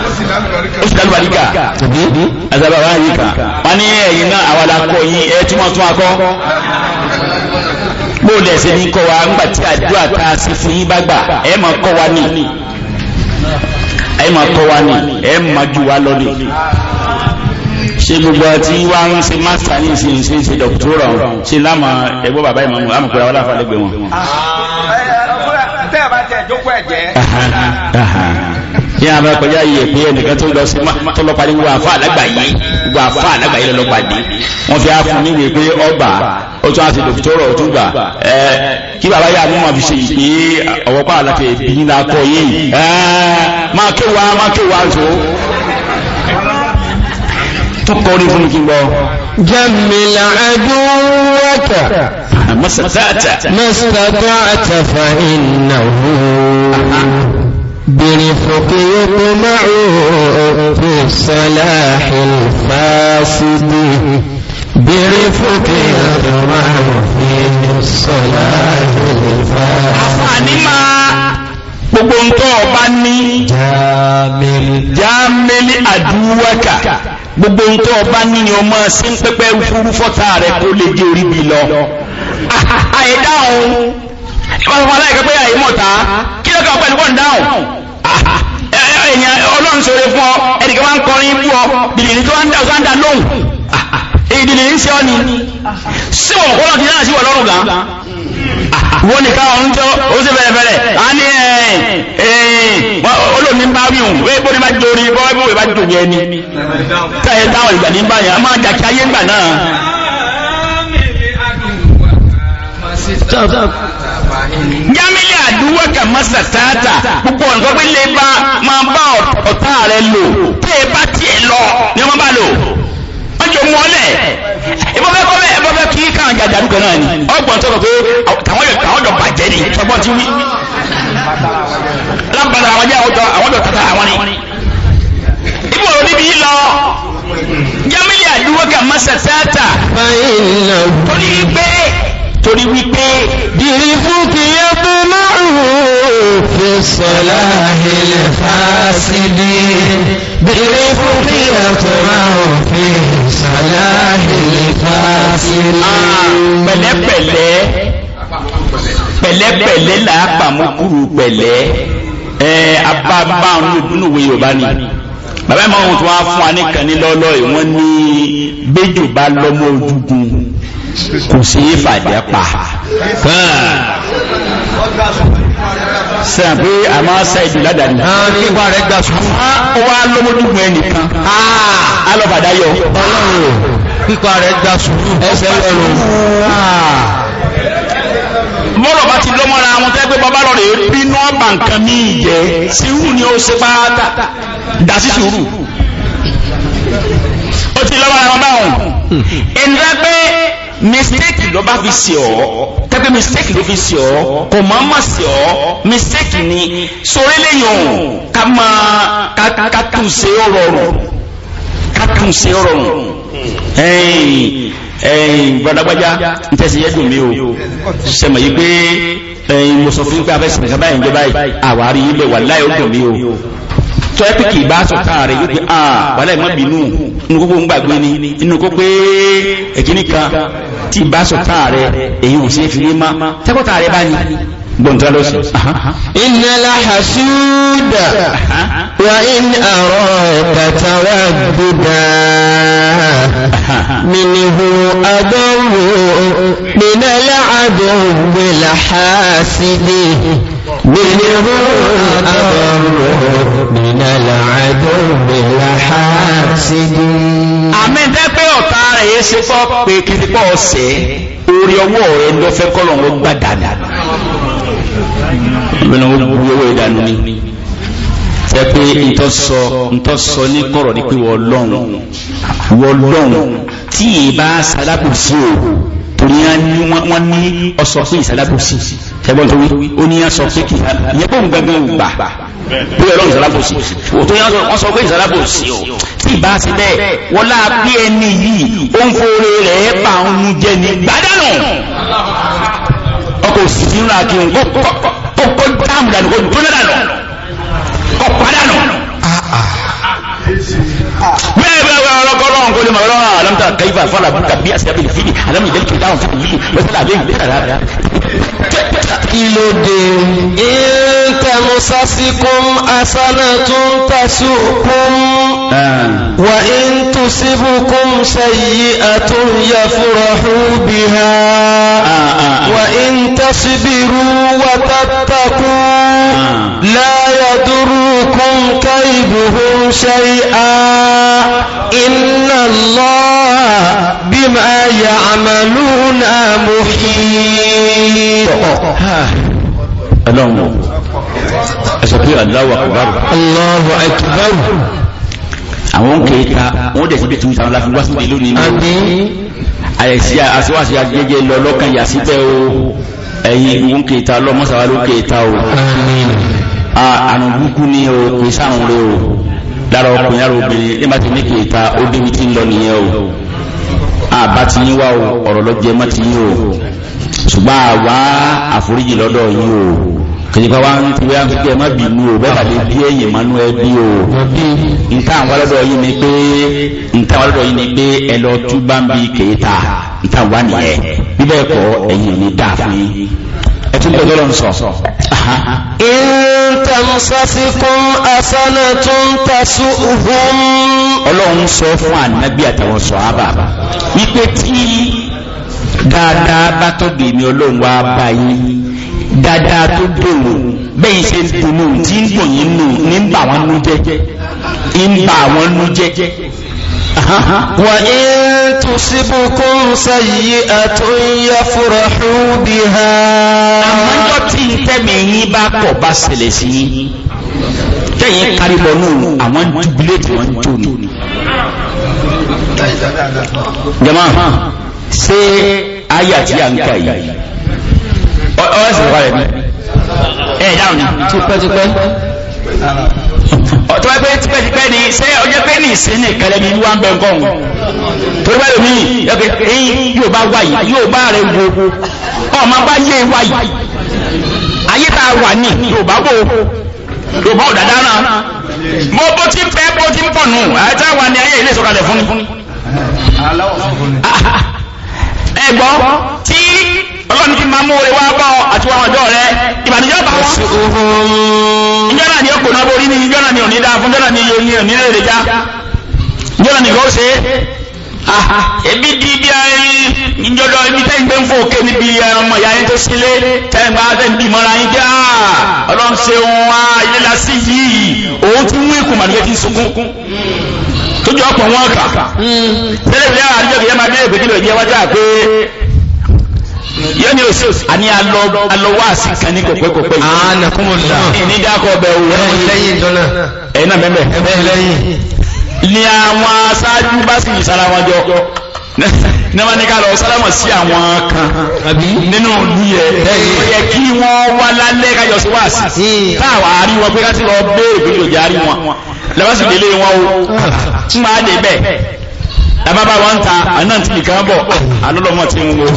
ó sì dálù baríkà àtàbà yìí kan wọn ní ẹ̀yìn náà àwọn akọ yìí ẹ tí wọ́n tún akọ. bóòlù ẹ̀sẹ̀ ní kọ́ wa ńgbà tí àdúrà tá a sì fún yín bá gbà ẹ̀ mọ̀ kọ́ wa ní ẹ̀ mọ̀ kọ́ wa ní ẹ̀ mọ̀ ju wa lọ ní ṣe gbogbo ọtí wá ń se mástà ní ìsìn ṣe ṣe dọ̀kítọ́rà ọ̀hún ṣe lámà ẹgbọ́ bàbá ìmọ̀ ọ̀hún lámà pẹ̀lú lẹ́gbẹ̀ẹ́ wọn. ní ah, àbá kọjá yìí pé ẹnìkan tó lọ sí tó lọ parí gbogbo àfa àlágbàáyé gbogbo àfa àlágbàáyé lọ pàdé wọn fi àfún mi wèé pé ọgbà ó tún àti dọkítọrọ ó tún gbà kí bàbá yà mú ma fi ṣe ìpè ọwọ́ pààlà bí nílá kọ yìí máa kéwàá máa kéwàá tó tó kọ́ orí fún mi kí n bọ́. jẹ́mìlà àdúwọ́tà. mọ́sàtàtà. mọ́sàtàtà fa iná hù. bèrè fòkè yóò máa fi sọ́lá ìfásitì. bèrè fòkè yóò máa fi sọ́lá ìfásitì. àfààní máa gbogbo ń tọ́ ọba ní jámẹ́lì àdúwọ́kà gbogbo ohun tó ọba ní ọmọ sí ń pẹ́pẹ́ fúrú fọ́ta rẹ̀ kó lè jẹ́ orí bí lọ àìdáhùn ìwọ̀n fún aláìkẹ́ pé àìmọ̀ta kí lọ́kà pẹ̀lú wọ́n dáhùn ẹ̀yìn ọlọ́run sọ̀rọ̀ fún ọ ẹnìkan máa kọrin bú ọ bìlìlì tó ń dá ọ̀sán dá lóhùn ìdìlì ń ṣe ọ ni sí wọn kọ́ náà sí lọ́rùn gan wọ́n ní káwọn ń jọ ó sì bẹ̀rẹ̀ bẹ̀rẹ̀ a ní ẹ̀yìn olómi ń bá wíhùn wíwọ́n ní bá jórí bọ́ọ̀bù ìbá jòyí ẹni táyẹ táwọn ìgbà ní báyìí a máa jàkí ayé ńgbà náà jámílì àdúwọ̀ kà mọ́sà tààtà púpọ̀ nǹkan pé lè bá máa bá ọ̀tá rẹ̀ lò tẹ́ ẹ bá tiẹ̀ lọ ni wọ́n bá lò wọ́n jọ ìbọn fẹ́ kọ́ kí káwọn jà dàrú kan náà ni ọgbọ̀n tó rọ̀ pé àwọn ọ̀dọ̀ bàjẹ́ ni ọgbọ́n ti wí lábàdà àwọn jẹ́ àwọn ọ̀dọ̀ tata àwọn ni ìmọ̀ òní bí lọ jámílì àdúgbò kà mọ́sà sáàtà tó ní pé torí wípé dìrí fún kí yẹ mú márùn-ún fi sọ́lá ilẹ̀ fásidé dìrí fún kí yẹ tó márùn-ún fi sọ́lá ilẹ̀ fásidé ah, pẹ̀lẹ́pẹ̀lẹ́ pẹ̀lẹ́pẹ̀lẹ́ làápàmú pẹ̀lẹ́ ẹ̀ abábá ọ̀nà Yorùbá ni bàbá ìmọ̀ ohun tí wọ́n á fún wa nìkan ní lọ́lọ́ ìwọ́n ní bẹ́jù bá lọ́mọ ojúgun kò sí ìfàjẹ́ pa sẹ́yìn pé a máa sẹ́ ìdí ládàá ní. Ah, nípa rẹ̀ gbà sùn. Ah, ó wá lọ́mọ ojúgun ẹnìkan á ah, lọ́bàdá yọ. pípa rẹ̀ gbà sùn. ẹsẹ̀ lọ́rùn mọ́rọ̀ bá ti lọ́mọ́ra wọn tẹ́ pé bọ́bá lọ́rẹ̀ bí nọ́ọ̀bà nǹkan mí jẹ́ sírù ni ó ṣe pátá dàsí sùúrù ó ti lọ́mọ́ra wọn báwọn ẹnìyà pé mistake ló bá fi ṣe ọ́ tẹ́pẹ́ mistake ló fi ṣe ọ́ kò máa ma ṣe ọ́ mistake ni sórí lẹ́yìn ọ̀hún ká máa ká ó rọrùn kankan ṣe rọrùn ẹ̀yìn ẹ̀yìn gbọdagbájá ń tẹ̀sí yẹ́ dùn mí o sẹ́mọ̀ yí pé ẹ̀yìn mo sọ fún pé abẹ́sẹ̀ nìkan báyìí ń jẹ báyìí àwárí ilẹ̀ wà láì ó dùn mí o tọ́ ẹ́ pé kì í bá sọ káà rẹ̀ yí pé à wà láì mọ́ bínú inú kókó ń gbàgbé ni inú kó pé ẹ̀kíní kan tí bá sọ rẹ̀ èyí ò sí fi ní má tẹ́kọ̀tà rẹ̀ bá ní gbọ̀ntálọ́sí. iná láhàṣúdà wà ní àrọ̀ bàtàwà gbúdà mìnìhù agbọ́wò nínà láàdọ̀wò láhàṣídé mìnìhù agbọ́wò nínà láàdọ̀wò láhàṣídé. àmẹ́dẹ́ pé ọ̀tá rẹ̀ ṣe fọ́ pé kìdípọ̀ ọ̀sẹ̀ orí ọwọ́ rẹ̀ lọ́fẹ́ kọ́lọ̀ ń gbàdàdà lọ́nà ó bu owó ìdánù ni ẹ pé ntọ́sọ ní kọ̀rọ̀ ní pé wọ́lọ́run tí ìbá sàdábùsí o torí wọ́n ní ọsọ pé ìsàdábùsí ẹgbọ́n tó wí ó ní ọsọ pé kì í yẹpọ̀ gbẹ̀gbẹ̀ gbà pé ọlọ́run ìsàdábùsí o tó yẹn wọ́n sọ pé ìsàdábùsí o tí ìbá sí bẹ́ẹ̀ wọ́n lá pé ẹni yìí ó ń fóore rẹ̀ bà ń jẹ ní gbádànù ọkọ̀ òsì ti ń ra kí n kó تو کرتا ہمارے کو bẹ́ẹ̀ bẹ́ẹ̀ bẹ́ẹ̀ ọlọ́kọ́lọ́ ń kọjú mọ̀lọ́ alámta kaifa fọ́lá bùkà bí àṣíyàbí lè fún yìí lọ́sẹ̀lá wà ń tùsíbùkún bí ha wà tàtàkùn láà يدركم كيدهم شيئا إن الله بما يعملون محيط اللهم أشكر الله أكبر الله أكبر àwọn kèta wọ́n dẹ̀ sí pé ìtàwọn láti wá sílẹ̀ lónìí ní àìsí àṣíwáṣí agẹ́gẹ́ lọ lọ́kàn yà síbẹ̀ o ẹ̀yìn wọ́n kèta lọ mọ́sàwá ló kèta o Ah, àrùn burúkú ní o kì sáàrùn o lára ọkùnrin ya obìnrin nígbà tí ní kì ta ó tí ń lọ nìyẹn o àbá ah, ti yín wá o ọ̀rọ̀ lọ́jẹ́ ti o ṣùgbọ́n àwa àforíjì lọ́dọ̀ o wá ń ti o bí ẹ̀yìn o yìí ni pé bi ẹ̀tún lọ́gọ́lọ́ ń sọ ìtàmsáfíkún asánà tó ń tasú ohun ọlọ́run sọ fún ànábí àtàwọn sọ̀hábà wípé tí dáadáa bá tọ́dù èmi ọlọ́run wá báyìí dáadáa tó dòrò bẹ́yìn ṣe dùnú tí ń dùn nù ní ń bà wọ́n nú jẹ́ وإن تصبكم سيئة يفرحوا بها àmọ́jọ́ tí tẹ́mi yín bá kọ̀ bá ṣẹlẹ̀ sí tẹ́yìn karibọ̀ náà àwọn dúbílẹ̀tì wọn tó ní jama ṣe ayà tí a ń kà yìí ọ́ ẹ̀sìn rẹ̀ ẹ̀ dáhùn ní tipẹ́tipẹ́ ọ̀tọ́ ẹgbẹ́ tipẹ́tipẹ́ ni ṣé ọjọ́ pé ní ìsìn ní ìkẹlẹ́ mi wá ń bẹ nǹkan torí báyìí mi ẹgbẹ́ ẹ̀yìn yóò bá wáyì yóò bá rẹ̀ wo ọmọ bá yé wáyì ayé tá a wà ní yóò bá bò yóò bá ọ̀dà dáná mo bó ti fẹ́ bó ti ń pọ̀ nù àti àwọn ni ayé ilé ìsọ̀kalẹ̀ fún ni. ẹ̀gbọ́n tí ọlọ́run ti máa mú orí wá bọ́ àti wọn ọjọ́ rẹ ìbànújẹ́ bá wọn jọ́nà ni ó kò náà borí ní jọ́nà ni ò ní fún jọ́nà ni yóò ní ò ní já jọ́nà ni kò ṣe é ebi di bí i njọ́dọ̀ ibi tẹ́ ń gbé ń fò ké níbi ọmọ ìyá yín tó sílé tẹ́gbà tẹ́ ń bí mọ́ra yín já ọlọ́run ṣe òun á ilé la sí yìí òun ti mú ìkùn màdúgbé ti sunkún tó jọ ọ̀pọ̀ wọn kà hmm. tẹ́lẹ̀ bí i àríjọ́ kìí máa bí èbèdí lè yóò ní òsì àní alọ́wọ́ àsìkà ní kòpẹ́kòpẹ́ yìí. àánà kúmọ̀ ah, lọ. ní dákọ̀ ọbẹ̀ òwò. ẹ̀yìn lẹ́yìn ìjọ́nà. ẹ̀yìn náà mẹ́mẹ́. ẹ̀bẹ̀ lẹ́yìn. ni àwọn aṣáájú bá sì sára wọn jọ ní wọ́n ní ká lọ sálámọ̀ sí àwọn kan nínú ìlú yẹ ó yẹ kí wọ́n wá lálẹ́ káyọ̀ sí wáàsí hmm. táwa àárí wọn pé ká ti lọ béèrè bí yóò járí wọn lọ́wọ́sì délé wọn o tún máa dé bẹ́ẹ̀ lábábá wọn ń ta àná tí nìkan bọ̀ alọ́lọ́mọ ah, tí ń wo.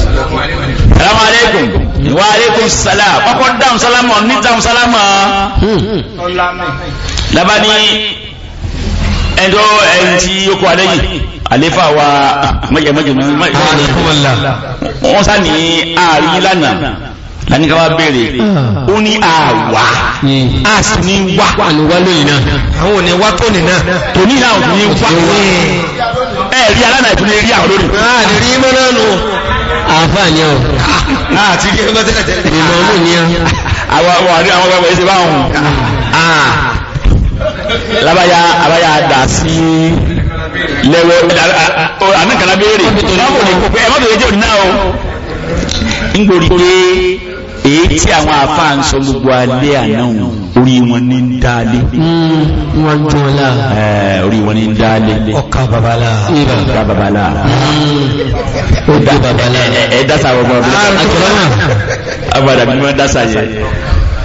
salamu aleykum wa aleykum salam ọkọ dáhùn sálámù ní dáhùn sálámù. lábá ní ẹjọ́ ẹni tí ó kọ́ alẹ́ yìí àléfà wa ah, mọ̀jẹ̀mọ̀jẹ̀ mọ̀jẹ̀ wọ́n sá ní ààrí lẹ́nìkan wá bèèrè ó ní àwà ah, a sì ní wà àníwá lóyìn náà àwọn òní wá tó nì náà tó ní ìlà òní wà ẹ̀rí aláàrẹ̀ ìtúlẹ̀ rí àwọn lórí ah, rí mọ́nà nù àfáàní ọ̀ ah, àti rí ẹgbẹ́ tẹ́lẹ̀ ìmọ̀ mú ní àwọn àwọn àwọn ọmọ ẹsẹ̀ báwọn labaya abaya dà sí lẹ́wọ́ àmì kan lábẹ́rẹ́ ẹ̀ má bẹ̀rẹ̀ jẹ́ òní náà o ń gbòrí pé èyí tí àwọn àfáà ń sọ gbogbo alẹ́ àná orí wọn ní dáálé hmm, wọ́n jọlá orí wọn ní dáálé ọkà babalá ọkà babalá ọdá hmm, babalá ẹ̀dásà ọmọ ọmọ ah, abàdà bí wọ́n dásà yẹ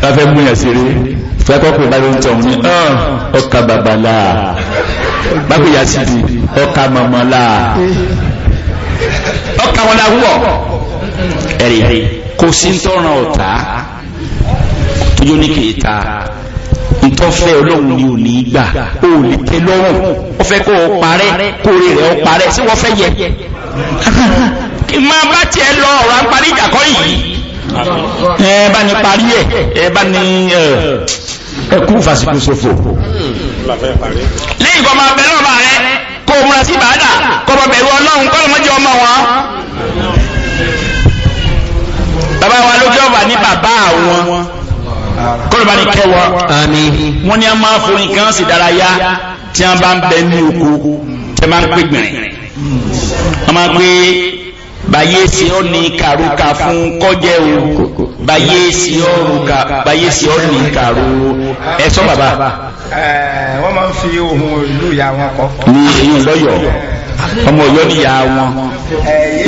láfẹ́ mú yẹn sírí fẹ́kọ́kù bá ló ń tọ̀hún ní ah, ọkà babalá bákùyà kò sí ntọ́ran ọ̀tá tójó ní kìí ta ntọ́fẹ́ ọlọ́run ni ò ní gbà ó lè tẹ lọ́rùn ó fẹ́ kó o parẹ́ kó o rẹ̀ ó parẹ́ sí wọ́n fẹ́ yẹ kí n máa bá tiẹ̀ lọ ọ̀rọ̀ à ń parí ìjà kọ́ yìí ẹ bá ní parí ẹ ẹ bá ní ẹ kú fàṣíkú ṣòfò lẹ́yìn kọ́ máa bẹ̀rẹ̀ ọba rẹ kó o múra sí ìbàdà kọ́ ọmọ bẹ̀rù ọlọ́run kọ́ ọmọ jẹ́ ọmọ wọn bàbá wa lójú ọba ní bàbá àwọn kọlọba ní kẹwọ wọn ni a máa forin kan sì dárayá tí a bá ń bẹ ní oko tí máa ń pè gbìnrín a máa pè báyé sí ọ ní kàrúkà fún kọjẹ o báyé sí ọ rúkà báyé sí ọ ní kàrú ẹ sọ bàbá. wọ́n máa ń fi ohun ìlú ìyá wọn kọ́. ní èyí lọ́yọ̀ọ́ ọmọ ọ̀yọ́ níyà wọn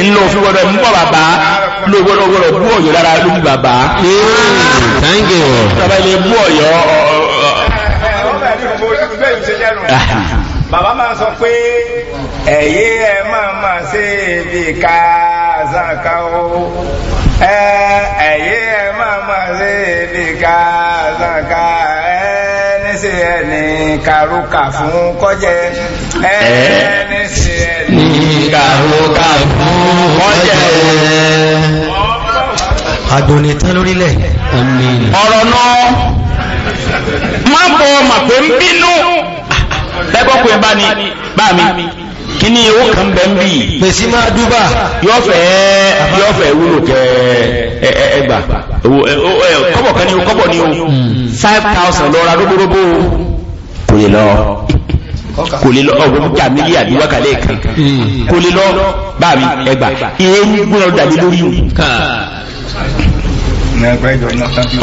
ńlọ fi wọ́dọ̀ mú bọ̀ bàbá ló gbọ́dọ̀ bú ọ̀yọ́ lára lójú bàbá. bàbá máa sọ pé ẹ̀yẹ́ ẹ máa máa ṣe bí ká zaka o ẹ̀yẹ́ ẹ máa máa ṣe bí ká zaka ẹni ṣe ẹni kàrúkà fún kọjẹ ẹni ṣe kàrókàró ọjẹ́ àdùnì tán lórílẹ̀ ọ̀rọ̀ náà má bọ̀ mà pé ń bínú lẹ́gbọ́ pé bá ní bá mi kí ní owó kan bẹ̀ ń bí pèsè máa dúbà yóò fẹ́ wúlò kẹ ẹgbà kọ́bọ̀ kan ní o kọ́bọ̀ ní o 5000 lọ́ra rógbórógbó kò yẹ lọ kò lè lọ ọgbọ̀n jàmílì àdúwákàlẹ̀ kan hmm. kò lè lọ bá mi ẹgbà ìyẹ́ ń gbọ́n dàbí lórí o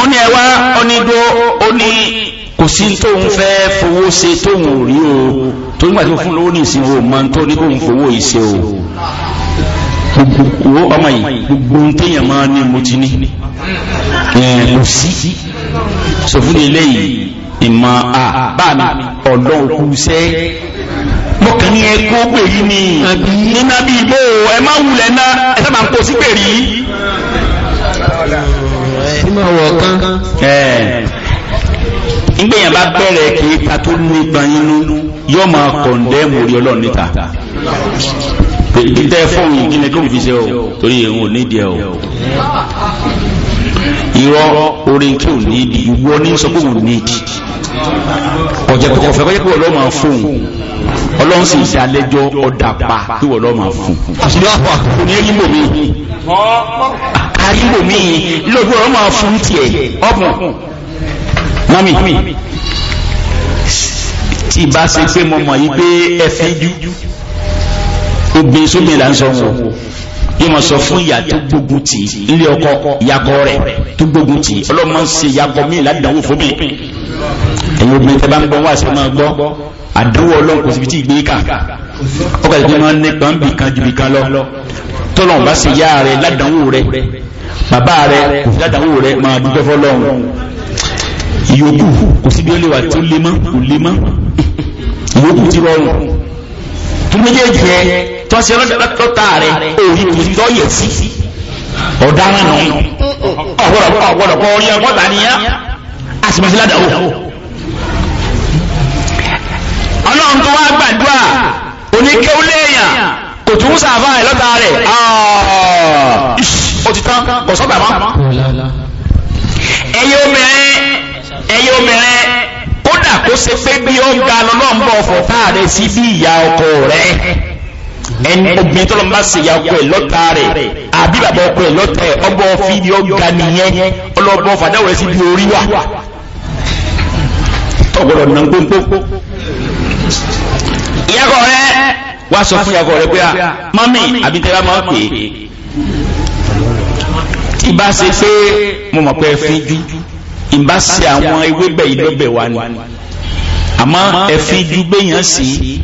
ó ní ẹwà ó ní dó ó ní kò sí tóun fẹ́ fowó ṣe tóun rí o tó nígbà tó fún lówó ní ìsìn o mọ́ tó ní kóun fowó ìṣe o gbogbo ọmọ yìí gbogbo ohun téèyàn máa ní mo ti ní kò sí sọ fún eléyìí ìmọ̀ àbá ọlọ́run kú sẹ́ mọ́kàn ní ẹgbẹ́ ògbè yìí ni nínà bí ibò ẹ má wulẹ̀ ná ẹ sábà ń kó sí pèrè yìí. ìgbéyàn bá bẹ̀rẹ̀ kí ta tó ní ipa inú yóò máa kọ̀ǹdẹ́ mórí ọlọ́run níta ìdíntẹ́ fún ìgbìnlẹ̀ kí n fi ṣe o torí èèwọ̀n nídìí o ìrọ̀ orin kí ò nídìí ìwọ ní sọ nídìí ọ̀jẹ̀ tó kọfẹ́ kọjẹ́ pé ọlọ́mà fún ọlọ́run sì dá lẹ́jọ́ ọ̀dà pa pé ọlọ́mà fún kò ní rí mòmí arígbò mi lóògbé ọlọ́mà fún tiẹ̀ ọ̀pọ̀ mọ́mí tí bá ṣe pé mọ́mọ́ yìí pé ẹ fi jú obìnrin sóbìnrin là ń sọ wọn yóò máa sọ fún ìyá tó gbógun tì ilé ọkọ ìyàgọ rẹ̀ tó gbógun tì ọlọ́mọ ń ṣe ìyàgọ mi ládàáwò fóbi ẹ̀yin obìnrin tẹ́ bá ń gbọ́ wá sí máa gbọ́ àdánwò ọlọ́run kò síbi tí ìgbé kà ọkọ̀ ìgbé máa ń nípa ń bì kan ju bì kan lọ tọ́lọ́run bá ṣe ìyá rẹ̀ ládàáwò rẹ̀ bàbá rẹ̀ kò sí ládàáwò rẹ̀ máa dúpẹ́ fọ́lọ́run ìyókù kò síbi ó lè wà tó lé mọ́ kò lé mọ́ ìyókù ti rọrùn tó méjèèjì tó ṣe lọ́ta rẹ̀ òyì kì í lọ́yẹ̀ sí ọ̀daràn nù ọ̀gbọ̀dọ̀ pọ̀ orí ẹ̀kọ́ tà níyà àṣìmọ̀ṣẹ́ ládàá o. ọlọ́run tó wá gbàdúrà oníkéwúléèyàn kò tún sàfà ẹ̀ lọ́ta rẹ̀ ó ti tán kò sọ́gbà mọ́. ẹ̀yin obìnrin ẹ̀yin obìnrin kódà kó ṣe pé bí ó ń ga lọ́nà ń bọ̀ fọ̀ táà sí bí ìyá ọkọ rẹ̀ ẹni obìnrin tó lọ bá ṣe ya ọkọ ẹ lọ́ta rẹ̀ àbí bàbá ọkọ ẹ lọ́ta ẹ ọgbọ́ fídí ọgbà nìyẹn ọlọ́gbọ́ fàdáwọ̀ ẹ sí bí orí wà tọ́gbọ́dọ̀ nà ń pọ́npọ́. ìyàgò rẹ wá sọ fún ìyàgò rẹ pé a mami àbí tẹ́lá máa pè é tí bá ṣe pé mo mọ̀ pé ẹ fi jú ìbá ṣe àwọn ewébẹ̀ ìlọ́bẹ̀ wa ni àmọ́ ẹ fi jú gbẹ̀yàn sí i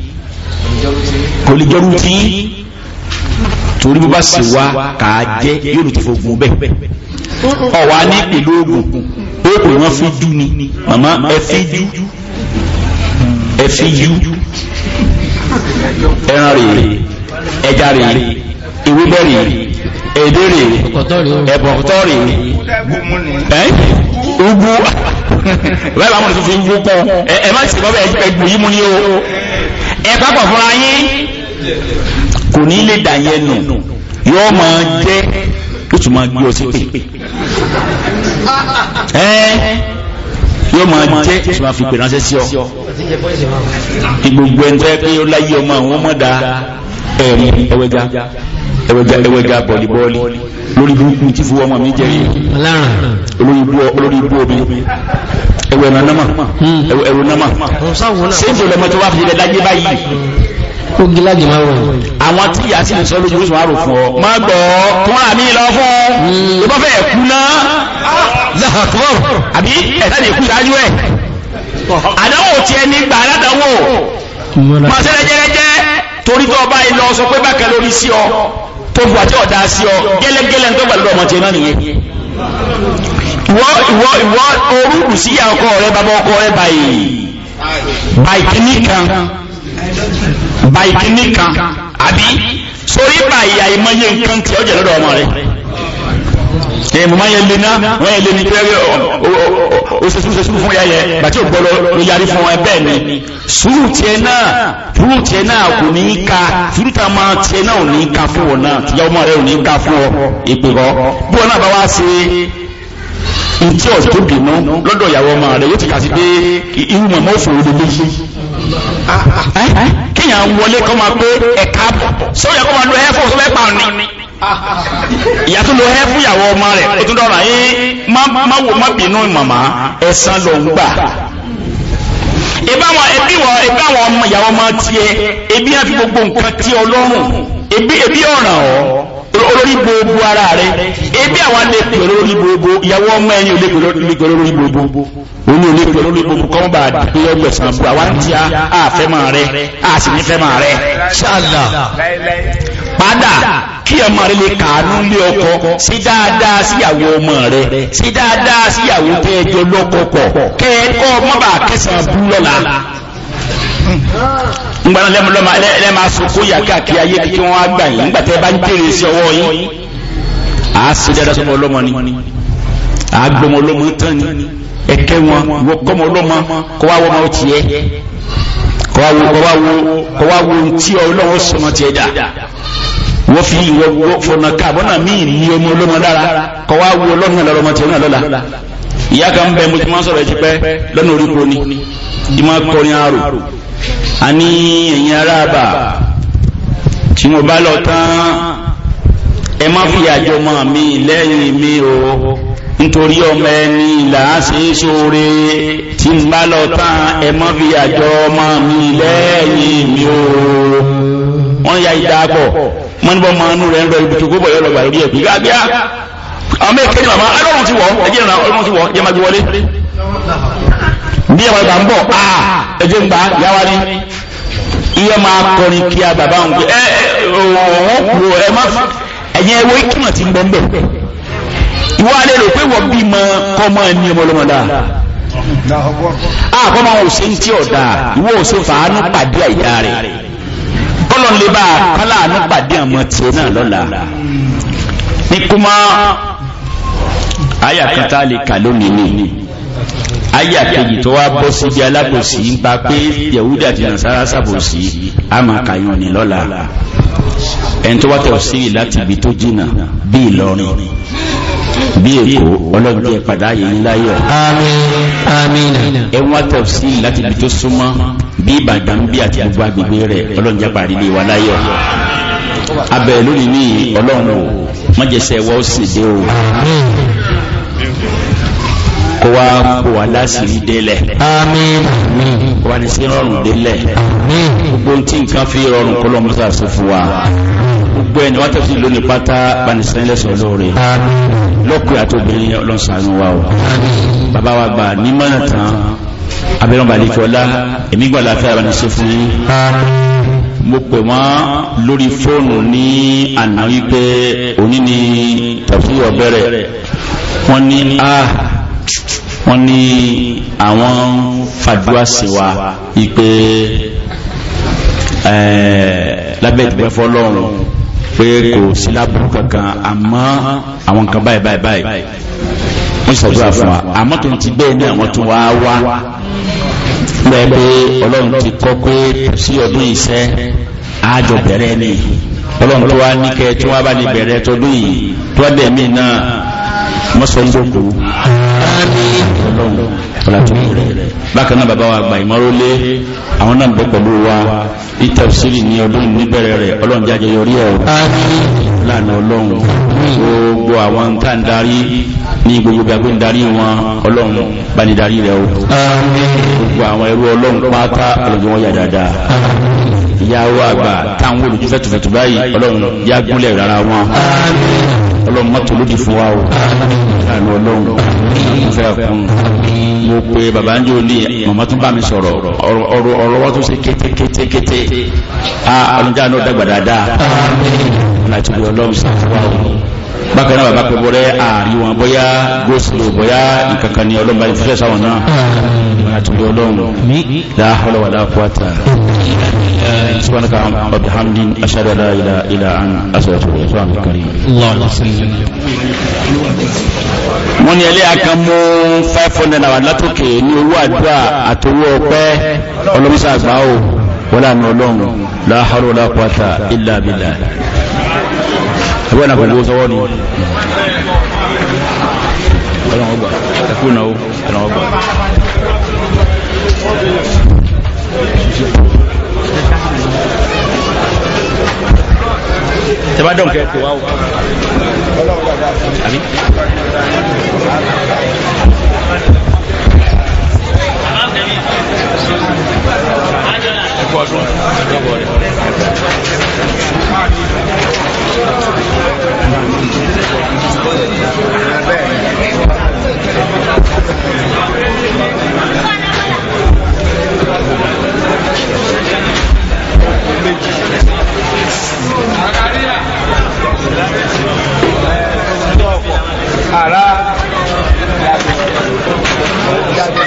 kò lè jọrú tí torí bó bá sì wá kàá jẹ́ yóò lè ti fogun bẹ́ẹ̀ ọ̀wá ní pẹ̀lú ogun pé kò wọ́n fi dú ni màmá ẹ fi dú ẹ fi yú ẹran rèé ẹja rèé ewébẹ̀ rèé èdè rèé ẹ̀bọ̀kútọ́ rèé ẹ́ ugu bẹ́ẹ̀ bá mọ̀ ní tó ń gbó pọ̀ ẹ má sì bọ́ bẹ́ẹ̀ gbẹ̀gbẹ̀ yìí mú ní o ẹ papọ̀ fúnra yín kò ní lè dà yẹn nù yóò máa jẹ́ ó tún máa gbé ọ sí pè ẹ yóò máa jẹ́ ó tún máa fi pè ránṣẹ́ sí ọ gbogbo ẹni tẹ́ pé ó láyé ọmọ àwọn ọmọ da ẹ̀rín ẹwẹ́gá ẹwẹ́gá ẹwẹ́gá bọ̀lìbọ́ọ̀lì lórí burúkú tí fún ọmọ mi jẹ́ rí olórí ibú omi ẹwọ ẹ̀nà náà ẹwọ náà ṣe ń jẹ́ ọmọ tó wá fi ilẹ̀ láyé báyìí ó gíláàjì máa wọ̀ àwọn tí ìyá sí ìsọ́ lójú oṣù márùn fún ọ má gbọ́ tó wà ní lọ fún ìbọ́fẹ́ ẹ̀kú náà láàkọ́ àbí ẹ̀dá lè kú ṣáájú ẹ̀ àdánwò tí ẹni gbà aládánwò máa ṣẹlẹ̀ jẹ́rẹ́jẹ́ torí tó ọba ilọ̀ sọ pé bákan lórí sí ọ tó bùwà tí ọ̀dà sí gbà lọ́dọ̀ ọmọ ìwọ ìwọ ìwọ orúkù sí ìyá ọkọ rẹ bàbá ọkọ rẹ báyìí bàìkíní kan bàìkíní kan àbí sórí báyìí àìmọye nǹkan tí ó jẹ lọ́dọ̀ ọmọ rẹ èèmù máa yẹ lena wọ́n yẹ leni pẹ́rẹ́ òṣèṣúṣèṣú fún yẹyẹ bàtí ògbọ́ ló yarí fún ẹ bẹ́ẹ̀ ni sùúrù tiẹ̀ náà sùúrù tiẹ̀ náà kò ní í ka sùúrù tá a máa tiẹ̀ náà ò ní í ka fún ọ náà tìyá ọmọ rẹ ò ní í ka fún ọ ìpè kọ́ bí wọn náà bá wá ṣe ntí ọ̀tọ́ bínú lọ́dọ̀ ìyàwó ọmọ rẹ̀ yóò ti kà sí pé irú mọ̀mọ́ òfò òde méjì. kéèyàn wọlé kọ́ máa pé ẹ̀ka sọ́yà kọ́ máa lo ẹ̀fọ́ sọ́fẹ́ pa ọ̀ni. ìyá tó lo ẹ̀fọ́ ìyàwó ọmọ rẹ̀ ó tún dọ̀rọ̀ ayé má wò má bínú màmá ẹ̀san ló ń gbà. ìbáwọn ẹbí wọn ìbáwọn ìyàwó ọmọ tiẹ̀ ẹbí á fi gbogbo nǹkan tí ọlọ́run ẹbí ọ̀ràn ọ̀ olórí gbogbo ara rẹ̀ ebi àwọn lè pè lórí gbogbo ìyàwó ọmọ ẹni ò lè pè lórí gbogbo òun ò lè pè lórí gbogbo kọ́ bá dé ọgbẹ̀ sàn bu àwọn tí a fẹ́ máa rẹ̀ a sì ní fẹ́ máa rẹ̀ ṣáàlà padà kí ọmọ rẹ̀ lè kàánú lé ọkọ sí dáadáa síyàwó ọmọ rẹ̀ sí dáadáa síyàwó tẹ́ ẹjọ́ lọ́kọ̀ọ̀kọ̀ kẹ́ ẹ̀kọ́ mọ́bà kẹsàn-án bú lọ́la ń gbaná lẹ́mọ̀lọ́mọ ẹlẹ́mà sọ́kó yà káàkiri ayé kí wọ́n á gbà yín nígbà tẹ́ bá ń tèrè sí ọwọ́ yín à á sì dáadáa sọmọ ọlọ́mọ ni à á gbọmọ ọlọ́mọ tán ni ẹ̀kẹ́ e wọn wọ kọ́mọ ọlọ́mọ kọ́ wá wọ́n máa tiẹ̀ kọ́ wá wo ohun tí ọlọ́wọ́ sọmọ tiẹ̀ dà wọ́n fi ìwọ fọ̀nà káàbọ̀nà míì ní ọmọ ọlọ́mọ lára kọ́ wá wo ọlọ́mọ lọ́rọ̀ tiẹ̀ náà lọ́la ìyá kan bẹ mo ti máa sọ̀rọ̀ ẹ ti pẹ́ lọ́nà orí kúrò ní ìmọ̀ kọrin àrò àní ẹ̀yin aráàbà tí mo bá lọ tán ẹ má fi àjọ mọ́ mi lẹ́yìn mi o nítorí ọmọ ẹni là á ṣe é ṣoore tí n bá lọ tán ẹ má fi àjọ mọ́ mi lẹ́yìn mi o wọ́n ya ìdá pọ̀ mọ́nibọ́ mọ́nú rẹ̀ ń rọ ibùsùn kó lọ́gbà lórí ẹ̀kú gágá àwọn mẹ́rin kẹ́jọ àmọ́ alọ́run ti wọ̀ ẹjẹ́ ìrìnà ọlọ́run ti wọ̀ yẹ máa gbé wọlé bí ẹwà ìgbà ń bọ̀ à ẹjẹ́ ìgbà yáwá ní iye máa kọrin kí a bàbá òun ẹ ọ̀hún kúrò ẹ má fi ẹ̀yẹ ẹwọ́ ìkìmọ̀ ti ń bọ̀ ń bẹ̀ ìwọ alẹ́ rò pé wọ́n bí mọ kọ́ mọ́ ẹni ọmọ ọlọ́mọ dáa àkọ́ máa ò ṣe ń tí ọ̀dà ìwọ ò ṣe fàánú pàdé àìdá rẹ̀ kọ́lọ̀ ń lè bá a kálà àánú pàdé àmọ́ tiẹ̀ náà lọ́la ní kúmọ́ àyà kan tá a lè kà ni àyà kejì tó wá bọ́ síbi alábòsí ń pa pé yahudi àti nasara sàbòsí a máa kàyàn ní lọ́la ẹni tó wá tẹ̀ sí láti ibi tó jìnnà bí Ìlọrin bí èkó ọlọ́jẹ́ padà yìí láyọ̀ àmín ẹwọ́n tẹ̀sí láti ibi tó súnmọ́ bí ìbàdàn bí àti gbogbo agbègbè rẹ̀ ọlọ́jẹ́ parí lè wà láyọ̀ abẹ́ lónìí ní ọlọ́run o mọ́jẹsẹ̀ wọ́n sì dé o kó wá kó wá láṣìírí délẹ̀ àmín kó wá ní sí rọrùn délẹ̀ àmín gbogbo tí nǹkan fi rọrùn kó lọ mọ́sá sí fún wa gbogbo ẹni wọ́n tẹ̀sí lónìí pátá banisẹ́lẹ̀sọ̀ lóore lọ́kùnrin àti obìnrin ọlọ́sàn-án wa o bàbá wa gbà ní mọ́nà tán abẹ́rán balikọ́lá èmi gbà láfẹ́ àbánisẹ́ fún yín mo pè wọ́n lórí fóònù ní àná wípé òní ni tàbí ọ̀bẹ̀rẹ̀ wọ́n ní a. Ah, wọ́n ní àwọn fàdúrà sí wa ipe lábẹ́ fọ́lọ́run pé kò sí lábúrú kankan àmọ́ àwọn kan báyìí báyìí báyìí wọ́n sì sàdúrà fún wa àmọ́ tó ti bẹ́ẹ̀ ní àwọn tó wá wá lọ́ẹ́ ọlọ́run ti kọ́ pé sí ọdún iṣẹ́ àjọ bẹ̀rẹ̀ ni ọlọ́run tó wá ní tí wọ́n bá ní bẹ̀rẹ̀ tọdún yìí tó wá bẹ̀ẹ̀ náà mọ́sọ̀ ń jòkó bákan náà bàbá wa gba ìmọ́rólé àwọn náà bẹ́ pẹ̀lú wa ìtẹ̀síri ní ọdún níbẹ̀rẹ̀ rẹ̀ ọlọ́njájẹ yọrí ẹ̀ lánà ọlọ́run gbogbo àwọn tá ń darí ní gbogbo bí ń darí wọn ọlọ́run bá ní darí rẹ̀ o gbogbo àwọn ẹrú ọlọ́run pátá ọlọ́jọ́ wọn yà dáadáa ìyàwó àgbà táwọn olùjúfẹ́tùfẹ́tù báyìí ọlọ́run yá gúnlẹ̀ rárá wọn ọlọ́run mọ́tò lódì fún wa o lánà ọlọ́run fẹ́ kún mo pe bàbá ń jò ní màmá tún bá mi sọ̀rọ̀ ọ̀rọ̀ wọ́n tún ṣe kétékété a ah, ọlọ́jà náà dàgbà dáadáa láti wọ ọlọ́run sàfúwà òun bákan náà bàbá pẹ̀lú rẹ̀ ààrí wọn bóyá gòsìlò bóyá ìkankan ni ọlọ́mọ ìfẹ́ sáwọn náà àtúndì ọlọ́run la hawla wala quwwata subhanaka wa bihamdin ashhadu an la ilaha illa anta astaghfiruka wa atubu ilayk wọ́n ní ẹlẹ́yà kan mú 500 naira látòkè ní owó àdúrà àtòwó ọpẹ́ ọlọ́mísàgbà ò wọ́n lànà ọlọ́run la ẹgbẹ́ náà gbogbo sọwọ́ ni ọlọ́run ọgbà ẹkú náà ọlọ́run ọgbà wá o àbí ẹkú ọdún lọ́wọ́ rẹ̀. Ara.